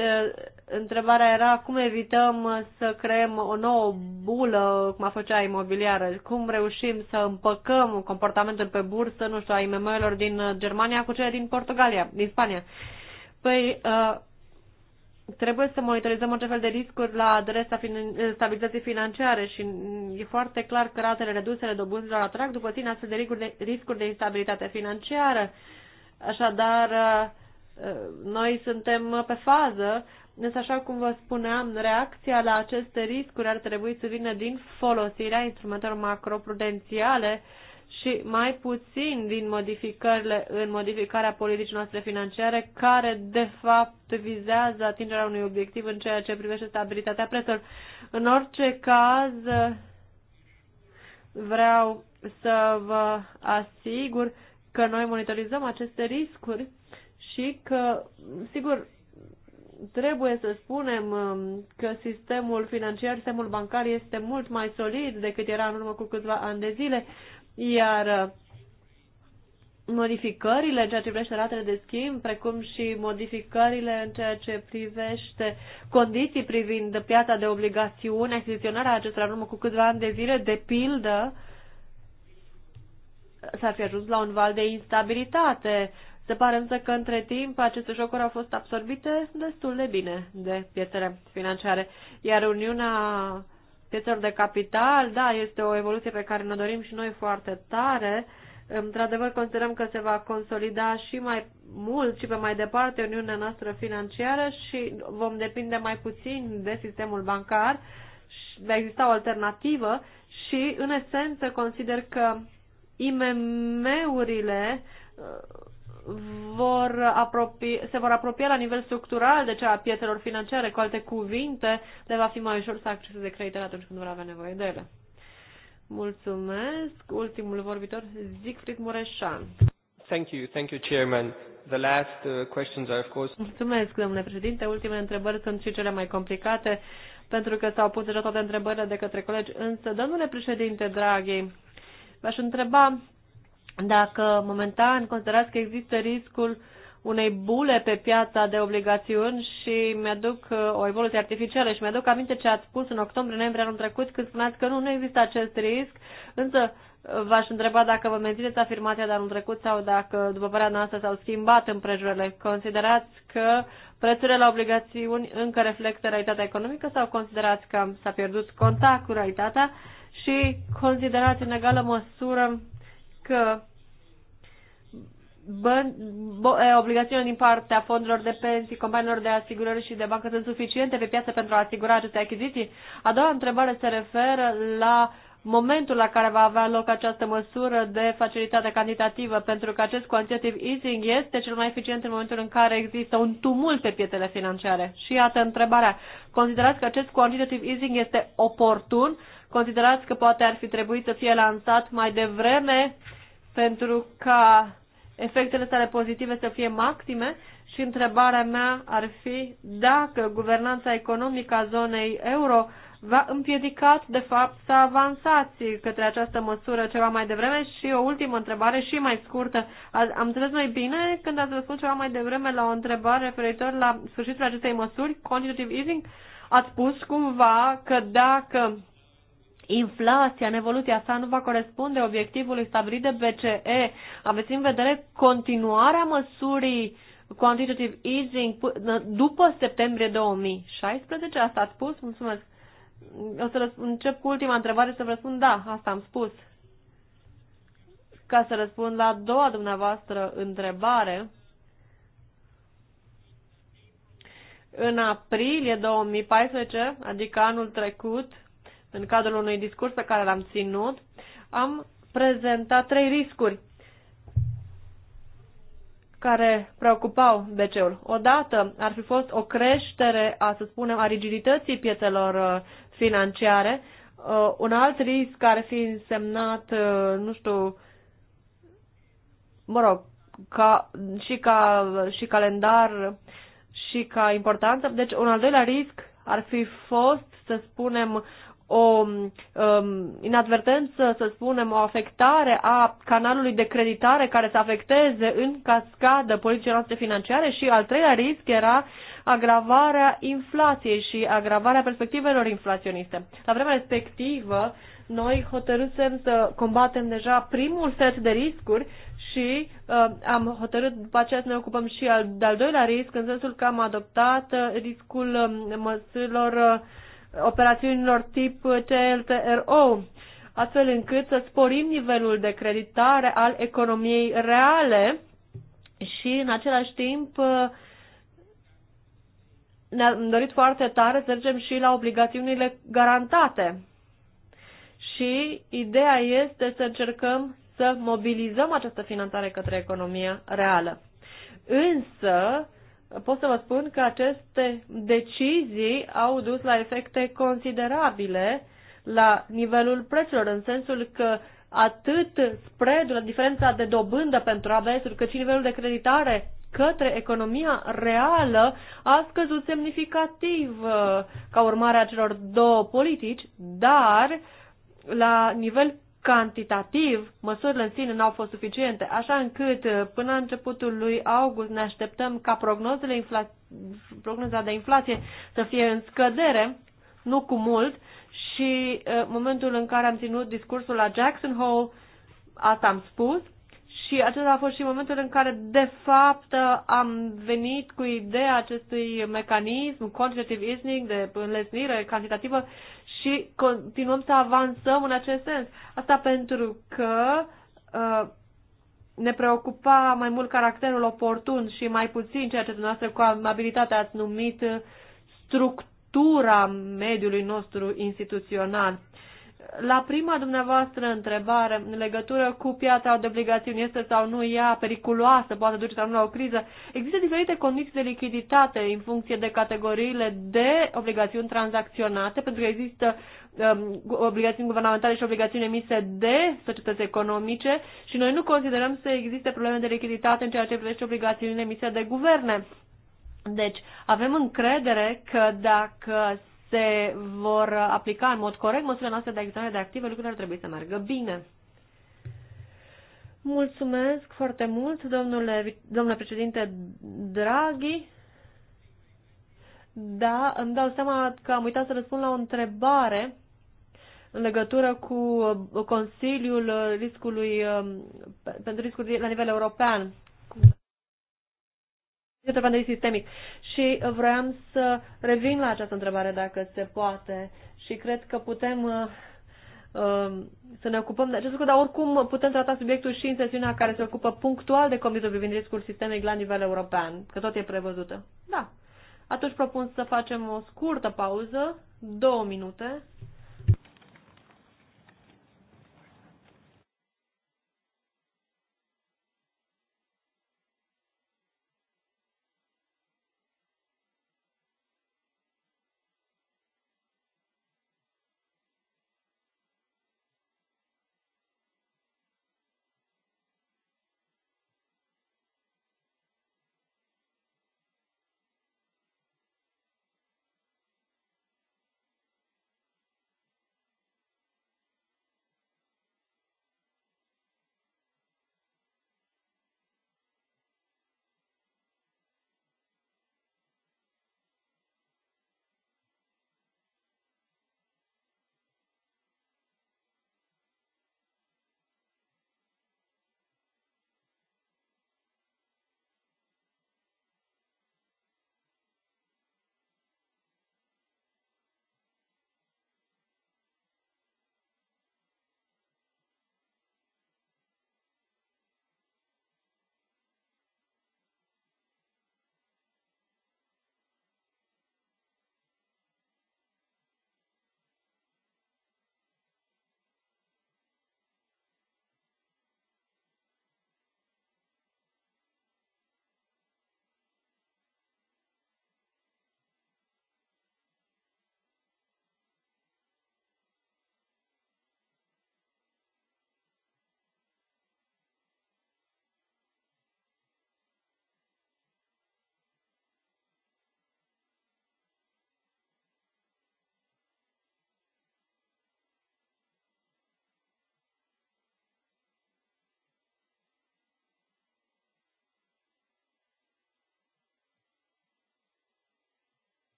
întrebarea era cum evităm să creăm o nouă bulă, cum a făcea imobiliară, cum reușim să împăcăm comportamentul pe bursă, nu știu, a IMM-urilor din eh, Germania cu cele din Portugalia, din Spania. Păi, uh, trebuie să monitorizăm orice fel de riscuri la adresa fin- eh, stabilității financiare și e foarte clar că ratele reduse ale dobânzilor atrag după tine astfel de riscuri de, riscuri de instabilitate financiară. Așadar, uh, uh, noi suntem pe fază, însă așa cum vă spuneam, reacția la aceste riscuri ar trebui să vină din folosirea instrumentelor macroprudențiale uh, și mai puțin din modificările în modificarea politicii noastre financiare, care de fapt vizează atingerea unui obiectiv în ceea ce privește stabilitatea prețurilor. În orice caz, vreau să vă asigur că noi monitorizăm aceste riscuri și că, sigur, trebuie să spunem um, că sistemul financiar, sistemul bancar este mult mai solid decât era în urmă cu câțiva ani de zile. Iar uh, modificările în ceea ce privește ratele de schimb, precum și modificările în ceea ce privește condiții privind piața de obligațiune, achiziționarea acestora în urmă cu câțiva ani de zile, de pildă, s-ar fi ajuns la un val de instabilitate. Se pare însă că între timp aceste jocuri au fost absorbite destul de bine de piețele financiare, iar Uniunea piețelor de capital, da, este o evoluție pe care ne dorim și noi foarte tare. Într-adevăr, considerăm că se va consolida și mai mult și pe mai departe Uniunea noastră financiară și vom depinde mai puțin de sistemul bancar. Va exista o alternativă și, în esență, consider că IMM-urile vor apropi, se vor apropia la nivel structural de cea a piețelor financiare. Cu alte cuvinte, le va fi mai ușor să acceseze creditele atunci când vor avea nevoie de ele. Mulțumesc. Ultimul vorbitor, Siegfried Mureșan. Thank you, thank you, Chairman. The last uh, questions are, of course... Mulțumesc, domnule președinte. Ultimele întrebări sunt și cele mai complicate, pentru că s-au pus deja toate întrebările de către colegi. Însă, domnule președinte, draghi, v-aș întreba dacă momentan considerați că există riscul unei bule pe piața de obligațiuni și mi-aduc uh, o evoluție artificială și mi-aduc aminte ce ați spus în octombrie-noiembrie anul trecut când spuneați că nu, nu există acest risc, însă uh, v-aș întreba dacă vă mențineți afirmația de anul trecut sau dacă, după părerea noastră, s-au schimbat împrejurile. Considerați că prețurile la obligațiuni încă reflectă realitatea economică sau considerați că s-a pierdut contact cu realitatea și considerați în egală măsură că bă, bă, obligațiunile din partea fondurilor de pensii, companiilor de asigurări și de bancă sunt suficiente pe piață pentru a asigura aceste achiziții? A doua întrebare se referă la momentul la care va avea loc această măsură de facilitate cantitativă, pentru că acest quantitative easing este cel mai eficient în momentul în care există un tumult pe pietele financiare. Și iată întrebarea. Considerați că acest quantitative easing este oportun? Considerați că poate ar fi trebuit să fie lansat mai devreme pentru ca efectele tale pozitive să fie maxime și întrebarea mea ar fi dacă guvernanța economică a zonei euro va împiedicat, de fapt, să avansați către această măsură ceva mai devreme și o ultimă întrebare și mai scurtă. Am înțeles mai bine când ați răspuns ceva mai devreme la o întrebare referitor la sfârșitul acestei măsuri, quantitative easing, ați spus cumva că dacă inflația în evoluția sa nu va corespunde obiectivului stabilit de BCE. Aveți în vedere continuarea măsurii quantitative easing după septembrie 2016? Asta ați spus? Mulțumesc. O să încep cu ultima întrebare să vă răspund da, asta am spus. Ca să răspund la a doua dumneavoastră întrebare, în aprilie 2014, adică anul trecut, în cadrul unui discurs pe care l-am ținut, am prezentat trei riscuri care preocupau BCE-ul. Odată ar fi fost o creștere, a, să spunem, a rigidității piețelor uh, financiare, uh, un alt risc care fi însemnat, uh, nu știu, mă rog, ca, și, ca, și calendar și ca importanță. Deci, un al doilea risc ar fi fost, să spunem, o um, inadvertență, să spunem, o afectare a canalului de creditare care să afecteze în cascadă politicile noastre financiare și al treilea risc era agravarea inflației și agravarea perspectivelor inflaționiste. La vremea respectivă, noi hotărâsem să combatem deja primul set de riscuri și uh, am hotărât după aceea să ne ocupăm și al, de-al doilea risc, în sensul că am adoptat uh, riscul uh, măsurilor uh, operațiunilor tip CLTRO, astfel încât să sporim nivelul de creditare al economiei reale și în același timp ne-am dorit foarte tare să mergem și la obligațiunile garantate. Și ideea este să încercăm să mobilizăm această finanțare către economia reală. Însă, pot să vă spun că aceste decizii au dus la efecte considerabile la nivelul prețurilor, în sensul că atât spreadul, diferența de dobândă pentru ABS-uri, cât și nivelul de creditare către economia reală a scăzut semnificativ uh, ca urmare a celor două politici, dar la nivel cantitativ, măsurile în sine n-au fost suficiente, așa încât uh, până la începutul lui august ne așteptăm ca prognozele infla... prognoza de inflație să fie în scădere, nu cu mult, și uh, momentul în care am ținut discursul la Jackson Hole, asta am spus, și acesta a fost și momentul în care, de fapt, am venit cu ideea acestui mecanism, quantitative easing, de înlesnire cantitativă, și continuăm să avansăm în acest sens. Asta pentru că uh, ne preocupa mai mult caracterul oportun și mai puțin ceea ce dumneavoastră cu amabilitate ați numit structura mediului nostru instituțional la prima dumneavoastră întrebare în legătură cu piața de obligațiuni, este sau nu ea periculoasă, poate duce sau nu la o criză, există diferite condiții de lichiditate în funcție de categoriile de obligațiuni tranzacționate, pentru că există um, obligațiuni guvernamentale și obligațiuni emise de societăți economice și noi nu considerăm să existe probleme de lichiditate în ceea ce privește obligațiunile emise de guverne. Deci, avem încredere că dacă se vor aplica în mod corect măsurile noastre de achiziționare de active, lucrurile ar trebui să meargă bine. Mulțumesc foarte mult, domnule, domnule președinte Draghi. Da, îmi dau seama că am uitat să răspund la o întrebare în legătură cu uh, Consiliul riscului, um, pentru riscuri la nivel european de sistemic. Și vreau să revin la această întrebare dacă se poate și cred că putem uh, uh, să ne ocupăm de acest lucru, dar oricum putem trata subiectul și în sesiunea care se ocupă punctual de Comitetul privind riscul sistemic la nivel european, că tot e prevăzută. Da. Atunci propun să facem o scurtă pauză, două minute,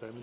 family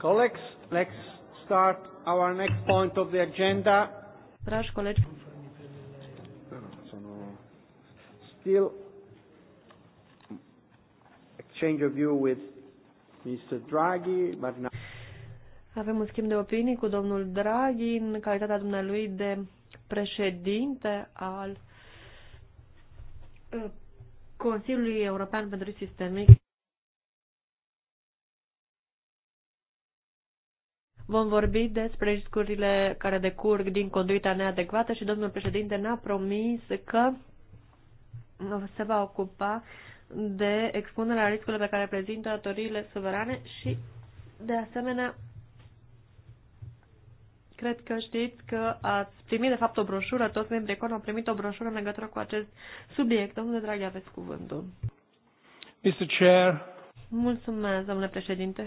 Colleagues, let's start our next point of the agenda. Dragi colegi, still exchange of view with Mr. Draghi, but now avem un schimb de opinii cu domnul Draghi în calitatea dumnealui de președinte al uh, Consiliului European pentru Sistemic. Vom vorbi despre riscurile care decurg din conduita neadecvată și domnul președinte ne-a promis că se va ocupa de expunerea riscurilor pe care prezintă datoriile suverane și, de asemenea, cred că știți că ați primit, de fapt, o broșură, toți membrii ECON au primit o broșură în legătură cu acest subiect. Domnule Draghi, aveți cuvântul. Mr. Chair. Mulțumesc, domnule președinte.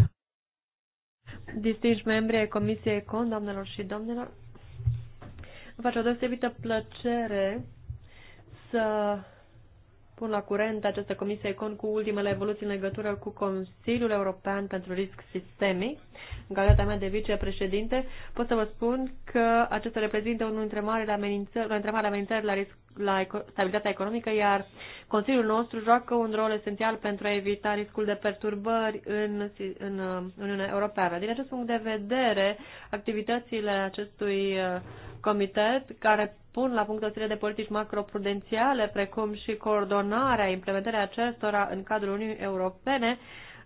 Distinși membri ai Comisiei Econ, doamnelor și domnilor, vă face o deosebită plăcere să pun la curent această comisie ECON cu ultimele evoluții în legătură cu Consiliul European pentru Risc Sistemic. În calitatea mea de vicepreședinte, pot să vă spun că acesta reprezintă unul dintre marile amenințări, dintre marile amenințări la, risc, la stabilitatea economică, iar Consiliul nostru joacă un rol esențial pentru a evita riscul de perturbări în, în uh, Uniunea Europeană. Din acest punct de vedere, activitățile acestui uh, comitet care pun la punct o serie de politici macroprudențiale, precum și coordonarea, implementarea acestora în cadrul Uniunii Europene,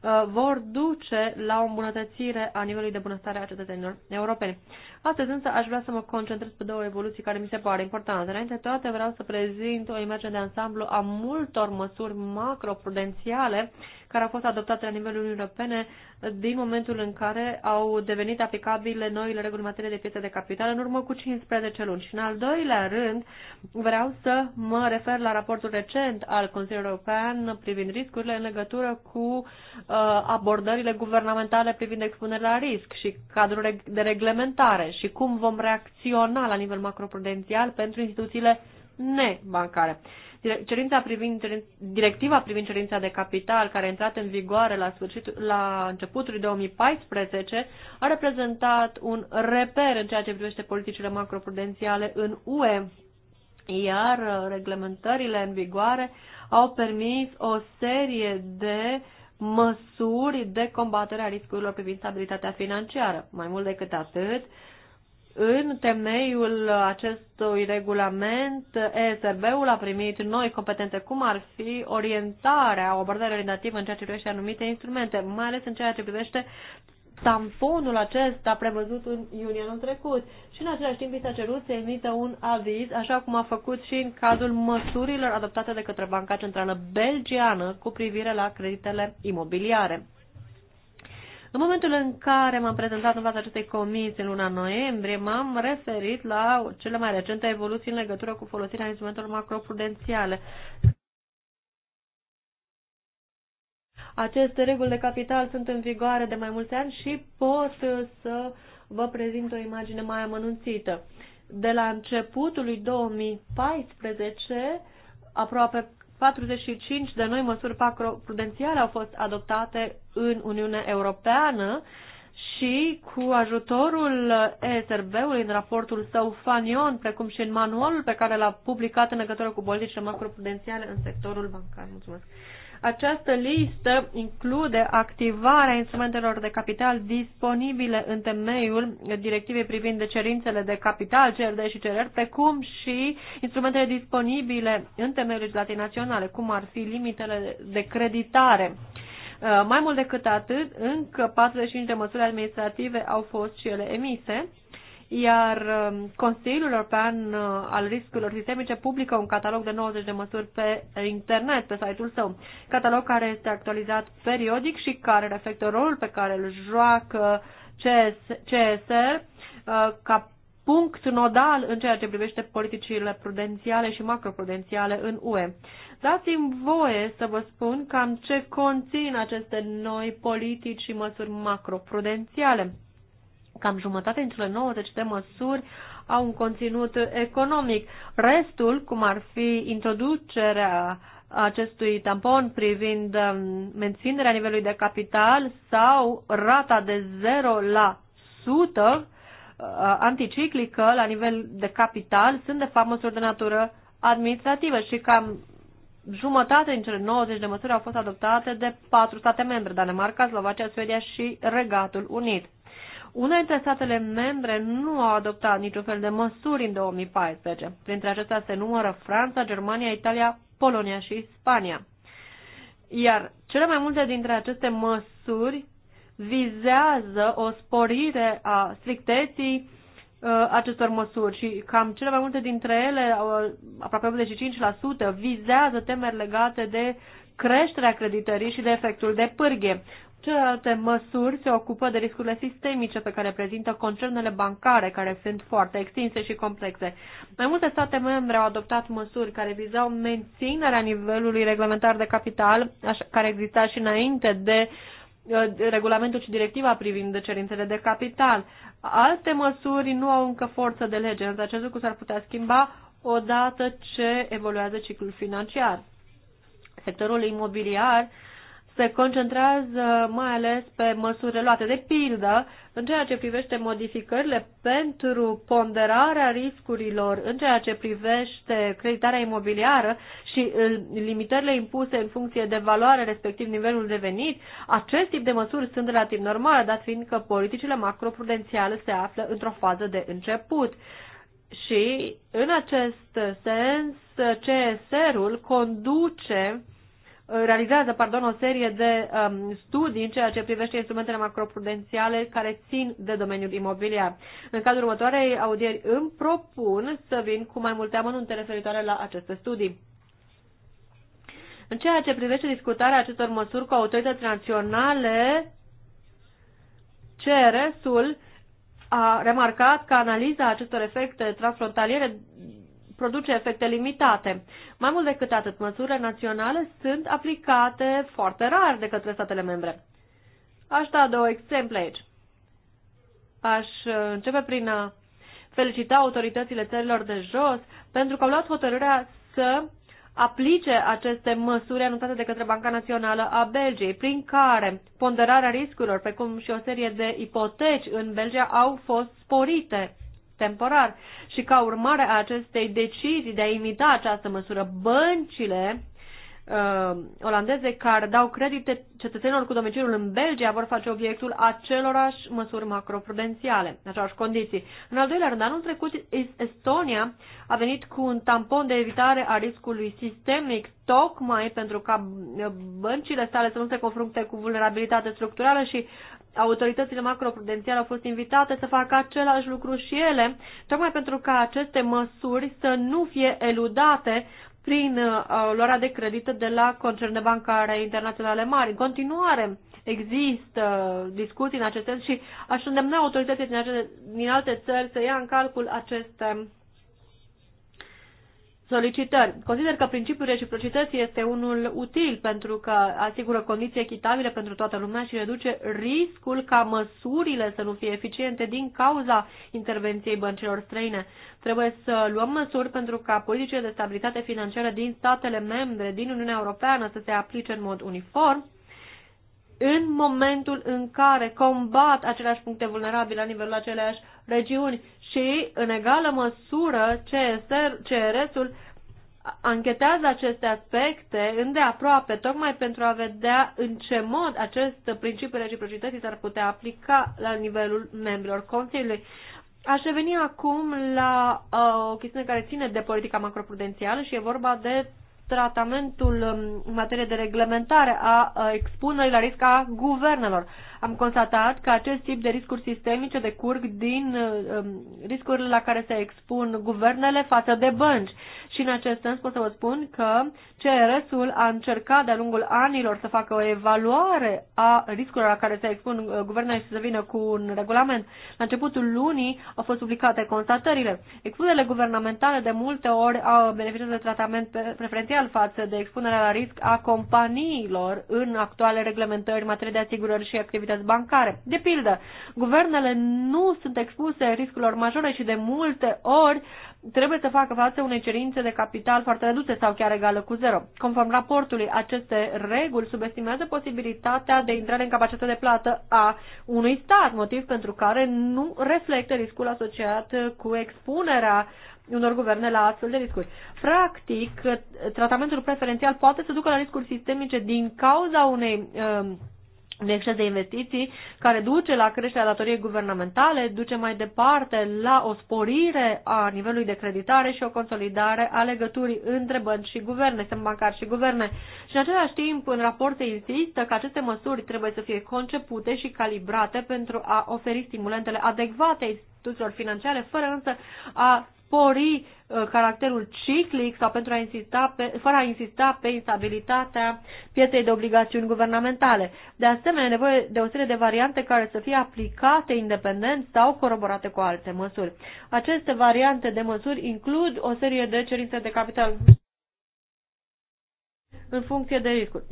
uh, vor duce la o îmbunătățire a nivelului de bunăstare a cetățenilor europeni. Astăzi însă aș vrea să mă concentrez pe două evoluții care mi se pare importante. Înainte toate vreau să prezint o imagine de ansamblu a multor măsuri macroprudențiale care au fost adoptate la nivelul Uniunii Europene din momentul în care au devenit aplicabile noile reguli în materie de piețe de capital în urmă cu 15 luni. Și în al doilea rând, vreau să mă refer la raportul recent al Consiliului European privind riscurile în legătură cu uh, abordările guvernamentale privind expunerea la risc și cadrul de reglementare și cum vom reacționa la nivel macroprudențial pentru instituțiile nebancare. Cerința privind, directiva privind cerința de capital, care a intrat în vigoare la, sfârșit, la începutul 2014, a reprezentat un reper în ceea ce privește politicile macroprudențiale în UE, iar uh, reglementările în vigoare au permis o serie de măsuri de combatere a riscurilor privind stabilitatea financiară. Mai mult decât atât, în temeiul acestui regulament, ESRB-ul a primit noi competențe, cum ar fi orientarea, o abordare orientativă în ceea ce privește anumite instrumente, mai ales în ceea ce privește tamponul acesta prevăzut în iunie anul trecut și în același timp s-a cerut să emită un aviz, așa cum a făcut și în cazul măsurilor adoptate de către Banca Centrală Belgiană cu privire la creditele imobiliare. În momentul în care m-am prezentat în fața acestei comisii în luna noiembrie, m-am referit la cele mai recente evoluții în legătură cu folosirea instrumentelor macroprudențiale. Aceste reguli de capital sunt în vigoare de mai mulți ani și pot să vă prezint o imagine mai amănunțită. De la începutul lui 2014, aproape 45 de noi măsuri prudențiale au fost adoptate în Uniunea Europeană și cu ajutorul ESRB-ului în raportul său Fanion, precum și în manualul pe care l-a publicat în legătură cu politicile macroprudențiale în sectorul bancar. Mulțumesc! Această listă include activarea instrumentelor de capital disponibile în temeiul directivei privind de cerințele de capital, CRD și CRR, precum și instrumentele disponibile în temeiul legislației naționale, cum ar fi limitele de creditare. Uh, mai mult decât atât, încă 45 de măsuri administrative au fost și ele emise iar um, Consiliul European uh, al Riscurilor Sistemice publică un catalog de 90 de măsuri pe internet, pe site-ul său. Catalog care este actualizat periodic și care reflectă rolul pe care îl joacă CS, CSR uh, ca punct nodal în ceea ce privește politicile prudențiale și macroprudențiale în UE. Dați-mi voie să vă spun cam ce conțin aceste noi politici și măsuri macroprudențiale. Cam jumătate dintre cele 90 de măsuri au un conținut economic. Restul, cum ar fi introducerea acestui tampon privind um, menținerea nivelului de capital sau rata de 0 la 100 uh, anticiclică la nivel de capital, sunt de fapt măsuri de natură administrativă și cam jumătate din cele 90 de măsuri au fost adoptate de patru state membre, Danemarca, Slovacia, Suedia și Regatul Unit. Unele dintre statele membre nu au adoptat niciun fel de măsuri în 2014. Printre acestea se numără Franța, Germania, Italia, Polonia și Spania. Iar cele mai multe dintre aceste măsuri vizează o sporire a uh, acestor măsuri și cam cele mai multe dintre ele, uh, aproape 85%, vizează temeri legate de creșterea creditării și de efectul de pârghie. Celelalte măsuri se ocupă de riscurile sistemice pe care prezintă concernele bancare, care sunt foarte extinse și complexe. Mai multe state membre au adoptat măsuri care vizau menținerea nivelului reglementar de capital, care exista și înainte de uh, regulamentul și directiva privind cerințele de capital. Alte măsuri nu au încă forță de lege, însă acest lucru s-ar putea schimba odată ce evoluează ciclul financiar. Sectorul imobiliar uh, se concentrează mai ales pe măsurile luate. De pildă, în ceea ce privește modificările pentru ponderarea riscurilor, în ceea ce privește creditarea imobiliară și limitările impuse în funcție de valoare, respectiv nivelul de venit, acest tip de măsuri sunt relativ normale, dat fiind că politicile macroprudențiale se află într-o fază de început. Și, în acest sens, CSR-ul conduce Uh, realizează pardon, o serie de um, studii în ceea ce privește instrumentele macroprudențiale care țin de domeniul imobiliar. În cadrul următoarei audieri îmi propun să vin cu mai multe amănunte referitoare la aceste studii. În ceea ce privește discutarea acestor măsuri cu autorități naționale, CRS-ul a remarcat că analiza acestor efecte transfrontaliere produce efecte limitate. Mai mult decât atât, măsurile naționale sunt aplicate foarte rar de către statele membre. Aș da două exemple aici. Aș uh, începe prin a felicita autoritățile țărilor de jos pentru că au luat hotărârea să aplice aceste măsuri anunțate de către Banca Națională a Belgiei, prin care ponderarea riscurilor, precum și o serie de ipoteci în Belgia, au fost sporite temporar. Și ca urmare a acestei decizii de a imita această măsură, băncile uh, olandeze care dau credite cetățenilor cu domiciliul în Belgia vor face obiectul acelorași măsuri macroprudențiale, aceleași condiții. În al doilea rând, anul trecut Estonia a venit cu un tampon de evitare a riscului sistemic, tocmai pentru ca uh, băncile sale să nu se confrunte cu vulnerabilitate structurală și autoritățile macroprudențiale au fost invitate să facă același lucru și ele, tocmai pentru ca aceste măsuri să nu fie eludate prin uh, luarea de credită de la concerne bancare internaționale mari. În continuare există discuții în acest sens și aș îndemna autoritățile din, din alte țări să ia în calcul aceste solicitări. Consider că principiul reciprocității este unul util pentru că asigură condiții echitabile pentru toată lumea și reduce riscul ca măsurile să nu fie eficiente din cauza intervenției băncilor străine. Trebuie să luăm măsuri pentru ca politicile de stabilitate financiară din statele membre din Uniunea Europeană să se aplice în mod uniform în momentul în care combat aceleași puncte vulnerabile la nivelul aceleași regiuni și, în egală măsură, CRS-ul anchetează aceste aspecte îndeaproape, tocmai pentru a vedea în ce mod acest principiu reciprocității s-ar putea aplica la nivelul membrilor Consiliului. Aș reveni acum la uh, o chestiune care ține de politica macroprudențială și e vorba de tratamentul um, în materie de reglementare a uh, expunerii la risc a guvernelor. Am constatat că acest tip de riscuri sistemice decurg din uh, um, riscurile la care se expun guvernele față de bănci și în acest sens pot să vă spun că CRS-ul a încercat de-a lungul anilor să facă o evaluare a riscurilor la care se expun uh, guvernele și să vină cu un regulament. La începutul lunii au fost publicate constatările. Expunerile guvernamentale de multe ori au beneficiat de tratament preferențial față de expunerea la risc a companiilor în actuale reglementări în materie de asigurări și activități bancare. De pildă, guvernele nu sunt expuse riscurilor majore și de multe ori trebuie să facă față unei cerințe de capital foarte reduse sau chiar egală cu zero. Conform raportului, aceste reguli subestimează posibilitatea de intrare în capacitatea de plată a unui stat, motiv pentru care nu reflectă riscul asociat cu expunerea unor guverne la astfel de riscuri. Practic, tratamentul preferențial poate să ducă la riscuri sistemice din cauza unei uh, de exces de investiții, care duce la creșterea datoriei guvernamentale, duce mai departe la o sporire a nivelului de creditare și o consolidare a legăturii între bănci și guverne, semn bancar și guverne. Și în același timp, în raport se insistă că aceste măsuri trebuie să fie concepute și calibrate pentru a oferi stimulentele adecvate instituțiilor financiare, fără însă a spori uh, caracterul ciclic sau pentru a insista pe, fără a insista pe instabilitatea pieței de obligațiuni guvernamentale. De asemenea, nevoie de o serie de variante care să fie aplicate independent sau coroborate cu alte măsuri. Aceste variante de măsuri includ o serie de cerințe de capital în funcție de riscuri.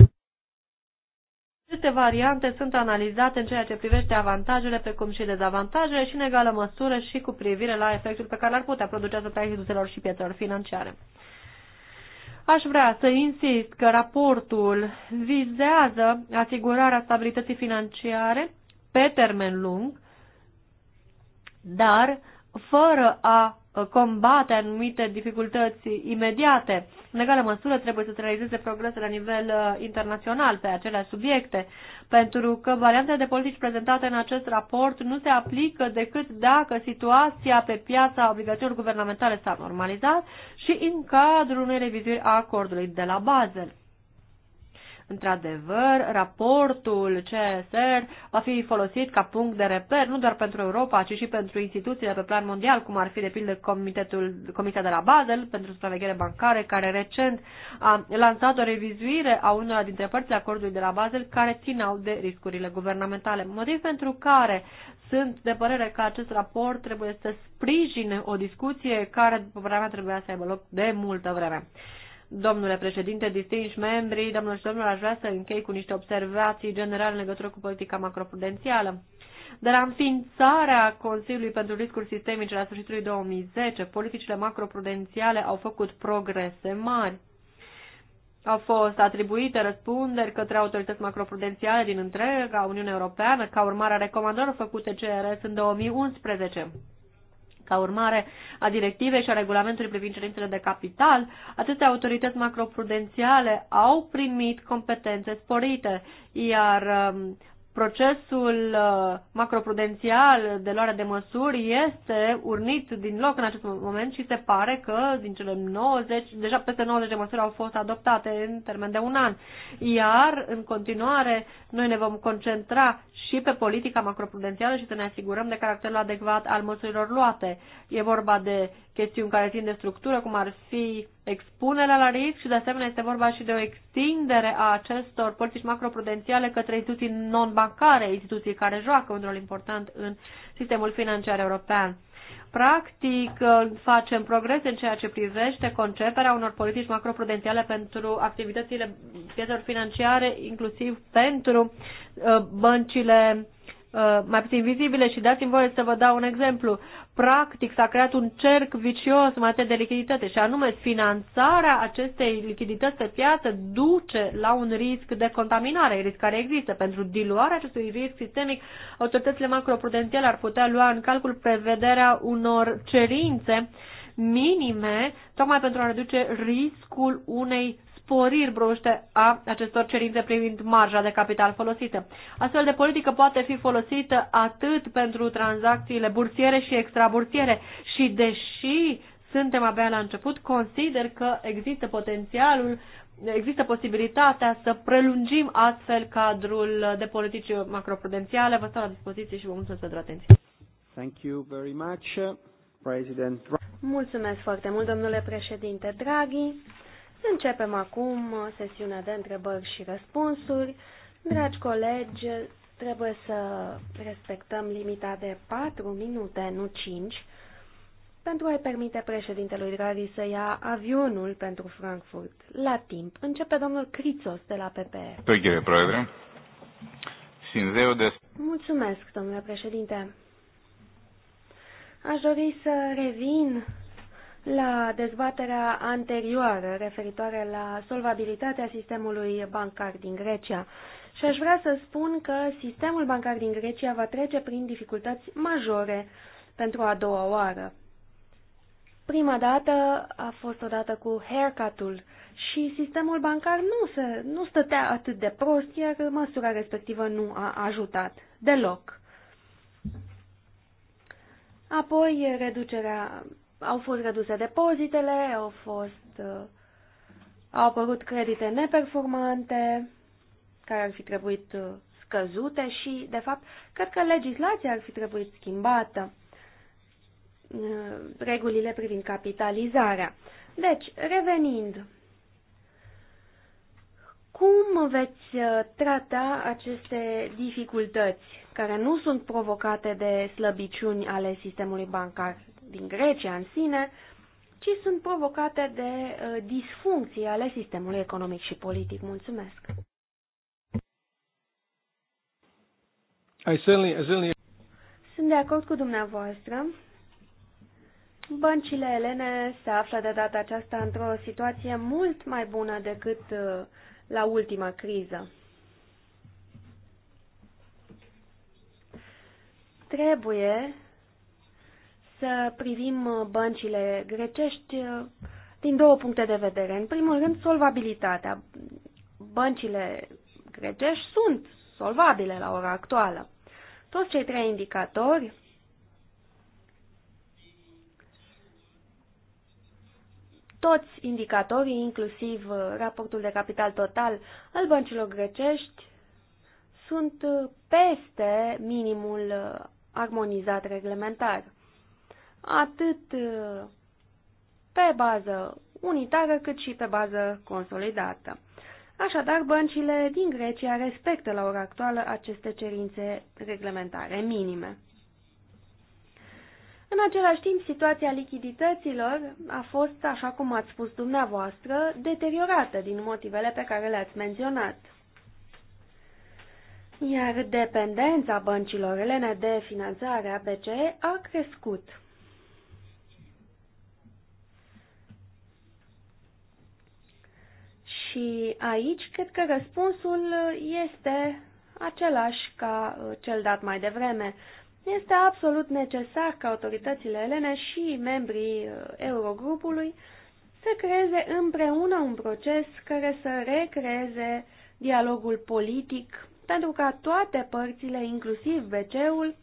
Aceste variante sunt analizate în ceea ce privește avantajele precum și dezavantajele și în egală măsură și cu privire la efectul pe care l-ar putea produce asupra instituțiilor și piețelor financiare. Aș vrea să insist că raportul vizează asigurarea stabilității financiare pe termen lung, dar fără a combate anumite dificultăți imediate. În egală măsură trebuie să se realizeze progrese la nivel uh, internațional pe acele subiecte, pentru că variantele de politici prezentate în acest raport nu se aplică decât dacă situația pe piața obligațiilor guvernamentale s-a normalizat și în cadrul unei revizuiri a acordului de la Basel. Într-adevăr, raportul CSR va fi folosit ca punct de reper, nu doar pentru Europa, ci și pentru instituțiile pe plan mondial, cum ar fi, de pildă, Comitetul, Comisia de la Basel pentru supraveghere bancare, care recent a lansat o revizuire a unora dintre părțile acordului de la Basel care țineau de riscurile guvernamentale. Motiv pentru care sunt de părere că acest raport trebuie să sprijine o discuție care, după părerea mea, trebuia să aibă loc de multă vreme. Domnule președinte, distinși membri, domnul și domnul, aș vrea să închei cu niște observații generale în legătură cu politica macroprudențială. De la înființarea Consiliului pentru Riscuri Sistemice la sfârșitul 2010, politicile macroprudențiale au făcut progrese mari. Au fost atribuite răspunderi către autorități macroprudențiale din întreaga Uniune Europeană ca urmare a recomandărilor făcute CRS în 2011. Ca urmare a directivei și a regulamentului privind cerințele de capital, atâtea autorități macroprudențiale au primit competențe sporite, iar um, procesul uh, macroprudențial de luare de măsuri este urnit din loc în acest moment și se pare că din cele 90, deja peste 90 de măsuri au fost adoptate în termen de un an. Iar, în continuare, noi ne vom concentra și pe politica macroprudențială și să ne asigurăm de caracterul adecvat al măsurilor luate. E vorba de chestiuni care țin de structură, cum ar fi expunerea la risc și de asemenea este vorba și de o extindere a acestor politici macroprudențiale către instituții non-bancare, instituții care joacă un rol important în sistemul financiar european. Practic, ă, facem progrese în ceea ce privește conceperea unor politici macroprudențiale pentru activitățile piețelor financiare, inclusiv pentru ă, băncile Uh, mai puțin vizibile și dați-mi voie să vă dau un exemplu. Practic s-a creat un cerc vicios în materie de lichiditate și anume finanțarea acestei lichidități pe piață duce la un risc de contaminare, risc care există. Pentru diluarea acestui risc sistemic, autoritățile macroprudențiale ar putea lua în calcul prevederea unor cerințe minime, tocmai pentru a reduce riscul unei sporiri bruște a acestor cerințe privind marja de capital folosită. Astfel de politică poate fi folosită atât pentru tranzacțiile bursiere și extrabursiere și deși suntem abia la început, consider că există potențialul există posibilitatea să prelungim astfel cadrul de politici macroprudențiale. Vă stau la dispoziție și vă mulțumesc pentru atenție. Thank you very much, President. Mulțumesc foarte mult, domnule președinte Draghi. Începem acum sesiunea de întrebări și răspunsuri. Dragi colegi, trebuie să respectăm limita de 4 minute, nu 5, pentru a-i permite președintelui Draghi să ia avionul pentru Frankfurt. La timp, începe domnul Crițos de la PPE. Mulțumesc, domnule președinte. Aș dori să revin la dezbaterea anterioară referitoare la solvabilitatea sistemului bancar din Grecia. Și aș vrea să spun că sistemul bancar din Grecia va trece prin dificultăți majore pentru a doua oară. Prima dată a fost odată cu haircut-ul și sistemul bancar nu, se, nu stătea atât de prost, iar măsura respectivă nu a ajutat deloc. Apoi reducerea au fost reduse depozitele, au fost uh, au apărut credite neperformante care ar fi trebuit uh, scăzute și, de fapt, cred că legislația ar fi trebuit schimbată, uh, regulile privind capitalizarea. Deci, revenind, cum veți uh, trata aceste dificultăți care nu sunt provocate de slăbiciuni ale sistemului bancar din Grecia în sine, ci sunt provocate de uh, disfuncții ale sistemului economic și politic. Mulțumesc! I certainly, I certainly... Sunt de acord cu dumneavoastră. Băncile elene se află de data aceasta într-o situație mult mai bună decât uh, la ultima criză. Trebuie să privim uh, băncile grecești uh, din două puncte de vedere. În primul rând, solvabilitatea. Băncile grecești sunt solvabile la ora actuală. Toți cei trei indicatori toți indicatorii, inclusiv uh, raportul de capital total al băncilor grecești, sunt peste minimul armonizat reglementar atât uh, pe bază unitară cât și pe bază consolidată. Așadar, băncile din Grecia respectă la ora actuală aceste cerințe reglementare minime. În același timp, situația lichidităților a fost, așa cum ați spus dumneavoastră, deteriorată din motivele pe care le-ați menționat. Iar dependența băncilor elene de finanțare a BCE a crescut. Și aici cred că răspunsul este același ca uh, cel dat mai devreme. Este absolut necesar ca autoritățile elene și membrii uh, Eurogrupului să creeze împreună un proces care să recreeze dialogul politic pentru ca toate părțile, inclusiv BC-ul,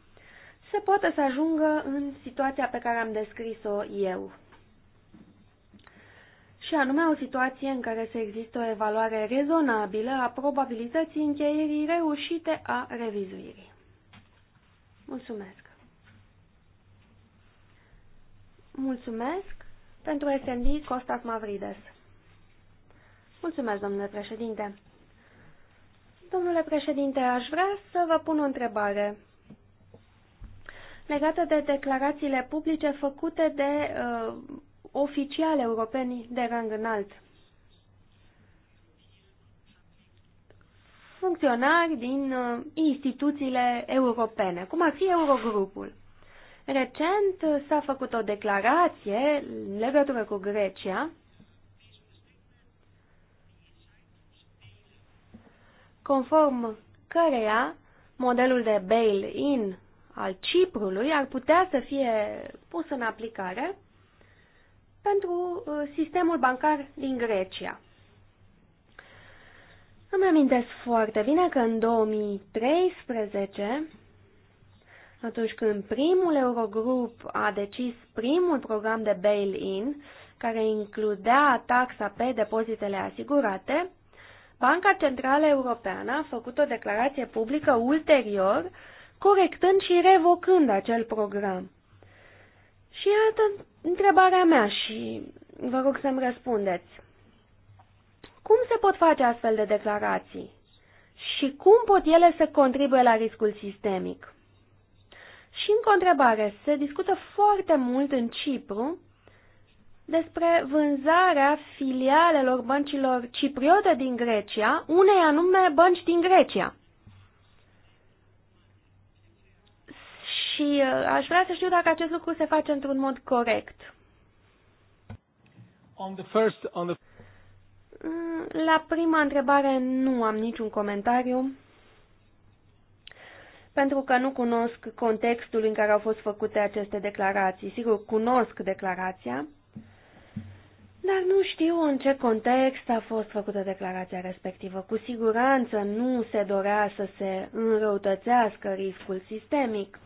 să poată să ajungă în situația pe care am descris-o eu și anume o situație în care să există o evaluare rezonabilă a probabilității încheierii reușite a revizuirii. Mulțumesc! Mulțumesc pentru SND Costas Mavrides. Mulțumesc, domnule președinte. Domnule președinte, aș vrea să vă pun o întrebare legată de declarațiile publice făcute de uh, oficiali europeni de rang înalt. Funcționari din uh, instituțiile europene, cum ar fi Eurogrupul. Recent s-a făcut o declarație în legătură cu Grecia, conform căreia modelul de bail-in al Ciprului ar putea să fie pus în aplicare pentru uh, sistemul bancar din Grecia. Îmi amintesc foarte bine că în 2013, atunci când primul Eurogrup a decis primul program de bail-in, care includea taxa pe depozitele asigurate, Banca Centrală Europeană a făcut o declarație publică ulterior, corectând și revocând acel program. Și iată, Întrebarea mea și vă rog să-mi răspundeți. Cum se pot face astfel de declarații? Și cum pot ele să contribuie la riscul sistemic? Și încă o întrebare. Se discută foarte mult în Cipru despre vânzarea filialelor băncilor cipriote din Grecia, unei anume bănci din Grecia. Și uh, aș vrea să știu dacă acest lucru se face într-un mod corect. On the first, on the... Mm, la prima întrebare nu am niciun comentariu, pentru că nu cunosc contextul în care au fost făcute aceste declarații. Sigur, cunosc declarația, dar nu știu în ce context a fost făcută declarația respectivă. Cu siguranță nu se dorea să se înrăutățească riscul sistemic.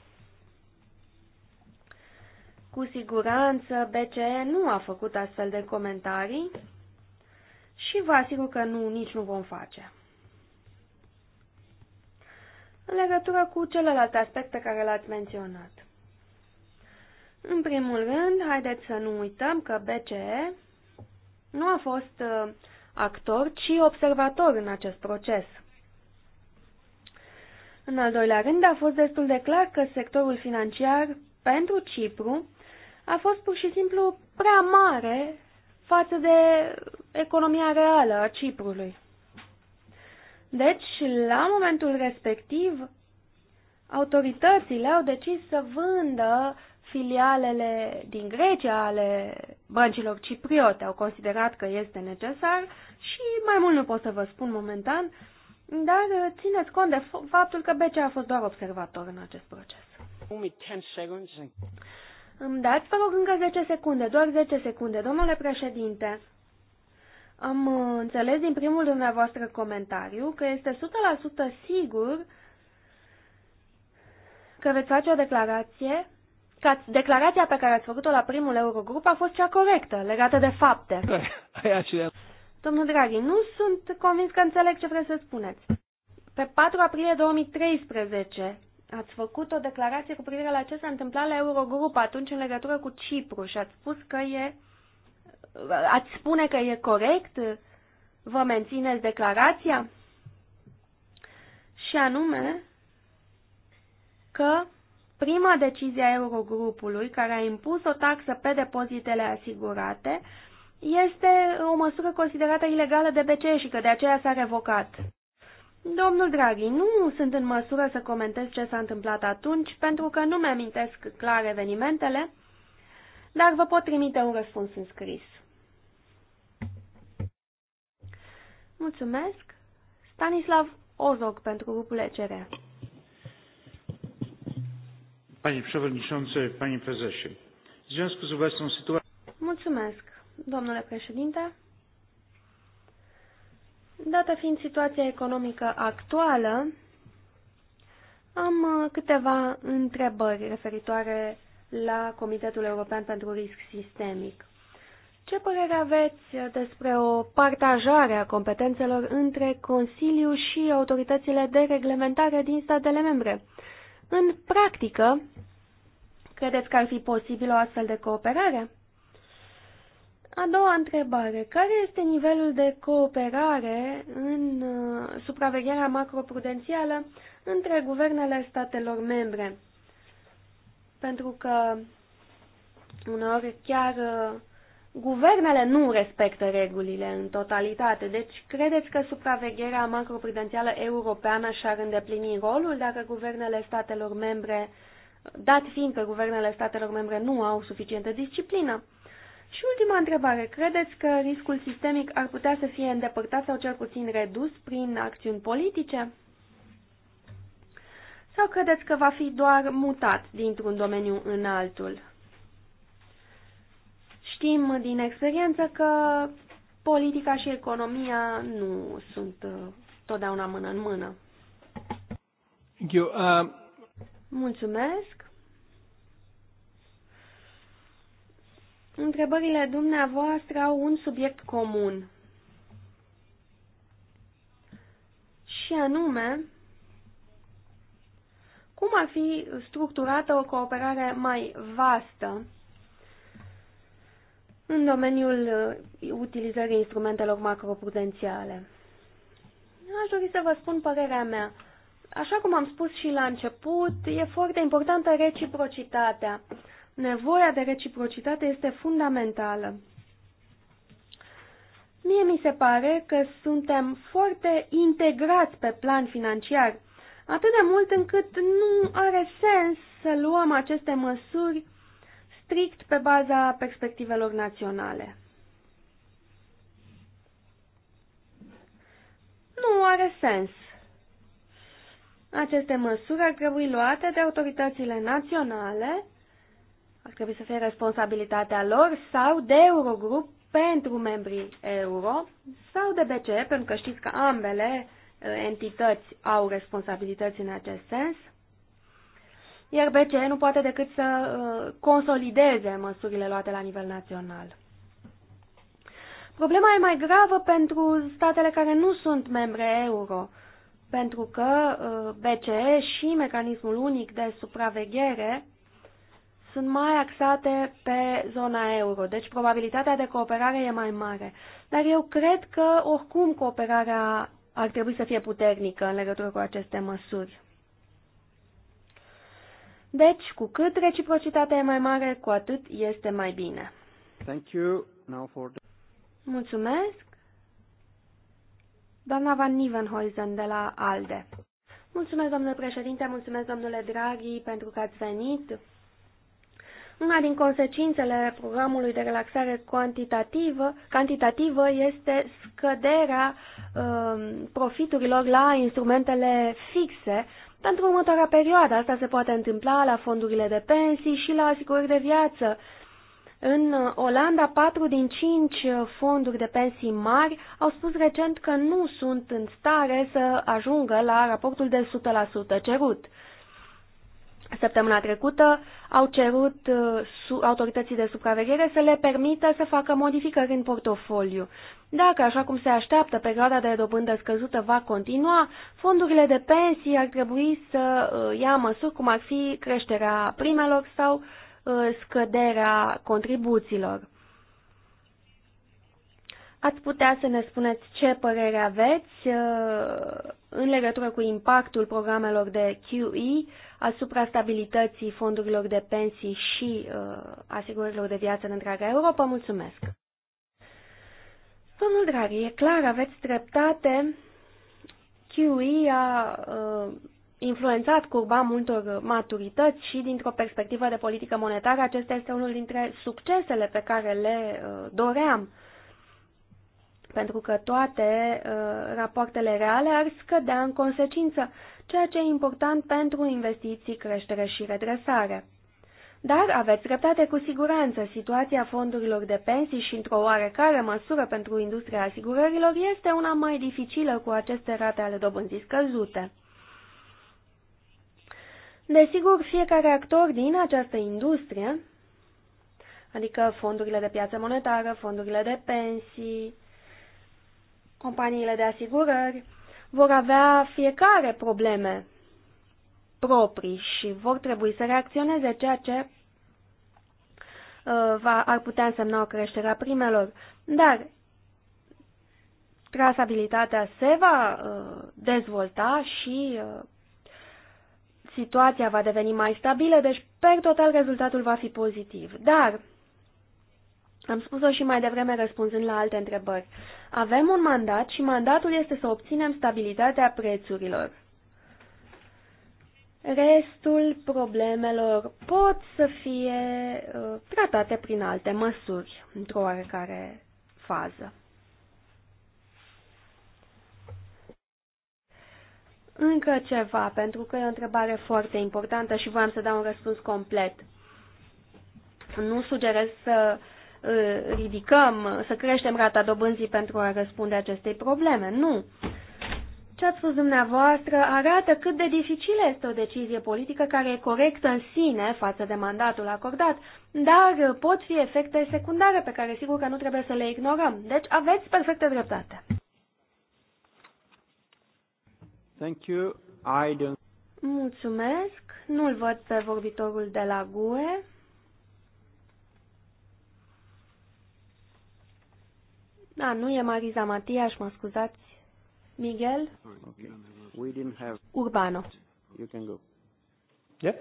Cu siguranță BCE nu a făcut astfel de comentarii și vă asigur că nu, nici nu vom face. În legătură cu celălalt aspect pe care l-ați menționat. În primul rând, haideți să nu uităm că BCE nu a fost uh, actor, ci observator în acest proces. În al doilea rând, a fost destul de clar că sectorul financiar pentru Cipru a fost pur și simplu prea mare față de economia reală a Ciprului. Deci, la momentul respectiv, autoritățile au decis să vândă filialele din Grecia ale băncilor cipriote. Au considerat că este necesar și mai mult nu pot să vă spun momentan, dar țineți cont de faptul că BCE a fost doar observator în acest proces. Îmi dați, vă rog, încă 10 secunde, doar 10 secunde. Domnule președinte, am uh, înțeles din primul dumneavoastră comentariu că este 100% sigur că veți face o declarație, că declarația pe care ați făcut-o la primul Eurogrup a fost cea corectă, legată de fapte. Domnul Draghi, nu sunt convins că înțeleg ce vreți să spuneți. Pe 4 aprilie 2013, ați făcut o declarație cu privire la ce s-a întâmplat la Eurogrup atunci în legătură cu Cipru și ați spus că e... Ați spune că e corect? Vă mențineți declarația? Și anume că prima decizie a Eurogrupului care a impus o taxă pe depozitele asigurate este o măsură considerată ilegală de BCE și că de aceea s-a revocat. Domnul Draghi, nu sunt în măsură să comentez ce s-a întâmplat atunci, pentru că nu mi-amintesc clar evenimentele, dar vă pot trimite un răspuns în scris. Mulțumesc. Stanislav Ozog pentru grupul ECR. Panie Przewodniczący, Panie Prezesie, w związku z obecną sytuacją... Mulțumesc, domnule președinte. Dată fiind situația economică actuală, am uh, câteva întrebări referitoare la Comitetul European pentru Risc Sistemic. Ce părere aveți despre o partajare a competențelor între Consiliu și autoritățile de reglementare din statele membre? În practică, credeți că ar fi posibil o astfel de cooperare? A doua întrebare. Care este nivelul de cooperare în uh, supravegherea macroprudențială între guvernele statelor membre? Pentru că uneori chiar uh, guvernele nu respectă regulile în totalitate. Deci, credeți că supravegherea macroprudențială europeană și-ar îndeplini rolul dacă guvernele statelor membre, dat fiind că guvernele statelor membre nu au suficientă disciplină? Și ultima întrebare. Credeți că riscul sistemic ar putea să fie îndepărtat sau cel puțin redus prin acțiuni politice? Sau credeți că va fi doar mutat dintr-un domeniu în altul? Știm din experiență că politica și economia nu sunt uh, totdeauna mână în mână. Thank Uh... Mulțumesc. Întrebările dumneavoastră au un subiect comun. Și anume, cum ar fi structurată o cooperare mai vastă în domeniul uh, utilizării instrumentelor macroprudențiale. Aș dori să vă spun părerea mea. Așa cum am spus și la început, e foarte importantă reciprocitatea. Nevoia de reciprocitate este fundamentală. Mie mi se pare că suntem foarte integrați pe plan financiar, atât de mult încât nu are sens să luăm aceste măsuri strict pe baza perspectivelor naționale. Nu are sens. Aceste măsuri ar trebui luate de autoritățile naționale ar trebui să fie responsabilitatea lor sau de Eurogrup pentru membrii euro sau de BCE, pentru că știți că ambele uh, entități au responsabilități în acest sens. Iar BCE nu poate decât să uh, consolideze măsurile luate la nivel național. Problema e mai gravă pentru statele care nu sunt membre euro, pentru că uh, BCE și mecanismul unic de supraveghere sunt mai axate pe zona euro, deci probabilitatea de cooperare e mai mare. Dar eu cred că oricum cooperarea ar trebui să fie puternică în legătură cu aceste măsuri. Deci, cu cât reciprocitatea e mai mare, cu atât este mai bine. Thank you. Now for the... Mulțumesc. Doamna Van Nivenhuizen de la ALDE. Mulțumesc, domnule președinte, mulțumesc, domnule Draghi, pentru că ați venit. Una din consecințele programului de relaxare cuantitativă, cantitativă este scăderea uh, profiturilor la instrumentele fixe pentru următoarea perioadă. Asta se poate întâmpla la fondurile de pensii și la asigurări de viață. În Olanda, 4 din 5 fonduri de pensii mari au spus recent că nu sunt în stare să ajungă la raportul de 100% cerut săptămâna trecută au cerut uh, autorității de supraveghere să le permită să facă modificări în portofoliu. Dacă, așa cum se așteaptă, perioada de dobândă scăzută va continua, fondurile de pensii ar trebui să uh, ia măsuri cum ar fi creșterea primelor sau uh, scăderea contribuțiilor. Ați putea să ne spuneți ce părere aveți uh, în legătură cu impactul programelor de QE asupra stabilității fondurilor de pensii și uh, asigurărilor de viață în întreaga Europa? Mulțumesc! Domnul Draghi, e clar, aveți dreptate. QE a uh, influențat curba multor maturități și dintr-o perspectivă de politică monetară, acesta este unul dintre succesele pe care le doream pentru că toate uh, rapoartele reale ar scădea în consecință, ceea ce e important pentru investiții, creștere și redresare. Dar aveți dreptate cu siguranță, situația fondurilor de pensii și într-o oarecare măsură pentru industria asigurărilor este una mai dificilă cu aceste rate ale dobânzii scăzute. Desigur, fiecare actor din această industrie, adică fondurile de piață monetară, fondurile de pensii, companiile de asigurări vor avea fiecare probleme proprii și vor trebui să reacționeze, ceea ce uh, va, ar putea însemna o creștere a primelor. Dar trasabilitatea se va uh, dezvolta și uh, situația va deveni mai stabilă, deci, per total, rezultatul va fi pozitiv. Dar am spus-o și mai devreme răspunzând la alte întrebări. Avem un mandat și mandatul este să obținem stabilitatea prețurilor. Restul problemelor pot să fie uh, tratate prin alte măsuri, într-o oarecare fază. Încă ceva, pentru că e o întrebare foarte importantă și voiam să dau un răspuns complet. Nu sugerez să uh, ridicăm, să creștem rata dobânzii pentru a răspunde acestei probleme. Nu. Ce ați spus dumneavoastră arată cât de dificilă este o decizie politică care e corectă în sine față de mandatul acordat, dar pot fi efecte secundare pe care sigur că nu trebuie să le ignorăm. Deci aveți perfectă dreptate. Thank you. I don't... Mulțumesc. Nu-l văd pe vorbitorul de la GUE. Da, nu e Mariza Matias, mă scuzați. Miguel? Okay. We didn't have... Urbano. You can go. Yeah.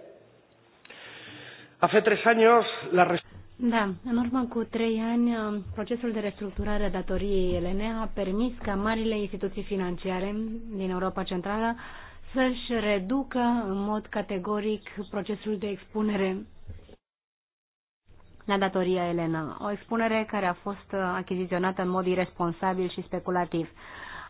Hace tres años la da, în urmă cu trei ani, um, procesul de restructurare a datoriei elene a permis ca marile instituții financiare din Europa Centrală să-și reducă în mod categoric procesul de expunere la datoria Elena, o expunere care a fost uh, achiziționată în mod irresponsabil și speculativ.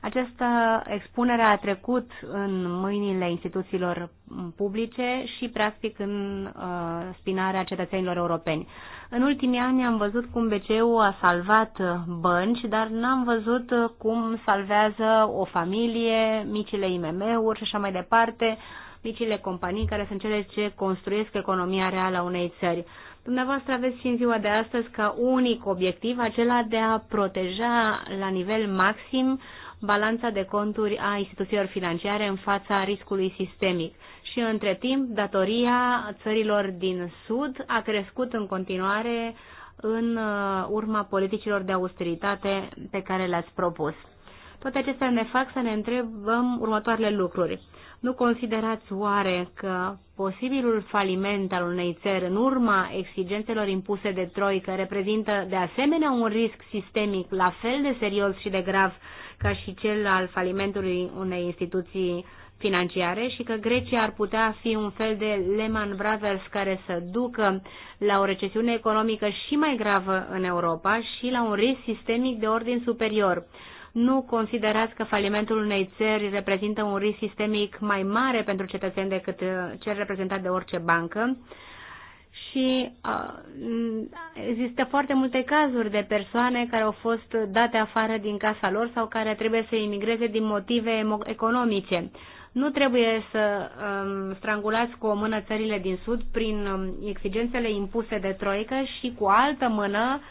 Această expunere a trecut în mâinile instituțiilor publice și, practic, în uh, spinarea cetățenilor europeni. În ultimii ani am văzut cum BCE-ul a salvat uh, bănci, dar n-am văzut uh, cum salvează o familie, micile IMM-uri și așa mai departe, uh, micile companii care sunt cele ce construiesc economia reală a unei țări. Dumneavoastră aveți și în ziua de astăzi ca unic obiectiv acela de a proteja la nivel maxim balanța de conturi a instituțiilor financiare în fața riscului sistemic. Și între timp, datoria țărilor din Sud a crescut în continuare în uh, urma politicilor de austeritate pe care le-ați propus. Toate acestea ne fac să ne întrebăm următoarele lucruri. Nu considerați oare că posibilul faliment al unei țări în urma exigențelor impuse de Troică reprezintă de asemenea un risc sistemic la fel de serios și de grav ca și cel al falimentului unei instituții financiare și că Grecia ar putea fi un fel de Lehman Brothers care să ducă la o recesiune economică și mai gravă în Europa și la un risc sistemic de ordin superior nu considerați că falimentul unei țări reprezintă un risc sistemic mai mare pentru cetățeni decât uh, cel reprezentat de orice bancă? și uh, există foarte multe cazuri de persoane care au fost date afară din casa lor sau care trebuie să imigreze din motive economice. Nu trebuie să um, strangulați cu o mână țările din Sud prin um, exigențele impuse de Troică și cu altă mână uh,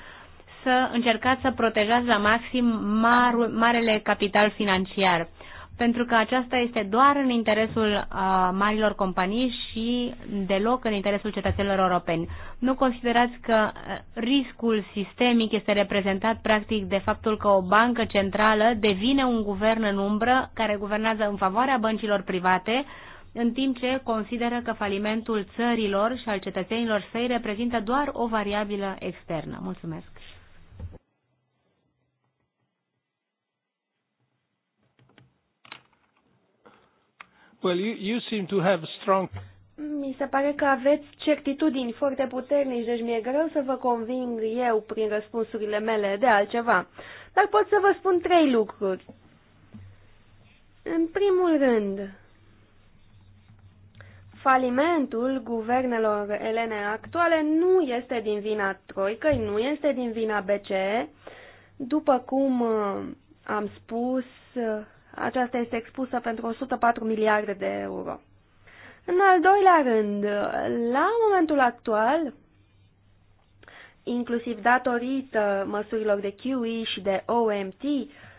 să încercați să protejați la maxim mar, marele capital financiar, pentru că aceasta este doar în interesul uh, marilor companii și deloc în interesul cetățenilor europeni. Nu considerați că riscul sistemic este reprezentat practic de faptul că o bancă centrală devine un guvern în umbră care guvernează în favoarea băncilor private, în timp ce consideră că falimentul țărilor și al cetățenilor săi reprezintă doar o variabilă externă. Mulțumesc. Well, you, you seem to have strong... Mi se pare că aveți certitudini foarte puternici, deci mi-e greu să vă conving eu prin răspunsurile mele de altceva. Dar pot să vă spun trei lucruri. În primul rând, falimentul guvernelor elene actuale nu este din vina Troicăi, nu este din vina BCE. După cum uh, am spus, uh, aceasta este expusă pentru 104 miliarde de euro. În al doilea rând, la momentul actual, inclusiv datorită măsurilor de QE și de OMT,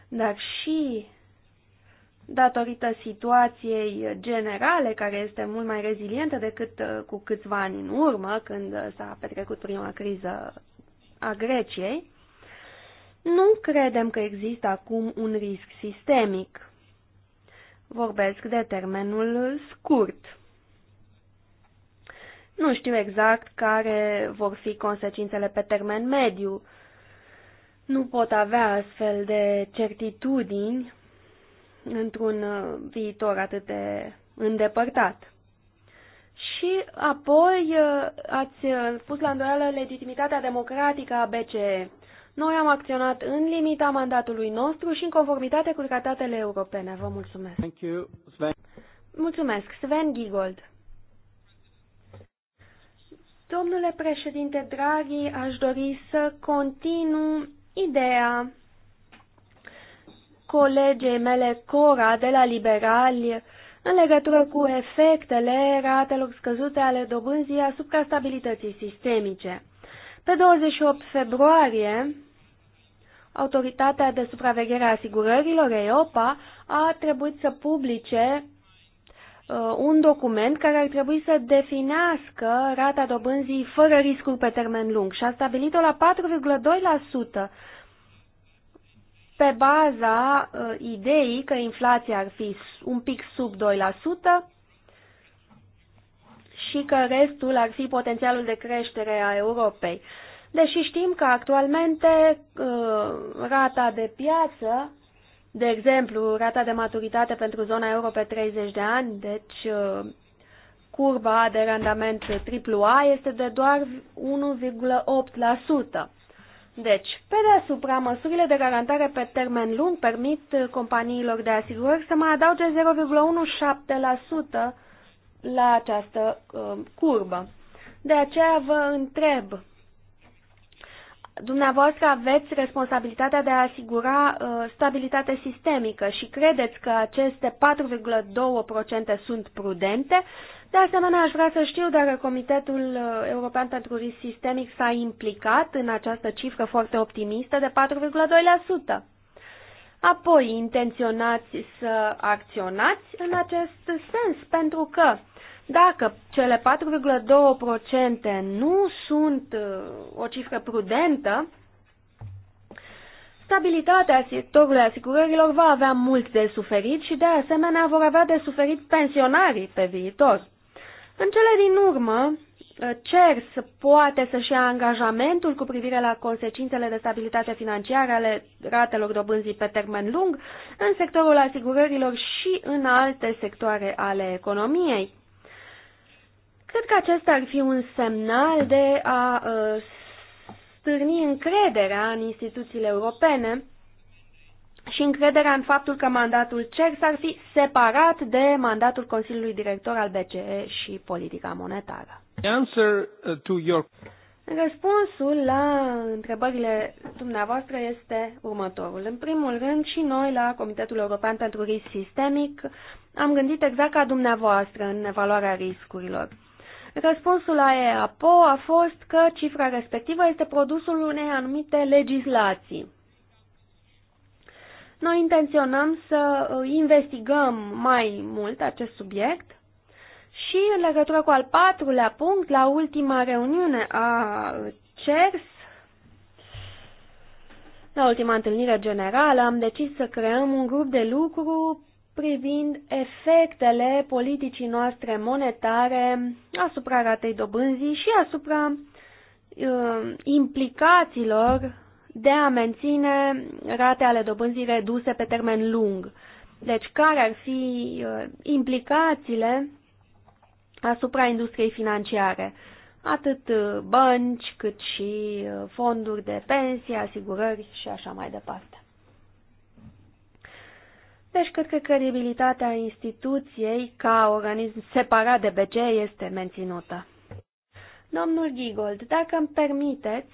dar și datorită situației generale, care este mult mai rezilientă decât uh, cu câțiva ani în urmă, când s-a petrecut prima criză a Greciei, nu credem că există acum un risc sistemic. Vorbesc de termenul scurt. Nu știu exact care vor fi consecințele pe termen mediu. Nu pot avea astfel de certitudini într-un viitor atât de îndepărtat. Și apoi eh, ați eh, pus la îndoială legitimitatea democratică a BCE. Noi am acționat în limita mandatului nostru și în conformitate cu tratatele europene. Vă mulțumesc. Thank you, Sven. Mulțumesc. Sven Giegold. Domnule președinte Draghi, aș dori să continu ideea colegei mele Cora de la Liberali în legătură cu efectele ratelor scăzute ale dobânzii asupra stabilității sistemice. Pe 28 februarie, Autoritatea de supraveghere a asigurărilor, EOPA, a trebuit să publice uh, un document care ar trebui să definească rata dobânzii fără riscuri pe termen lung și a stabilit-o la 4,2% pe baza uh, ideii că inflația ar fi un pic sub 2% și că restul ar fi potențialul de creștere a Europei deși știm că actualmente uh, rata de piață, de exemplu, rata de maturitate pentru zona euro pe 30 de ani, deci uh, curba de randament AAA este de doar 1,8%. Deci, pe deasupra, măsurile de garantare pe termen lung permit companiilor de asigurări să mai adauge 0,17% la această uh, curbă. De aceea vă întreb, Dumneavoastră aveți responsabilitatea de a asigura uh, stabilitate sistemică și credeți că aceste 4,2% sunt prudente. De asemenea, aș vrea să știu dacă Comitetul uh, European pentru Risc Sistemic s-a implicat în această cifră foarte optimistă de 4,2%. Apoi, intenționați să acționați în acest sens, pentru că uh, dacă cele 4,2% nu sunt uh, o cifră prudentă, stabilitatea sectorului asigurărilor va avea mult de suferit și de asemenea vor avea de suferit pensionarii pe viitor. În cele din urmă, uh, CERS poate să-și ia angajamentul cu privire la consecințele de stabilitate financiară ale ratelor dobânzii pe termen lung în sectorul asigurărilor și în alte sectoare ale economiei. Cred că acesta ar fi un semnal de a uh, stârni încrederea în instituțiile europene și încrederea în faptul că mandatul CER s-ar fi separat de mandatul Consiliului Director al BCE și politica monetară. Answer uh, to your... Răspunsul la întrebările dumneavoastră este următorul. În primul rând, și noi la Comitetul European pentru Risc Sistemic am gândit exact ca dumneavoastră în evaluarea riscurilor. Răspunsul la EAPO a fost că cifra respectivă este produsul unei anumite legislații. Noi intenționăm să uh, investigăm mai mult acest subiect și în legătură cu al patrulea punct, la ultima reuniune a CERS, la ultima întâlnire generală, am decis să creăm un grup de lucru privind efectele politicii noastre monetare asupra ratei dobânzii și asupra uh, implicațiilor de a menține rate ale dobânzii reduse pe termen lung. Deci, care ar fi uh, implicațiile asupra industriei financiare? Atât uh, bănci, cât și uh, fonduri de pensie, asigurări și așa mai departe. Deci cred că credibilitatea instituției ca organism separat de BCE este menținută. Domnul Gigold, dacă îmi permiteți,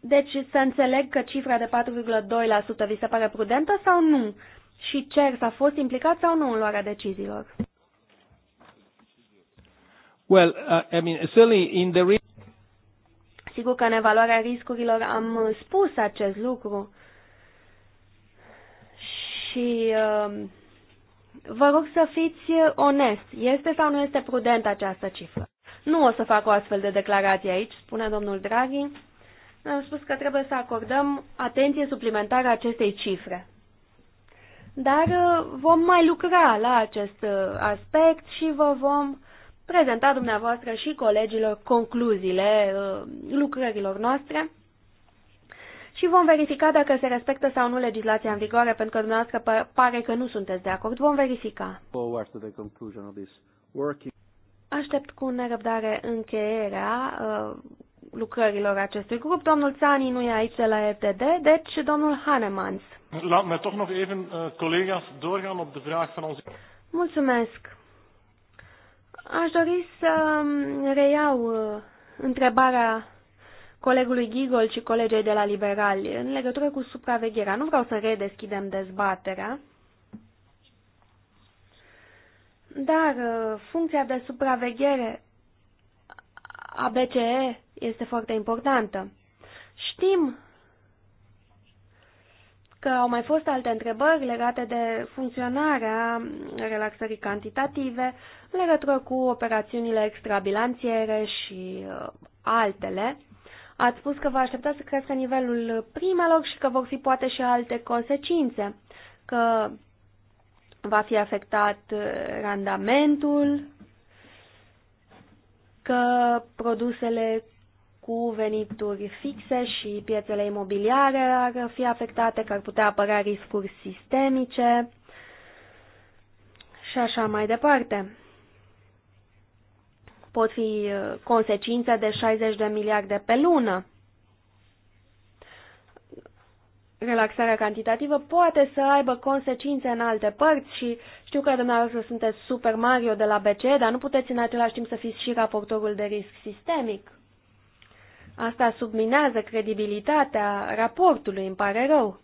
deci să înțeleg că cifra de 4,2% vi se pare prudentă sau nu? Și CERS a fost implicat sau nu în luarea deciziilor? Well, uh, I mean, certainly in the Sigur că în evaluarea riscurilor am uh, spus acest lucru și uh, vă rog să fiți onest. Este sau nu este prudent această cifră? Nu o să fac o astfel de declarație aici, spune domnul Draghi. Am spus că trebuie să acordăm atenție suplimentară acestei cifre. Dar uh, vom mai lucra la acest aspect și vă vom prezenta dumneavoastră și colegilor concluziile uh, lucrărilor noastre și vom verifica dacă se respectă sau nu legislația în vigoare, pentru că dumneavoastră pare că nu sunteți de acord. Vom verifica. Aștept cu nerăbdare încheierea uh, lucrărilor acestui grup. Domnul Țani nu e aici de la FDD, deci domnul Hanemans. Eh, Mulțumesc. Aș dori să reiau uh, întrebarea colegului Gigol și colegei de la Liberali în legătură cu supravegherea. Nu vreau să redeschidem dezbaterea, dar uh, funcția de supraveghere a BCE este foarte importantă. Știm că au mai fost alte întrebări legate de funcționarea relaxării cantitative, în legătură cu operațiunile extrabilanțiere și uh, altele. Ați spus că vă așteptați să crească nivelul primelor și că vor fi poate și alte consecințe, că va fi afectat uh, randamentul, că produsele cu venituri fixe și piețele imobiliare ar fi afectate, că ar putea apărea riscuri sistemice și așa mai departe pot fi uh, consecințe de 60 de miliarde pe lună. Relaxarea cantitativă poate să aibă consecințe în alte părți și știu că dumneavoastră sunteți Super Mario de la BCE, dar nu puteți în același timp să fiți și raportorul de risc sistemic. Asta subminează credibilitatea raportului, îmi pare rău.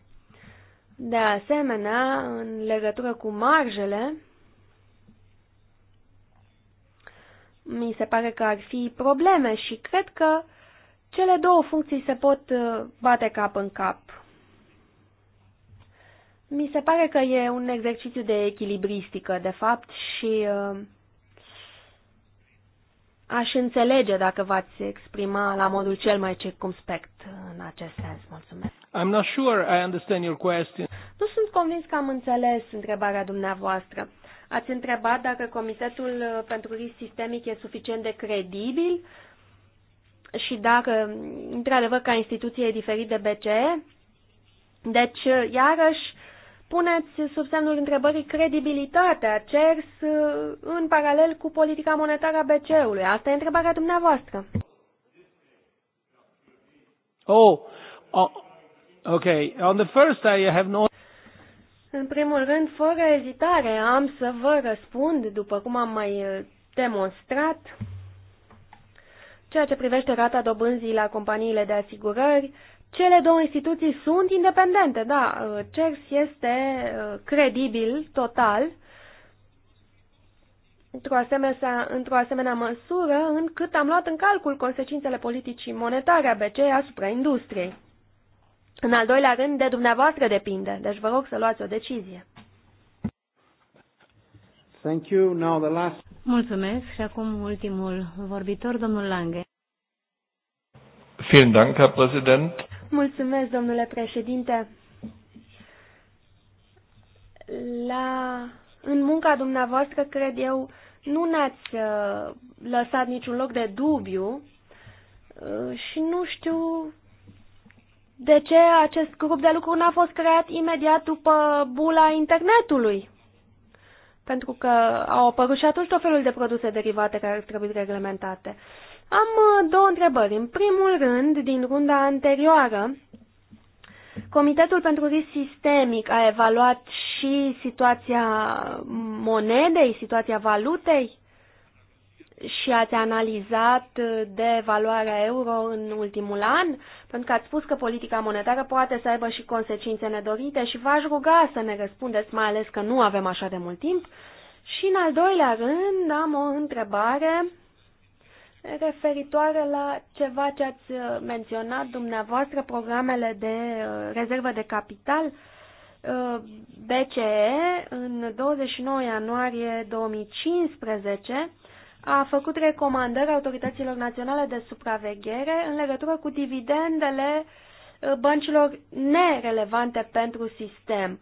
De asemenea, în legătură cu marjele, mi se pare că ar fi probleme și cred că cele două funcții se pot uh, bate cap în cap. Mi se pare că e un exercițiu de echilibristică, de fapt, și uh, aș înțelege dacă v-ați exprima la modul cel mai circumspect în acest sens. Mulțumesc. I'm not sure I understand your question. Nu sunt convins că am înțeles întrebarea dumneavoastră. Ați întrebat dacă Comitetul uh, pentru Risc Sistemic e suficient de credibil și dacă, într-adevăr, ca instituție e diferit de BCE. Deci, uh, iarăși, puneți sub semnul întrebării credibilitatea CERS uh, în paralel cu politica monetară a BCE-ului. Asta e întrebarea dumneavoastră. Oh, oh, okay. On the first I have no în primul rând, fără ezitare, am să vă răspund, după cum am mai uh, demonstrat, ceea ce privește rata dobânzii la companiile de asigurări, cele două instituții sunt independente, da, uh, CERS este uh, credibil total într-o asemenea, într asemenea măsură încât am luat în calcul consecințele politicii monetare a BCE asupra industriei. În al doilea rând, de dumneavoastră depinde, deci vă rog să luați o decizie. Thank you. Now the last... Mulțumesc și acum ultimul vorbitor, domnul Lange. Vielen Dank, Herr Präsident. Mulțumesc, domnule președinte. La... În munca dumneavoastră, cred eu, nu ne-ați uh, lăsat niciun loc de dubiu uh, și nu știu de ce acest grup de lucru n-a fost creat imediat după bula internetului? Pentru că au apărut și atunci tot felul de produse derivate care ar trebui reglementate. Am uh, două întrebări. În primul rând, din runda anterioară, Comitetul pentru risc sistemic a evaluat și situația monedei, situația valutei și ați analizat uh, de valoarea euro în ultimul an? Pentru că ați spus că politica monetară poate să aibă și consecințe nedorite și v-aș ruga să ne răspundeți, mai ales că nu avem așa de mult timp. Și în al doilea rând am o întrebare referitoare la ceva ce ați uh, menționat dumneavoastră, programele de uh, rezervă de capital. BCE în 29 ianuarie 2015 a făcut recomandări autorităților naționale de supraveghere în legătură cu dividendele uh, băncilor nerelevante pentru sistem.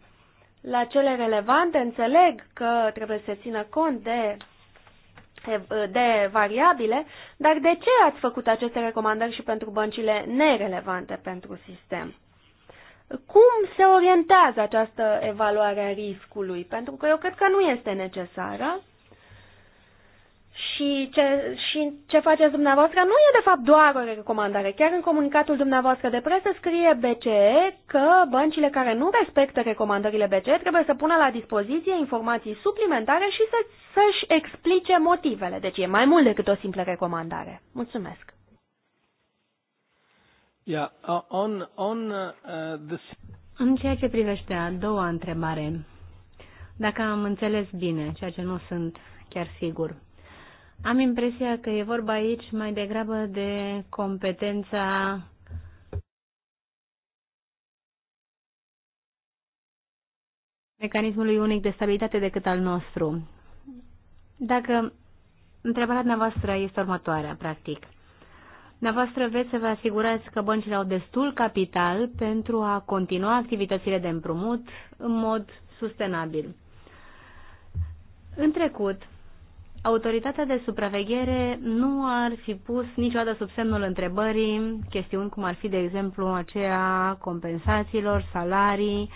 La cele relevante înțeleg că trebuie să se țină cont de, uh, de variabile, dar de ce ați făcut aceste recomandări și pentru băncile nerelevante pentru sistem? Cum se orientează această evaluare a riscului? Pentru că eu cred că nu este necesară și ce, și ce faceți dumneavoastră nu e de fapt doar o recomandare. Chiar în comunicatul dumneavoastră de presă scrie BCE că băncile care nu respectă recomandările BCE trebuie să pună la dispoziție informații suplimentare și să, să-și explice motivele. Deci e mai mult decât o simplă recomandare. Mulțumesc. Yeah, uh, on, on, uh, this... În ceea ce privește a doua întrebare, dacă am înțeles bine, ceea ce nu sunt chiar sigur, am impresia că e vorba aici mai degrabă de competența mecanismului unic de stabilitate decât al nostru. Dacă întrebarea dumneavoastră este următoarea, practic. Dumneavoastră veți să vă asigurați că băncile au destul capital pentru a continua activitățile de împrumut în mod sustenabil. În trecut, autoritatea de supraveghere nu ar fi pus niciodată sub semnul întrebării chestiuni cum ar fi, de exemplu, aceea compensațiilor, salarii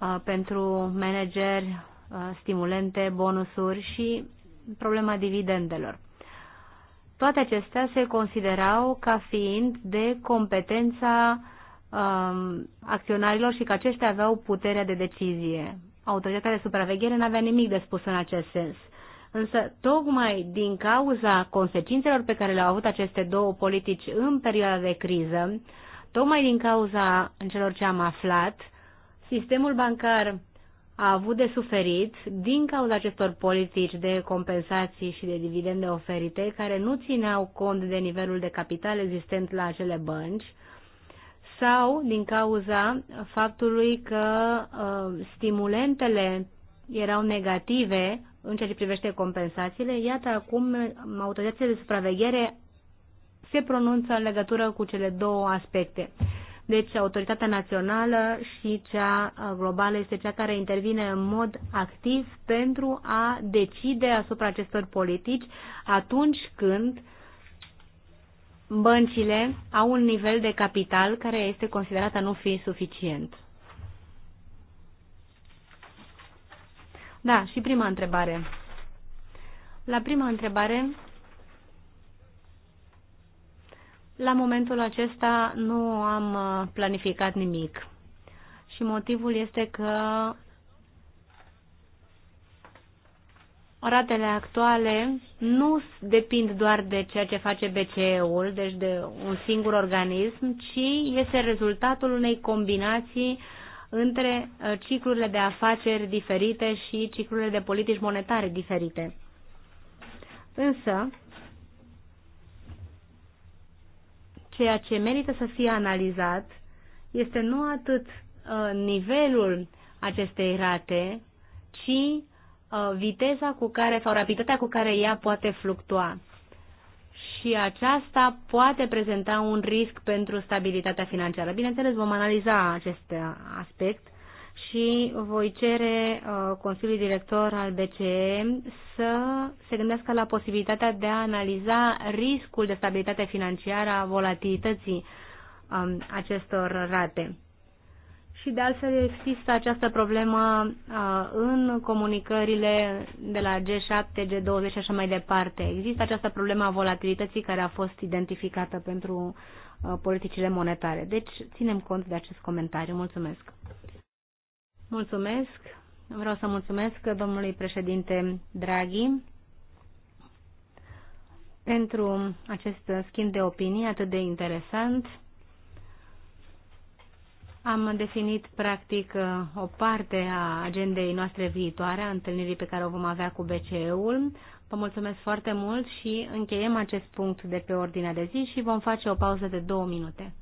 uh, pentru manageri, uh, stimulente, bonusuri și problema dividendelor. Toate acestea se considerau ca fiind de competența um, acționarilor și că aceștia aveau puterea de decizie. Autoritatea de supraveghere n-avea nimic de spus în acest sens. Uh, Însă, tocmai din cauza consecințelor pe care le-au avut aceste două politici în perioada de criză, tocmai din cauza în celor ce am aflat, sistemul bancar a avut de suferit din cauza acestor politici de compensații și de dividende oferite, care nu țineau cont de nivelul de capital existent la acele bănci, sau din cauza faptului că uh, stimulentele erau negative în ceea ce privește compensațiile, iată acum autoritățile de supraveghere se pronunță în legătură cu cele două aspecte. Deci autoritatea națională și cea uh, globală este cea care intervine în mod activ pentru a decide asupra acestor politici atunci când băncile au un nivel de capital care este considerat a nu fi suficient. Da, și prima întrebare. La prima întrebare, la momentul acesta nu am uh, planificat nimic. Și motivul este că ratele actuale nu depind doar de ceea ce face BCE-ul, deci de un singur organism, ci este rezultatul unei combinații uh, între uh, ciclurile de afaceri diferite și ciclurile de politici monetare diferite. Însă, ceea ce merită să fie analizat este nu atât uh, nivelul acestei rate, ci uh, viteza cu care sau rapiditatea cu care ea poate fluctua și aceasta poate prezenta un risc pentru stabilitatea financiară. Bineînțeles, vom analiza acest aspect și voi cere uh, Consiliului Director al BCE să se gândească la posibilitatea de a analiza riscul de stabilitate financiară a volatilității um, acestor rate. Și de altfel există această problemă în comunicările de la G7, G20 și așa mai departe. Există această problemă a volatilității care a fost identificată pentru politicile monetare. Deci ținem cont de acest comentariu. Mulțumesc. Mulțumesc. Vreau să mulțumesc domnului președinte Draghi pentru acest schimb de opinii atât de interesant. Am definit, practic, uh, o parte a agendei noastre viitoare, a întâlnirii pe care o vom avea cu BCE-ul. Vă mulțumesc foarte mult și încheiem acest punct de pe ordinea de zi și vom face o pauză de două minute.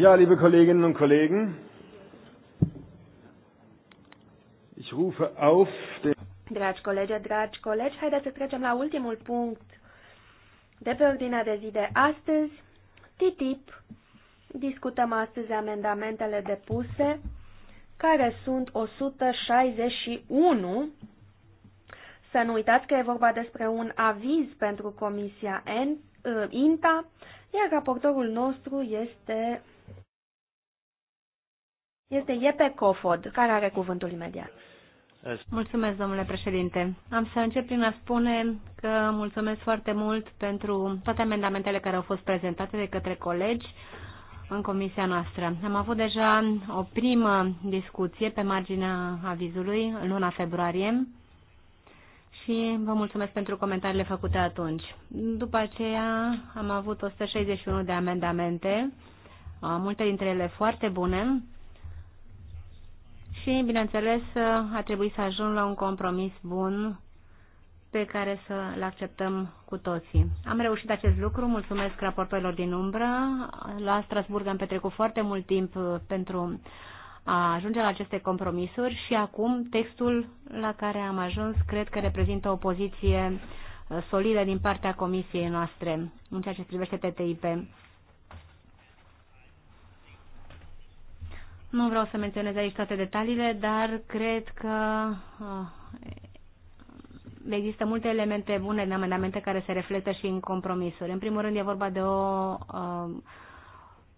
Ja, liebe Kolleginnen und Kollegen, ich rufe auf den Dragi colegi, dragi colegi, haideți să trecem la ultimul punct de pe ordinea de zi de astăzi, TTIP. Discutăm astăzi amendamentele depuse, care sunt 161. Să nu uitați că e vorba despre un aviz pentru Comisia uh, INTA, iar raportorul nostru este este Iepe Cofod, care are cuvântul imediat. Mulțumesc, domnule președinte. Am să încep prin a spune că mulțumesc foarte mult pentru toate amendamentele care au fost prezentate de către colegi în comisia noastră. Am avut deja o primă discuție pe marginea avizului în luna februarie și vă mulțumesc pentru comentariile făcute atunci. După aceea am avut 161 de amendamente, multe dintre ele foarte bune, și, bineînțeles, a trebuit să ajung la un compromis bun pe care să-l acceptăm cu toții. Am reușit acest lucru, mulțumesc raportorilor din umbră. La Strasburg am petrecut foarte mult timp pentru a ajunge la aceste compromisuri și acum textul la care am ajuns cred că reprezintă o poziție solidă din partea comisiei noastre în ceea ce privește TTIP. Nu vreau să menționez aici toate detaliile, dar cred că uh, există multe elemente bune în amendamente care se reflectă și în compromisuri. În primul rând e vorba de o uh,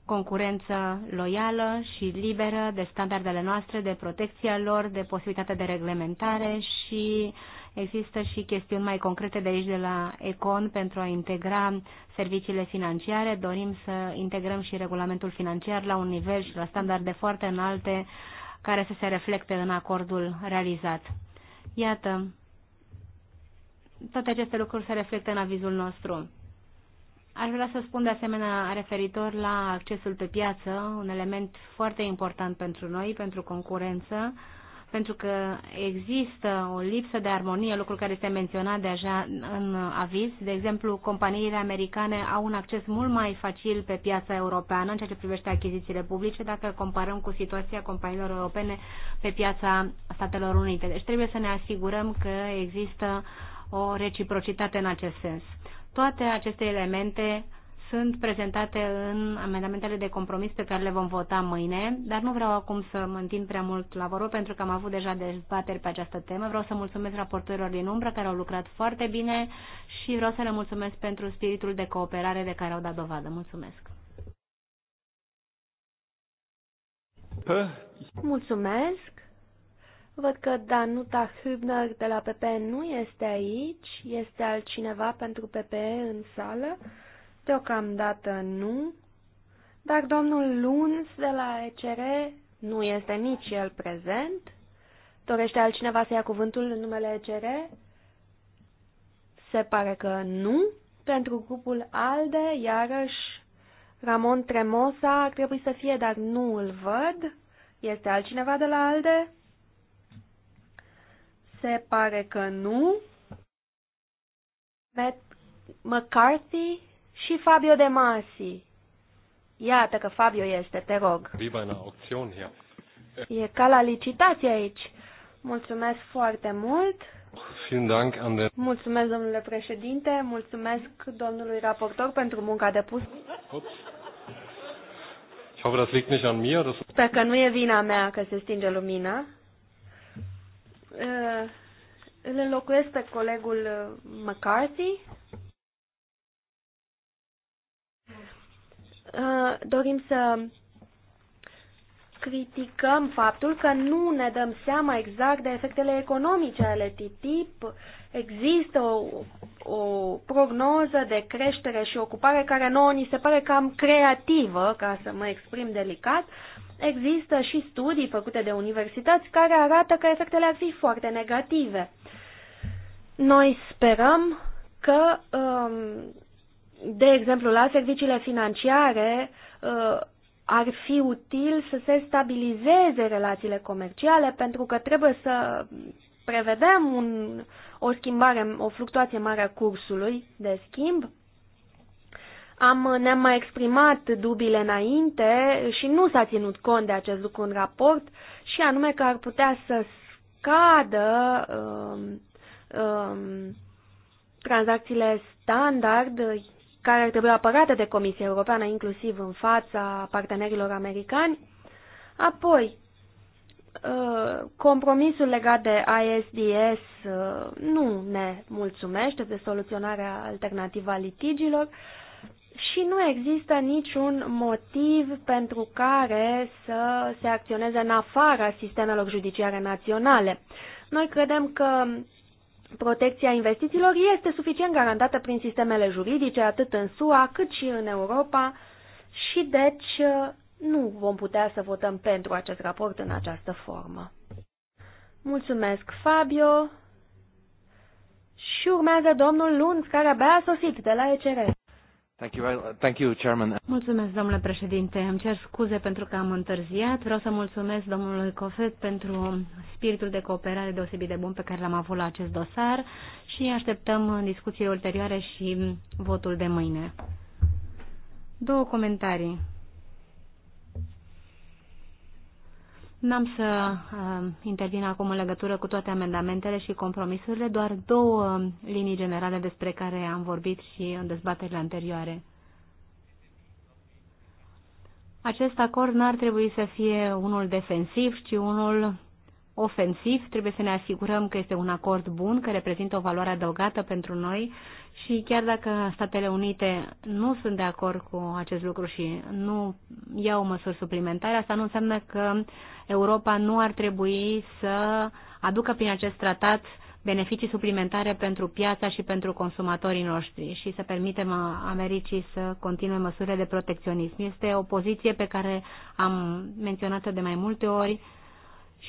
concurență loială și liberă, de standardele noastre, de protecția lor, de posibilitatea de reglementare și uh, Există și chestiuni mai concrete de aici de la Econ pentru a integra serviciile financiare. Dorim să integrăm și regulamentul financiar la un nivel și la standarde foarte înalte care să se reflecte în acordul realizat. Iată, toate aceste lucruri se reflectă în avizul nostru. Aș vrea să spun de asemenea referitor la accesul pe piață, un element foarte important pentru noi, pentru concurență pentru că există o lipsă de armonie, lucru care este menționat deja în aviz. De exemplu, companiile americane au un acces mult mai facil pe piața europeană în ceea ce privește achizițiile publice dacă comparăm cu situația companiilor europene pe piața Statelor Unite. Deci trebuie să ne asigurăm că există o reciprocitate în acest sens. Toate aceste elemente sunt prezentate în amendamentele de compromis pe care le vom vota mâine, dar nu vreau acum să mă întind prea mult la vorbă pentru că am avut deja dezbateri pe această temă. Vreau să mulțumesc raportorilor din umbră care au lucrat foarte bine și vreau să le mulțumesc pentru spiritul de cooperare de care au dat dovadă. Mulțumesc! Mulțumesc! Văd că Danuta Hübner de la PP nu este aici, este altcineva pentru PP în sală. Deocamdată nu, dar domnul Luns de la ECR nu este nici el prezent. Dorește altcineva să ia cuvântul în numele ECR? Se pare că nu. Pentru grupul ALDE, iarăși, Ramon Tremosa ar trebui să fie, dar nu îl văd. Este altcineva de la ALDE? Se pare că nu. Matt McCarthy și Fabio De Masi. Iată că Fabio este, te rog. E ca la licitație aici. Mulțumesc foarte mult. Mulțumesc, domnule președinte, mulțumesc domnului raportor pentru munca depusă. Ich hoffe, das liegt nicht an mir. Das Sper că nu e vina mea că se stinge lumina. Uh, îl înlocuiesc pe colegul uh, McCarthy. Uh, dorim să criticăm faptul că nu ne dăm seama exact de efectele economice ale TTIP. Există o, o prognoză de creștere și ocupare care nouă ni se pare cam creativă, ca să mă exprim delicat. Există și studii făcute de universități care arată că efectele ar fi foarte negative. Noi sperăm că um, de exemplu, la serviciile financiare uh, ar fi util să se stabilizeze relațiile comerciale pentru că trebuie să prevedem un, o schimbare, o fluctuație mare a cursului de schimb. Am, ne-am mai exprimat dubile înainte și nu s-a ținut cont de acest lucru în raport și anume că ar putea să scadă um, um, tranzacțiile standard care ar trebui apărate de Comisia Europeană, inclusiv în fața partenerilor americani. Apoi, uh, compromisul legat de ISDS uh, nu ne mulțumește de soluționarea alternativă a litigilor și nu există niciun motiv pentru care să se acționeze în afara sistemelor judiciare naționale. Noi credem că Protecția investițiilor este suficient garantată prin sistemele juridice, atât în SUA cât și în Europa, și deci uh, nu vom putea să votăm pentru acest raport în această formă. Mulțumesc, Fabio! Și urmează domnul Lunz, care abia a sosit de la ECRS. Mulțumesc, domnule președinte. Îmi cer scuze pentru că am întârziat. Vreau să mulțumesc domnului Cofet pentru spiritul de cooperare deosebit de bun pe care l-am avut la acest dosar și așteptăm discuții ulterioare și votul de mâine. Două comentarii. N-am să uh, intervin acum în legătură cu toate amendamentele și compromisurile, doar două linii generale despre care am vorbit și în dezbaterile anterioare. Acest acord n-ar trebui să fie unul defensiv, ci unul ofensiv, trebuie să ne asigurăm că este un acord bun, că reprezintă o valoare adăugată pentru noi și chiar dacă Statele Unite nu sunt de acord cu acest lucru și nu iau măsuri suplimentare, asta nu înseamnă că Europa nu ar trebui să aducă prin acest tratat beneficii suplimentare pentru piața și pentru consumatorii noștri și să permitem Americii să continue măsurile de protecționism. Este o poziție pe care am menționat-o de mai multe ori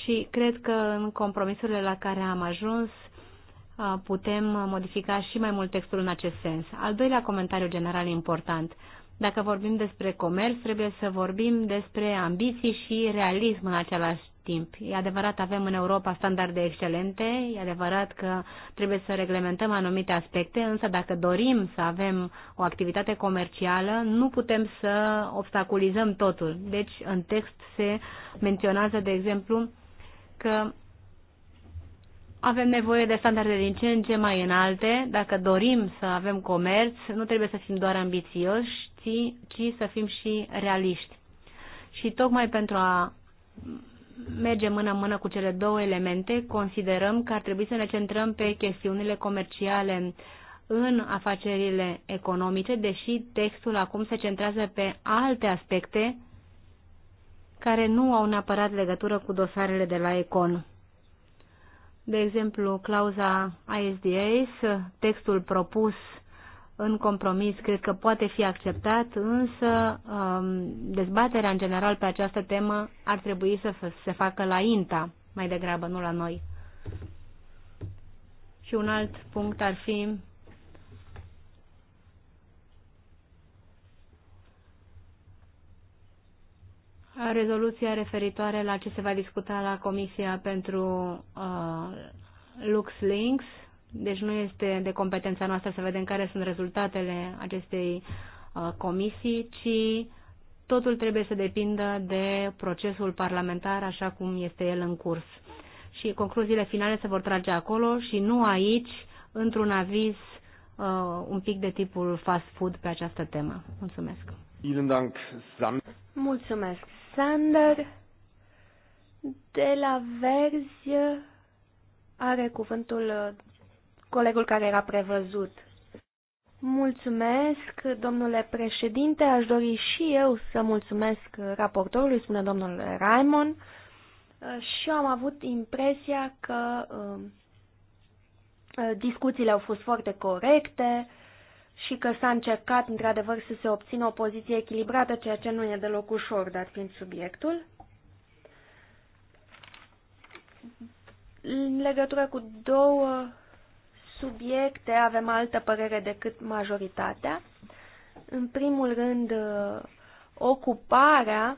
și cred că în compromisurile la care am ajuns uh, putem modifica și mai mult textul în acest sens. Al doilea comentariu general important. Dacă vorbim despre comerț, trebuie să vorbim despre ambiții și realism în același timp. E adevărat, avem în Europa standarde excelente, e adevărat că trebuie să reglementăm anumite aspecte, însă dacă dorim să avem o activitate comercială, nu putem să obstaculizăm totul. Deci, în text se menționează, de exemplu, că avem nevoie de standarde din ce în ce mai înalte. Dacă dorim să avem comerț, nu trebuie să fim doar ambițioși, ci, ci să fim și realiști. Și tocmai pentru a merge mână-mână cu cele două elemente, considerăm că ar trebui să ne centrăm pe chestiunile comerciale în afacerile economice, deși textul acum se centrează pe alte aspecte care nu au neapărat legătură cu dosarele de la Econ. De exemplu, clauza ISDAs, textul propus în compromis, cred că poate fi acceptat, însă um, dezbaterea în general pe această temă ar trebui să se facă la INTA, mai degrabă, nu la noi. Și un alt punct ar fi rezoluția referitoare la ce se va discuta la Comisia pentru uh, LuxLinks. Deci nu este de competența noastră să vedem care sunt rezultatele acestei uh, comisii, ci totul trebuie să depindă de procesul parlamentar așa cum este el în curs. Și concluziile finale se vor trage acolo și nu aici, într-un aviz uh, un pic de tipul fast food pe această temă. Mulțumesc! Mulțumesc, Alexander de la Verzi are cuvântul uh, colegul care era prevăzut. Mulțumesc, domnule președinte. Aș dori și eu să mulțumesc raportorului, spune domnul Raimon. Uh, și eu am avut impresia că uh, discuțiile au fost foarte corecte, și că s-a încercat într-adevăr să se obțină o poziție echilibrată, ceea ce nu e deloc ușor, dar fiind subiectul. În legătură cu două subiecte avem altă părere decât majoritatea. În primul rând, uh, ocuparea.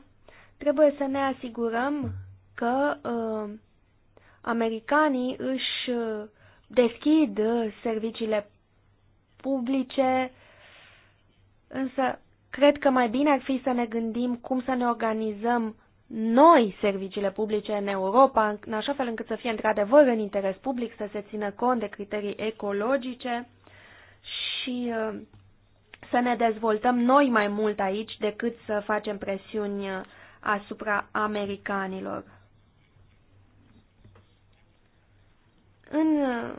Trebuie să ne asigurăm că uh, americanii își uh, deschid uh, serviciile publice, însă cred că mai bine ar fi să ne gândim cum să ne organizăm noi serviciile publice în Europa, în așa fel încât să fie într-adevăr în interes public, să se țină cont de criterii ecologice și uh, să ne dezvoltăm noi mai mult aici decât să facem presiuni uh, asupra americanilor. În uh,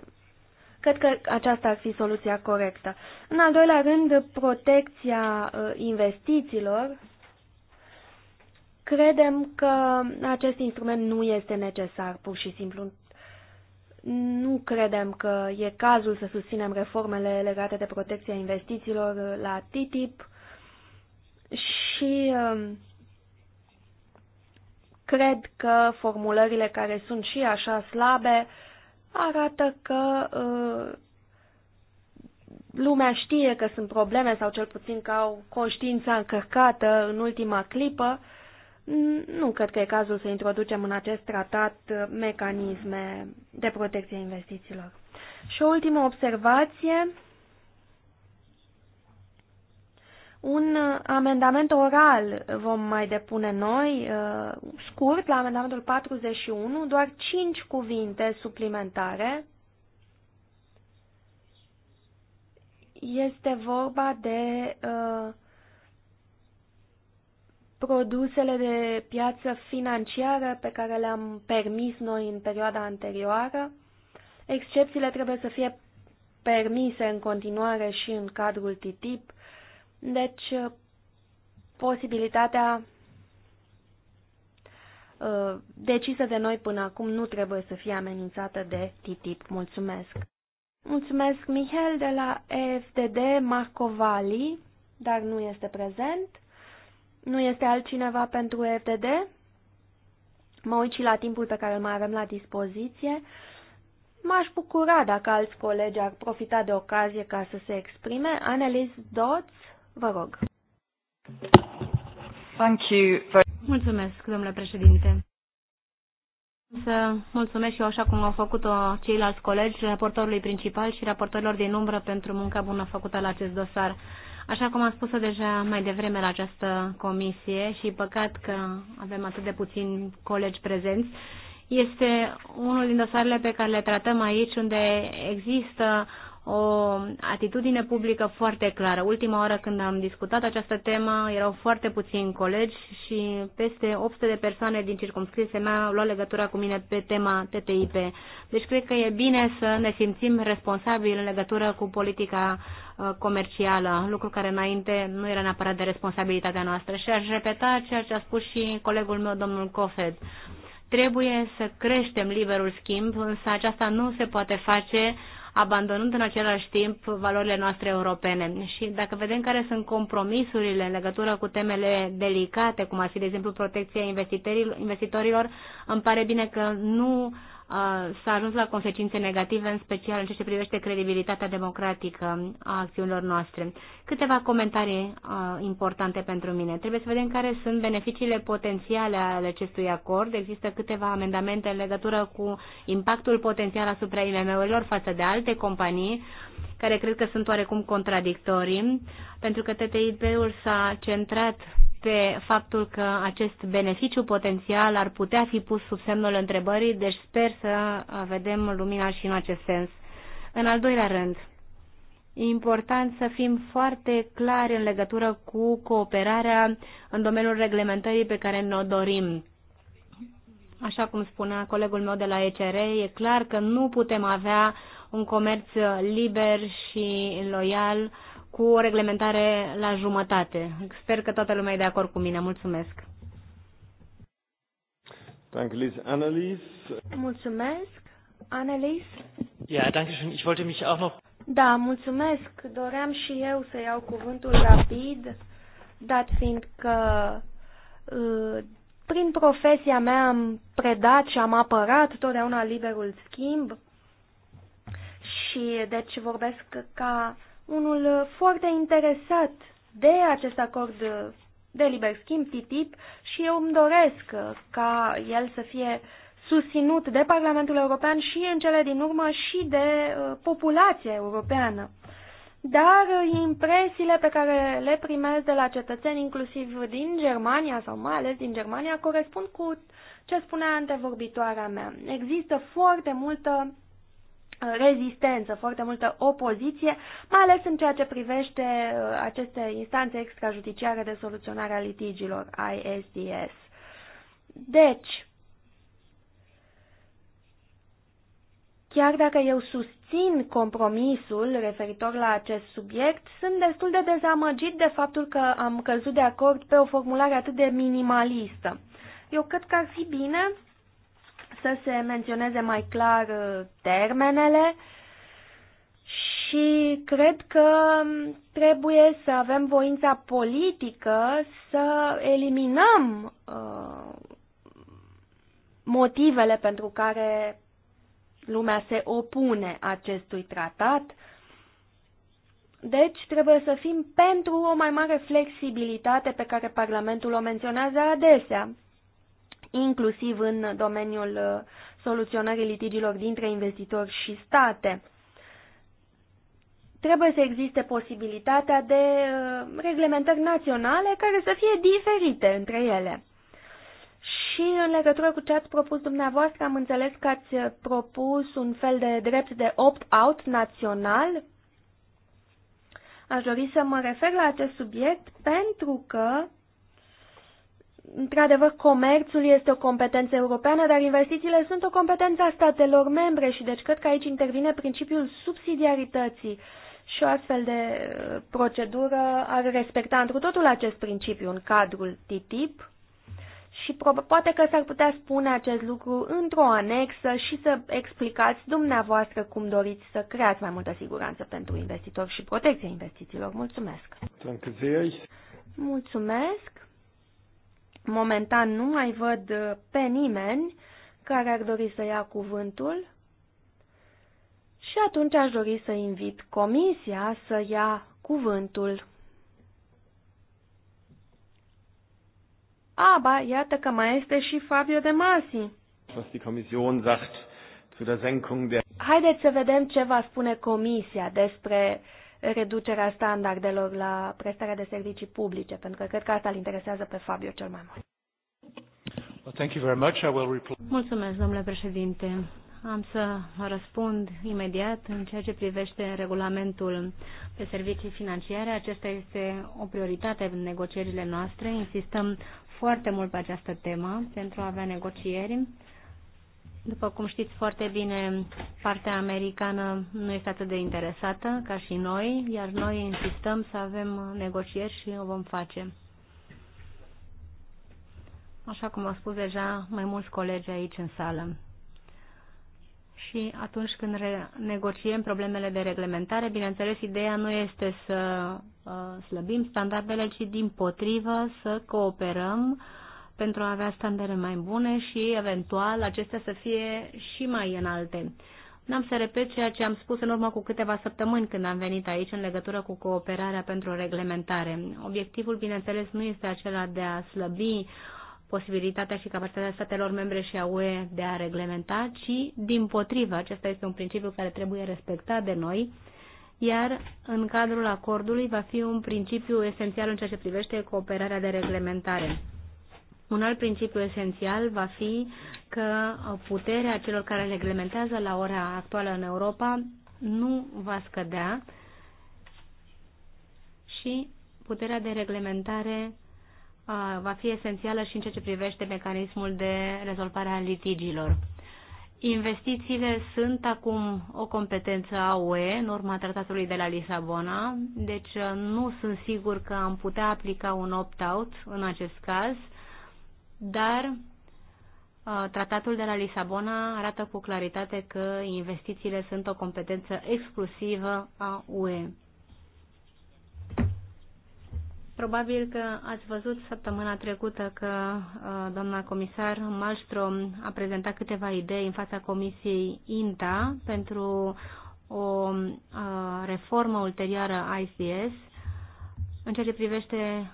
Cred că aceasta ar fi soluția corectă. În al doilea rând, protecția uh, investițiilor. Credem că acest instrument nu este necesar, pur și simplu. Nu credem că e cazul să susținem reformele legate de protecția investițiilor uh, la TTIP și um, cred că formulările care sunt și așa slabe uh, arată că uh, lumea știe că sunt probleme sau cel puțin că au conștiința încărcată în ultima clipă. Nu cred că e cazul să introducem în acest tratat uh, mecanisme de protecție a investițiilor. Și o ultimă observație, Un amendament oral vom mai depune noi, uh, scurt, la amendamentul 41, doar 5 cuvinte suplimentare. Este vorba de uh, produsele de piață financiară pe care le-am permis noi în perioada anterioară. Excepțiile trebuie să fie permise în continuare și în cadrul TTIP deci, uh, posibilitatea uh, decisă de noi până acum nu trebuie să fie amenințată de TTIP. Mulțumesc! Mulțumesc, Mihel, de la EFTD, Marco Vali, dar nu este prezent. Nu este altcineva pentru EFTD? Mă uit și la timpul pe care îl mai avem la dispoziție. M-aș bucura dacă alți colegi ar profita de ocazie ca să se exprime. Annelies Dodds, Vă rog. Thank you very... Mulțumesc, domnule președinte. Să mulțumesc și eu, așa cum au făcut-o ceilalți colegi, raportorului principal și raportorilor din umbră pentru munca bună făcută la acest dosar. Așa cum am spus deja mai devreme la această comisie și păcat că avem atât de puțini colegi prezenți, este unul din dosarele pe care le tratăm aici unde există uh, o atitudine publică foarte clară. Ultima oară când am discutat această temă erau foarte puțini colegi și peste 800 de persoane din circumscripția mea au luat legătura cu mine pe tema TTIP. Deci cred că e bine să ne simțim responsabili în legătură cu politica uh, comercială, lucru care înainte nu era neapărat de responsabilitatea noastră. Și aș repeta ceea ce a spus și colegul meu, domnul Cofed. Trebuie să creștem liberul schimb, însă aceasta nu se poate face uh, abandonând în același timp valorile noastre europene. Și dacă vedem care sunt compromisurile în legătură cu temele delicate, cum ar fi, de exemplu, protecția investitorilor, îmi pare bine că nu s-a ajuns la consecințe negative, în special în ceea ce privește credibilitatea democratică a acțiunilor noastre. Câteva comentarii importante pentru mine. Trebuie să vedem care sunt beneficiile potențiale ale acestui acord. Există câteva amendamente în legătură cu impactul potențial asupra IMM-urilor față de alte companii care cred că sunt oarecum contradictorii, pentru că TTIP-ul s-a centrat pe faptul că acest beneficiu potențial ar putea fi pus sub semnul întrebării, deci sper să vedem lumina și în acest sens. În al doilea rând, e important să fim foarte clari în legătură cu cooperarea în domeniul reglementării pe care ne-o dorim. Așa cum spunea colegul meu de la ECR, e clar că nu putem avea un comerț liber și loial uh, cu o reglementare la jumătate. Sper că toată lumea e de acord cu mine. Mulțumesc. Danke, Liz. Annelies. Mulțumesc. Annelies. Ja, danke schön. Ich wollte mich auch noch... Da, mulțumesc. Doream și eu să iau cuvântul rapid, dat fiind că uh, prin profesia mea am predat și am apărat totdeauna liberul schimb și deci vorbesc ca unul uh, foarte interesat de acest acord uh, de liber schimb, TTIP, și eu îmi doresc uh, ca el să fie susținut de Parlamentul European și în cele din urmă și de populația europeană. Dar impresiile pe care le primez de la cetățeni, inclusiv din Germania sau mai ales din Germania, corespund cu ce spunea antevorbitoarea mea. Există foarte multă rezistență, foarte multă opoziție, mai ales în ceea ce privește uh, aceste instanțe extrajudiciare de soluționare a litigilor, ISDS. Deci, chiar dacă eu susțin compromisul referitor la acest subiect, sunt destul de dezamăgit de faptul că am căzut de acord pe o formulare atât de minimalistă. Eu cred că ar fi bine să se menționeze mai clar uh, termenele și cred că um, trebuie să avem voința politică să eliminăm uh, motivele pentru care lumea se opune acestui tratat. Deci trebuie să fim pentru o mai mare flexibilitate pe care Parlamentul o menționează adesea inclusiv în domeniul uh, soluționării litigilor dintre investitori și state. Trebuie să existe posibilitatea de uh, reglementări naționale care să fie diferite între ele. Și în legătură cu ce ați propus dumneavoastră, am înțeles că ați propus un fel de drept de opt-out național. Aș dori să mă refer la acest subiect pentru că Într-adevăr, comerțul este o competență europeană, dar investițiile sunt o competență a statelor membre și deci cred că aici intervine principiul subsidiarității și o astfel de uh, procedură ar respecta întru totul acest principiu în cadrul TTIP și poate că s-ar putea spune acest lucru într-o anexă și să explicați dumneavoastră cum doriți să creați mai multă siguranță pentru investitori și protecția investițiilor. Mulțumesc! Mulțumesc! Momentan nu mai văd uh, pe nimeni care ar dori să ia cuvântul și atunci aș dori să invit comisia să ia cuvântul. Aba, iată că mai este și Fabio De Masi. Was die Kommission sagt zu der Senkung der Haideți să vedem ce va spune comisia despre uh, reducerea standardelor la prestarea de servicii publice, pentru că cred că asta îl interesează pe Fabio cel mai mult. Mulțumesc, domnule președinte. Am să răspund imediat în ceea ce privește regulamentul pe servicii financiare. Acesta este o prioritate în negocierile noastre. Insistăm foarte mult pe această temă pentru a avea negocieri după cum știți foarte bine, partea americană nu este atât de interesată ca și noi, iar noi insistăm să avem negocieri și o vom face. Așa cum au spus deja mai mulți colegi aici în sală. Și atunci când negociem problemele de reglementare, bineînțeles, ideea nu este să uh, slăbim standardele, ci din potrivă să cooperăm pentru a avea standarde mai bune și, eventual, acestea să fie și mai înalte. N-am să repet ceea ce am spus în urmă cu câteva săptămâni când am venit aici în legătură cu cooperarea pentru reglementare. Obiectivul, bineînțeles, nu este acela de a slăbi posibilitatea și capacitatea statelor membre și a UE de a reglementa, ci, din potrivă, acesta este un principiu care trebuie respectat de noi, iar în cadrul acordului va fi un principiu esențial în ceea ce privește cooperarea de reglementare. Un alt principiu esențial va fi că puterea celor care reglementează la ora actuală în Europa nu va scădea și puterea de reglementare va fi esențială și în ceea ce privește mecanismul de rezolvare a litigiilor. Investițiile sunt acum o competență a UE în urma tratatului de la Lisabona, deci uh, nu sunt sigur că am putea aplica un opt-out în acest caz – dar uh, Tratatul de la Lisabona arată cu claritate că investițiile sunt o competență exclusivă a UE. Probabil că ați văzut săptămâna trecută că uh, doamna comisar Malmström a prezentat câteva idei în fața Comisiei INTA pentru o uh, reformă ulterioară a ICS în ceea ce privește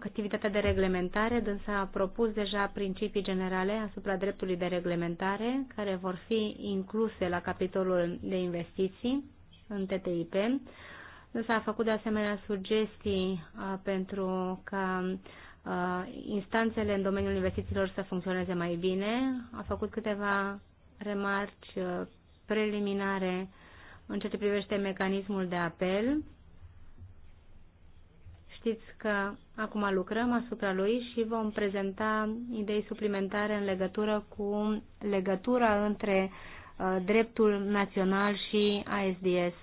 activitatea de reglementare, dânsa a propus deja principii generale asupra dreptului de reglementare, care vor fi incluse la capitolul de investiții în TTIP. Dânsa a făcut de asemenea sugestii pentru ca instanțele în domeniul investițiilor să funcționeze mai bine. A făcut câteva remarci preliminare în ceea ce privește mecanismul de apel Știți că acum lucrăm asupra lui și vom prezenta idei suplimentare în legătură cu legătura între uh, dreptul național și ASDS.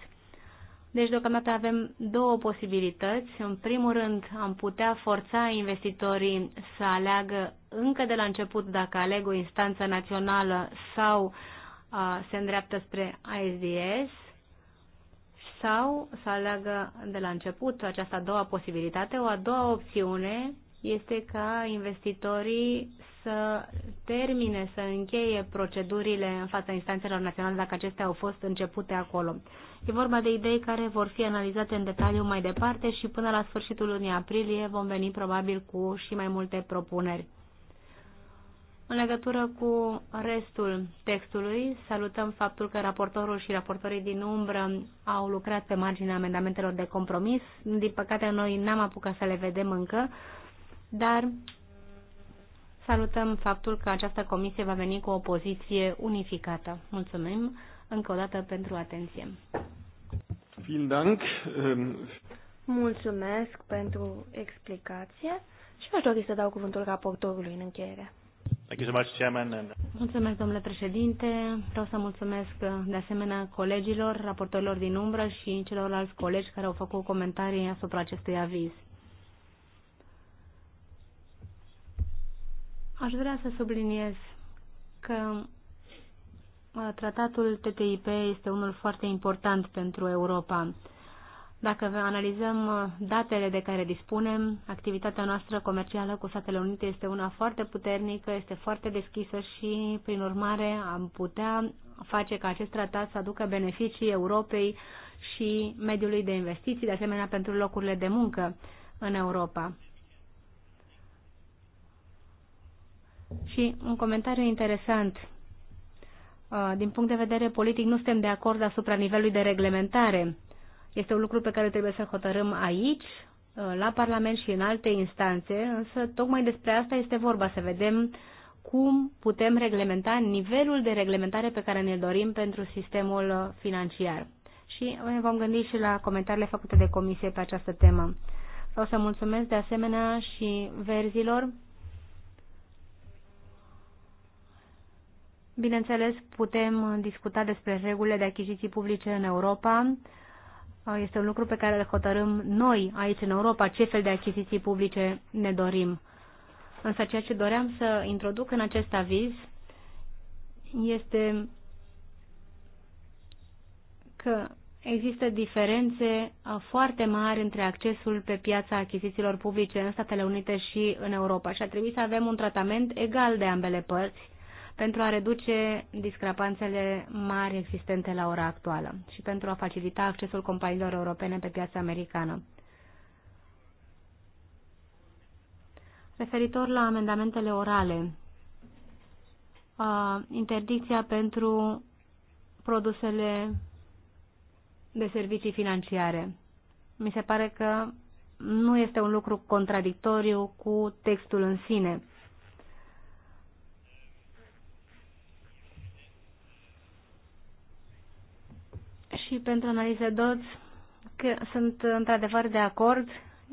Deci, deocamdată avem două posibilități. În primul rând, am putea forța investitorii să aleagă încă de la început dacă aleg o instanță națională sau uh, se îndreaptă spre ASDS sau să aleagă de la început această a doua posibilitate. O a doua opțiune este ca investitorii să termine, să încheie procedurile în fața instanțelor naționale dacă acestea au fost începute acolo. E vorba de idei care vor fi analizate în detaliu mai departe și până la sfârșitul lunii aprilie vom veni probabil cu și mai multe propuneri. În legătură cu restul textului, salutăm faptul că raportorul și raportorii din umbră au lucrat pe marginea amendamentelor de compromis. Din păcate, noi n-am apucat să le vedem încă, dar salutăm faptul că această comisie va veni cu o poziție unificată. Mulțumim încă o dată pentru atenție. Ähm, Mulțumesc pentru explicație și aș dori să dau cuvântul raportorului în încheiere. Mulțumesc, domnule președinte. Vreau să mulțumesc de asemenea colegilor, raportorilor din umbră și celorlalți colegi care au făcut comentarii asupra acestui aviz. Aș vrea să subliniez că uh, tratatul TTIP este unul foarte important pentru Europa dacă analizăm uh, datele de care dispunem, activitatea noastră comercială cu Statele Unite este una foarte puternică, este foarte deschisă și, prin urmare, am putea face ca acest tratat să aducă beneficii Europei și mediului de investiții, de asemenea pentru locurile de muncă în Europa. Și un comentariu interesant. Uh, din punct de vedere politic, nu suntem de acord asupra nivelului de reglementare este un lucru pe care trebuie să-l hotărâm aici, uh, la Parlament și în alte instanțe, însă tocmai despre asta este vorba, să vedem cum putem reglementa nivelul de reglementare pe care ne-l dorim pentru sistemul uh, financiar. Și ne vom gândi și la comentariile făcute de comisie pe această temă. Vreau să mulțumesc de asemenea și verzilor. Bineînțeles, putem discuta despre regulile de achiziții publice în Europa, este un lucru pe care îl hotărâm noi aici în Europa, ce fel de achiziții publice ne dorim. Însă ceea ce doream să introduc în acest aviz este că există diferențe foarte mari între accesul pe piața achizițiilor publice în Statele Unite și în Europa și ar trebui să avem un tratament egal de ambele părți pentru a reduce discrepanțele mari existente la ora actuală și pentru a facilita accesul companiilor europene pe piața americană. Referitor la amendamentele orale, interdicția pentru produsele de servicii financiare. Mi se pare că nu este un lucru contradictoriu cu textul în sine. și pentru analize DOTS că sunt într-adevăr de acord.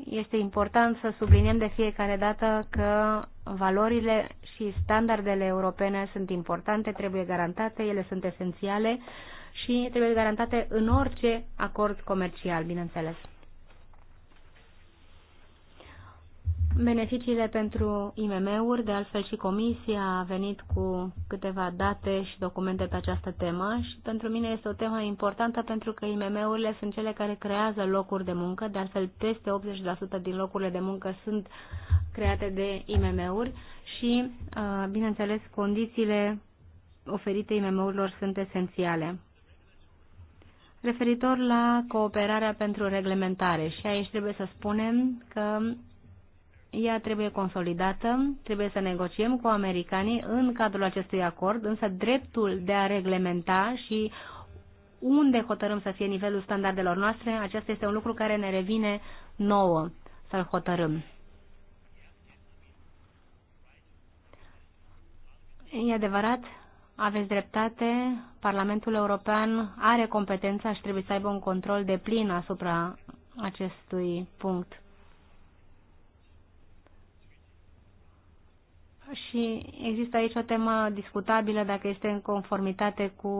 Este important să subliniem de fiecare dată că valorile și standardele europene sunt importante, trebuie garantate, ele sunt esențiale și trebuie garantate în orice acord comercial, bineînțeles. Beneficiile pentru IMM-uri, de altfel și Comisia a venit cu câteva date și documente pe această temă și pentru mine este o temă importantă pentru că IMM-urile sunt cele care creează locuri de muncă, de altfel peste 80% din locurile de muncă sunt create de IMM-uri și, bineînțeles, condițiile oferite IMM-urilor sunt esențiale. Referitor la cooperarea pentru reglementare, și aici trebuie să spunem că ea trebuie consolidată, trebuie să negociem cu americanii în cadrul acestui acord, însă dreptul de a reglementa și unde hotărâm să fie nivelul standardelor noastre, acesta este un lucru care ne revine nouă să-l hotărâm. E adevărat, aveți dreptate, Parlamentul European are competența și trebuie să aibă un control de plin asupra acestui punct. și există aici o temă discutabilă dacă este în conformitate cu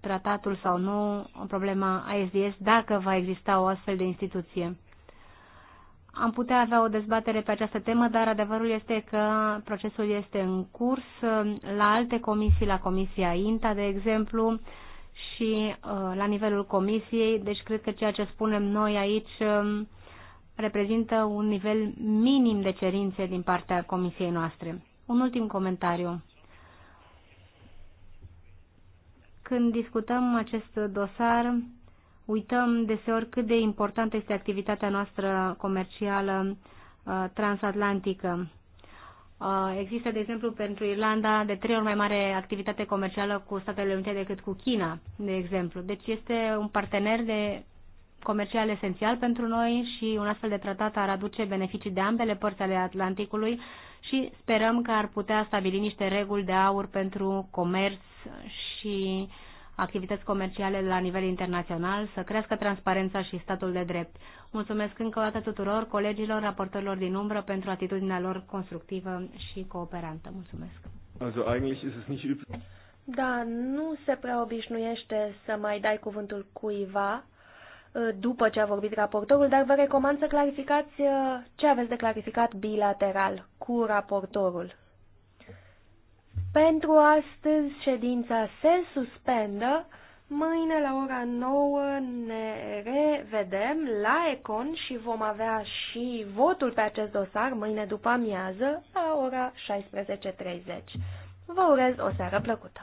tratatul sau nu, problema ISDS, dacă va exista o astfel de instituție. Am putea avea o dezbatere pe această temă, dar adevărul este că procesul este în curs la alte comisii, la Comisia INTA, de exemplu, și uh, la nivelul comisiei, deci cred că ceea ce spunem noi aici um, reprezintă un nivel minim de cerințe din partea comisiei noastre. Un ultim comentariu. Când discutăm acest dosar, uităm deseori cât de importantă este activitatea noastră comercială uh, transatlantică. Uh, există, de exemplu, pentru Irlanda de trei ori mai mare activitate comercială cu Statele Unite decât cu China, de exemplu. Deci este un partener de comercial esențial pentru noi și un astfel de tratat ar aduce beneficii de ambele părți ale Atlanticului și sperăm că ar putea stabili niște reguli de aur pentru comerț și activități comerciale la nivel internațional, să crească transparența și statul de drept. Mulțumesc încă o dată tuturor colegilor, raportorilor din umbră pentru atitudinea lor constructivă și cooperantă. Mulțumesc! Also eigentlich ist es nicht Da, nu se prea obișnuiește să mai dai cuvântul cuiva, Uh, după ce a vorbit raportorul, dar vă recomand să clarificați uh, ce aveți de clarificat bilateral cu raportorul. Pentru astăzi ședința se suspendă. Mâine la ora 9 ne revedem la Econ și vom avea și votul pe acest dosar mâine după amiază la ora 16.30. Vă urez o seară plăcută!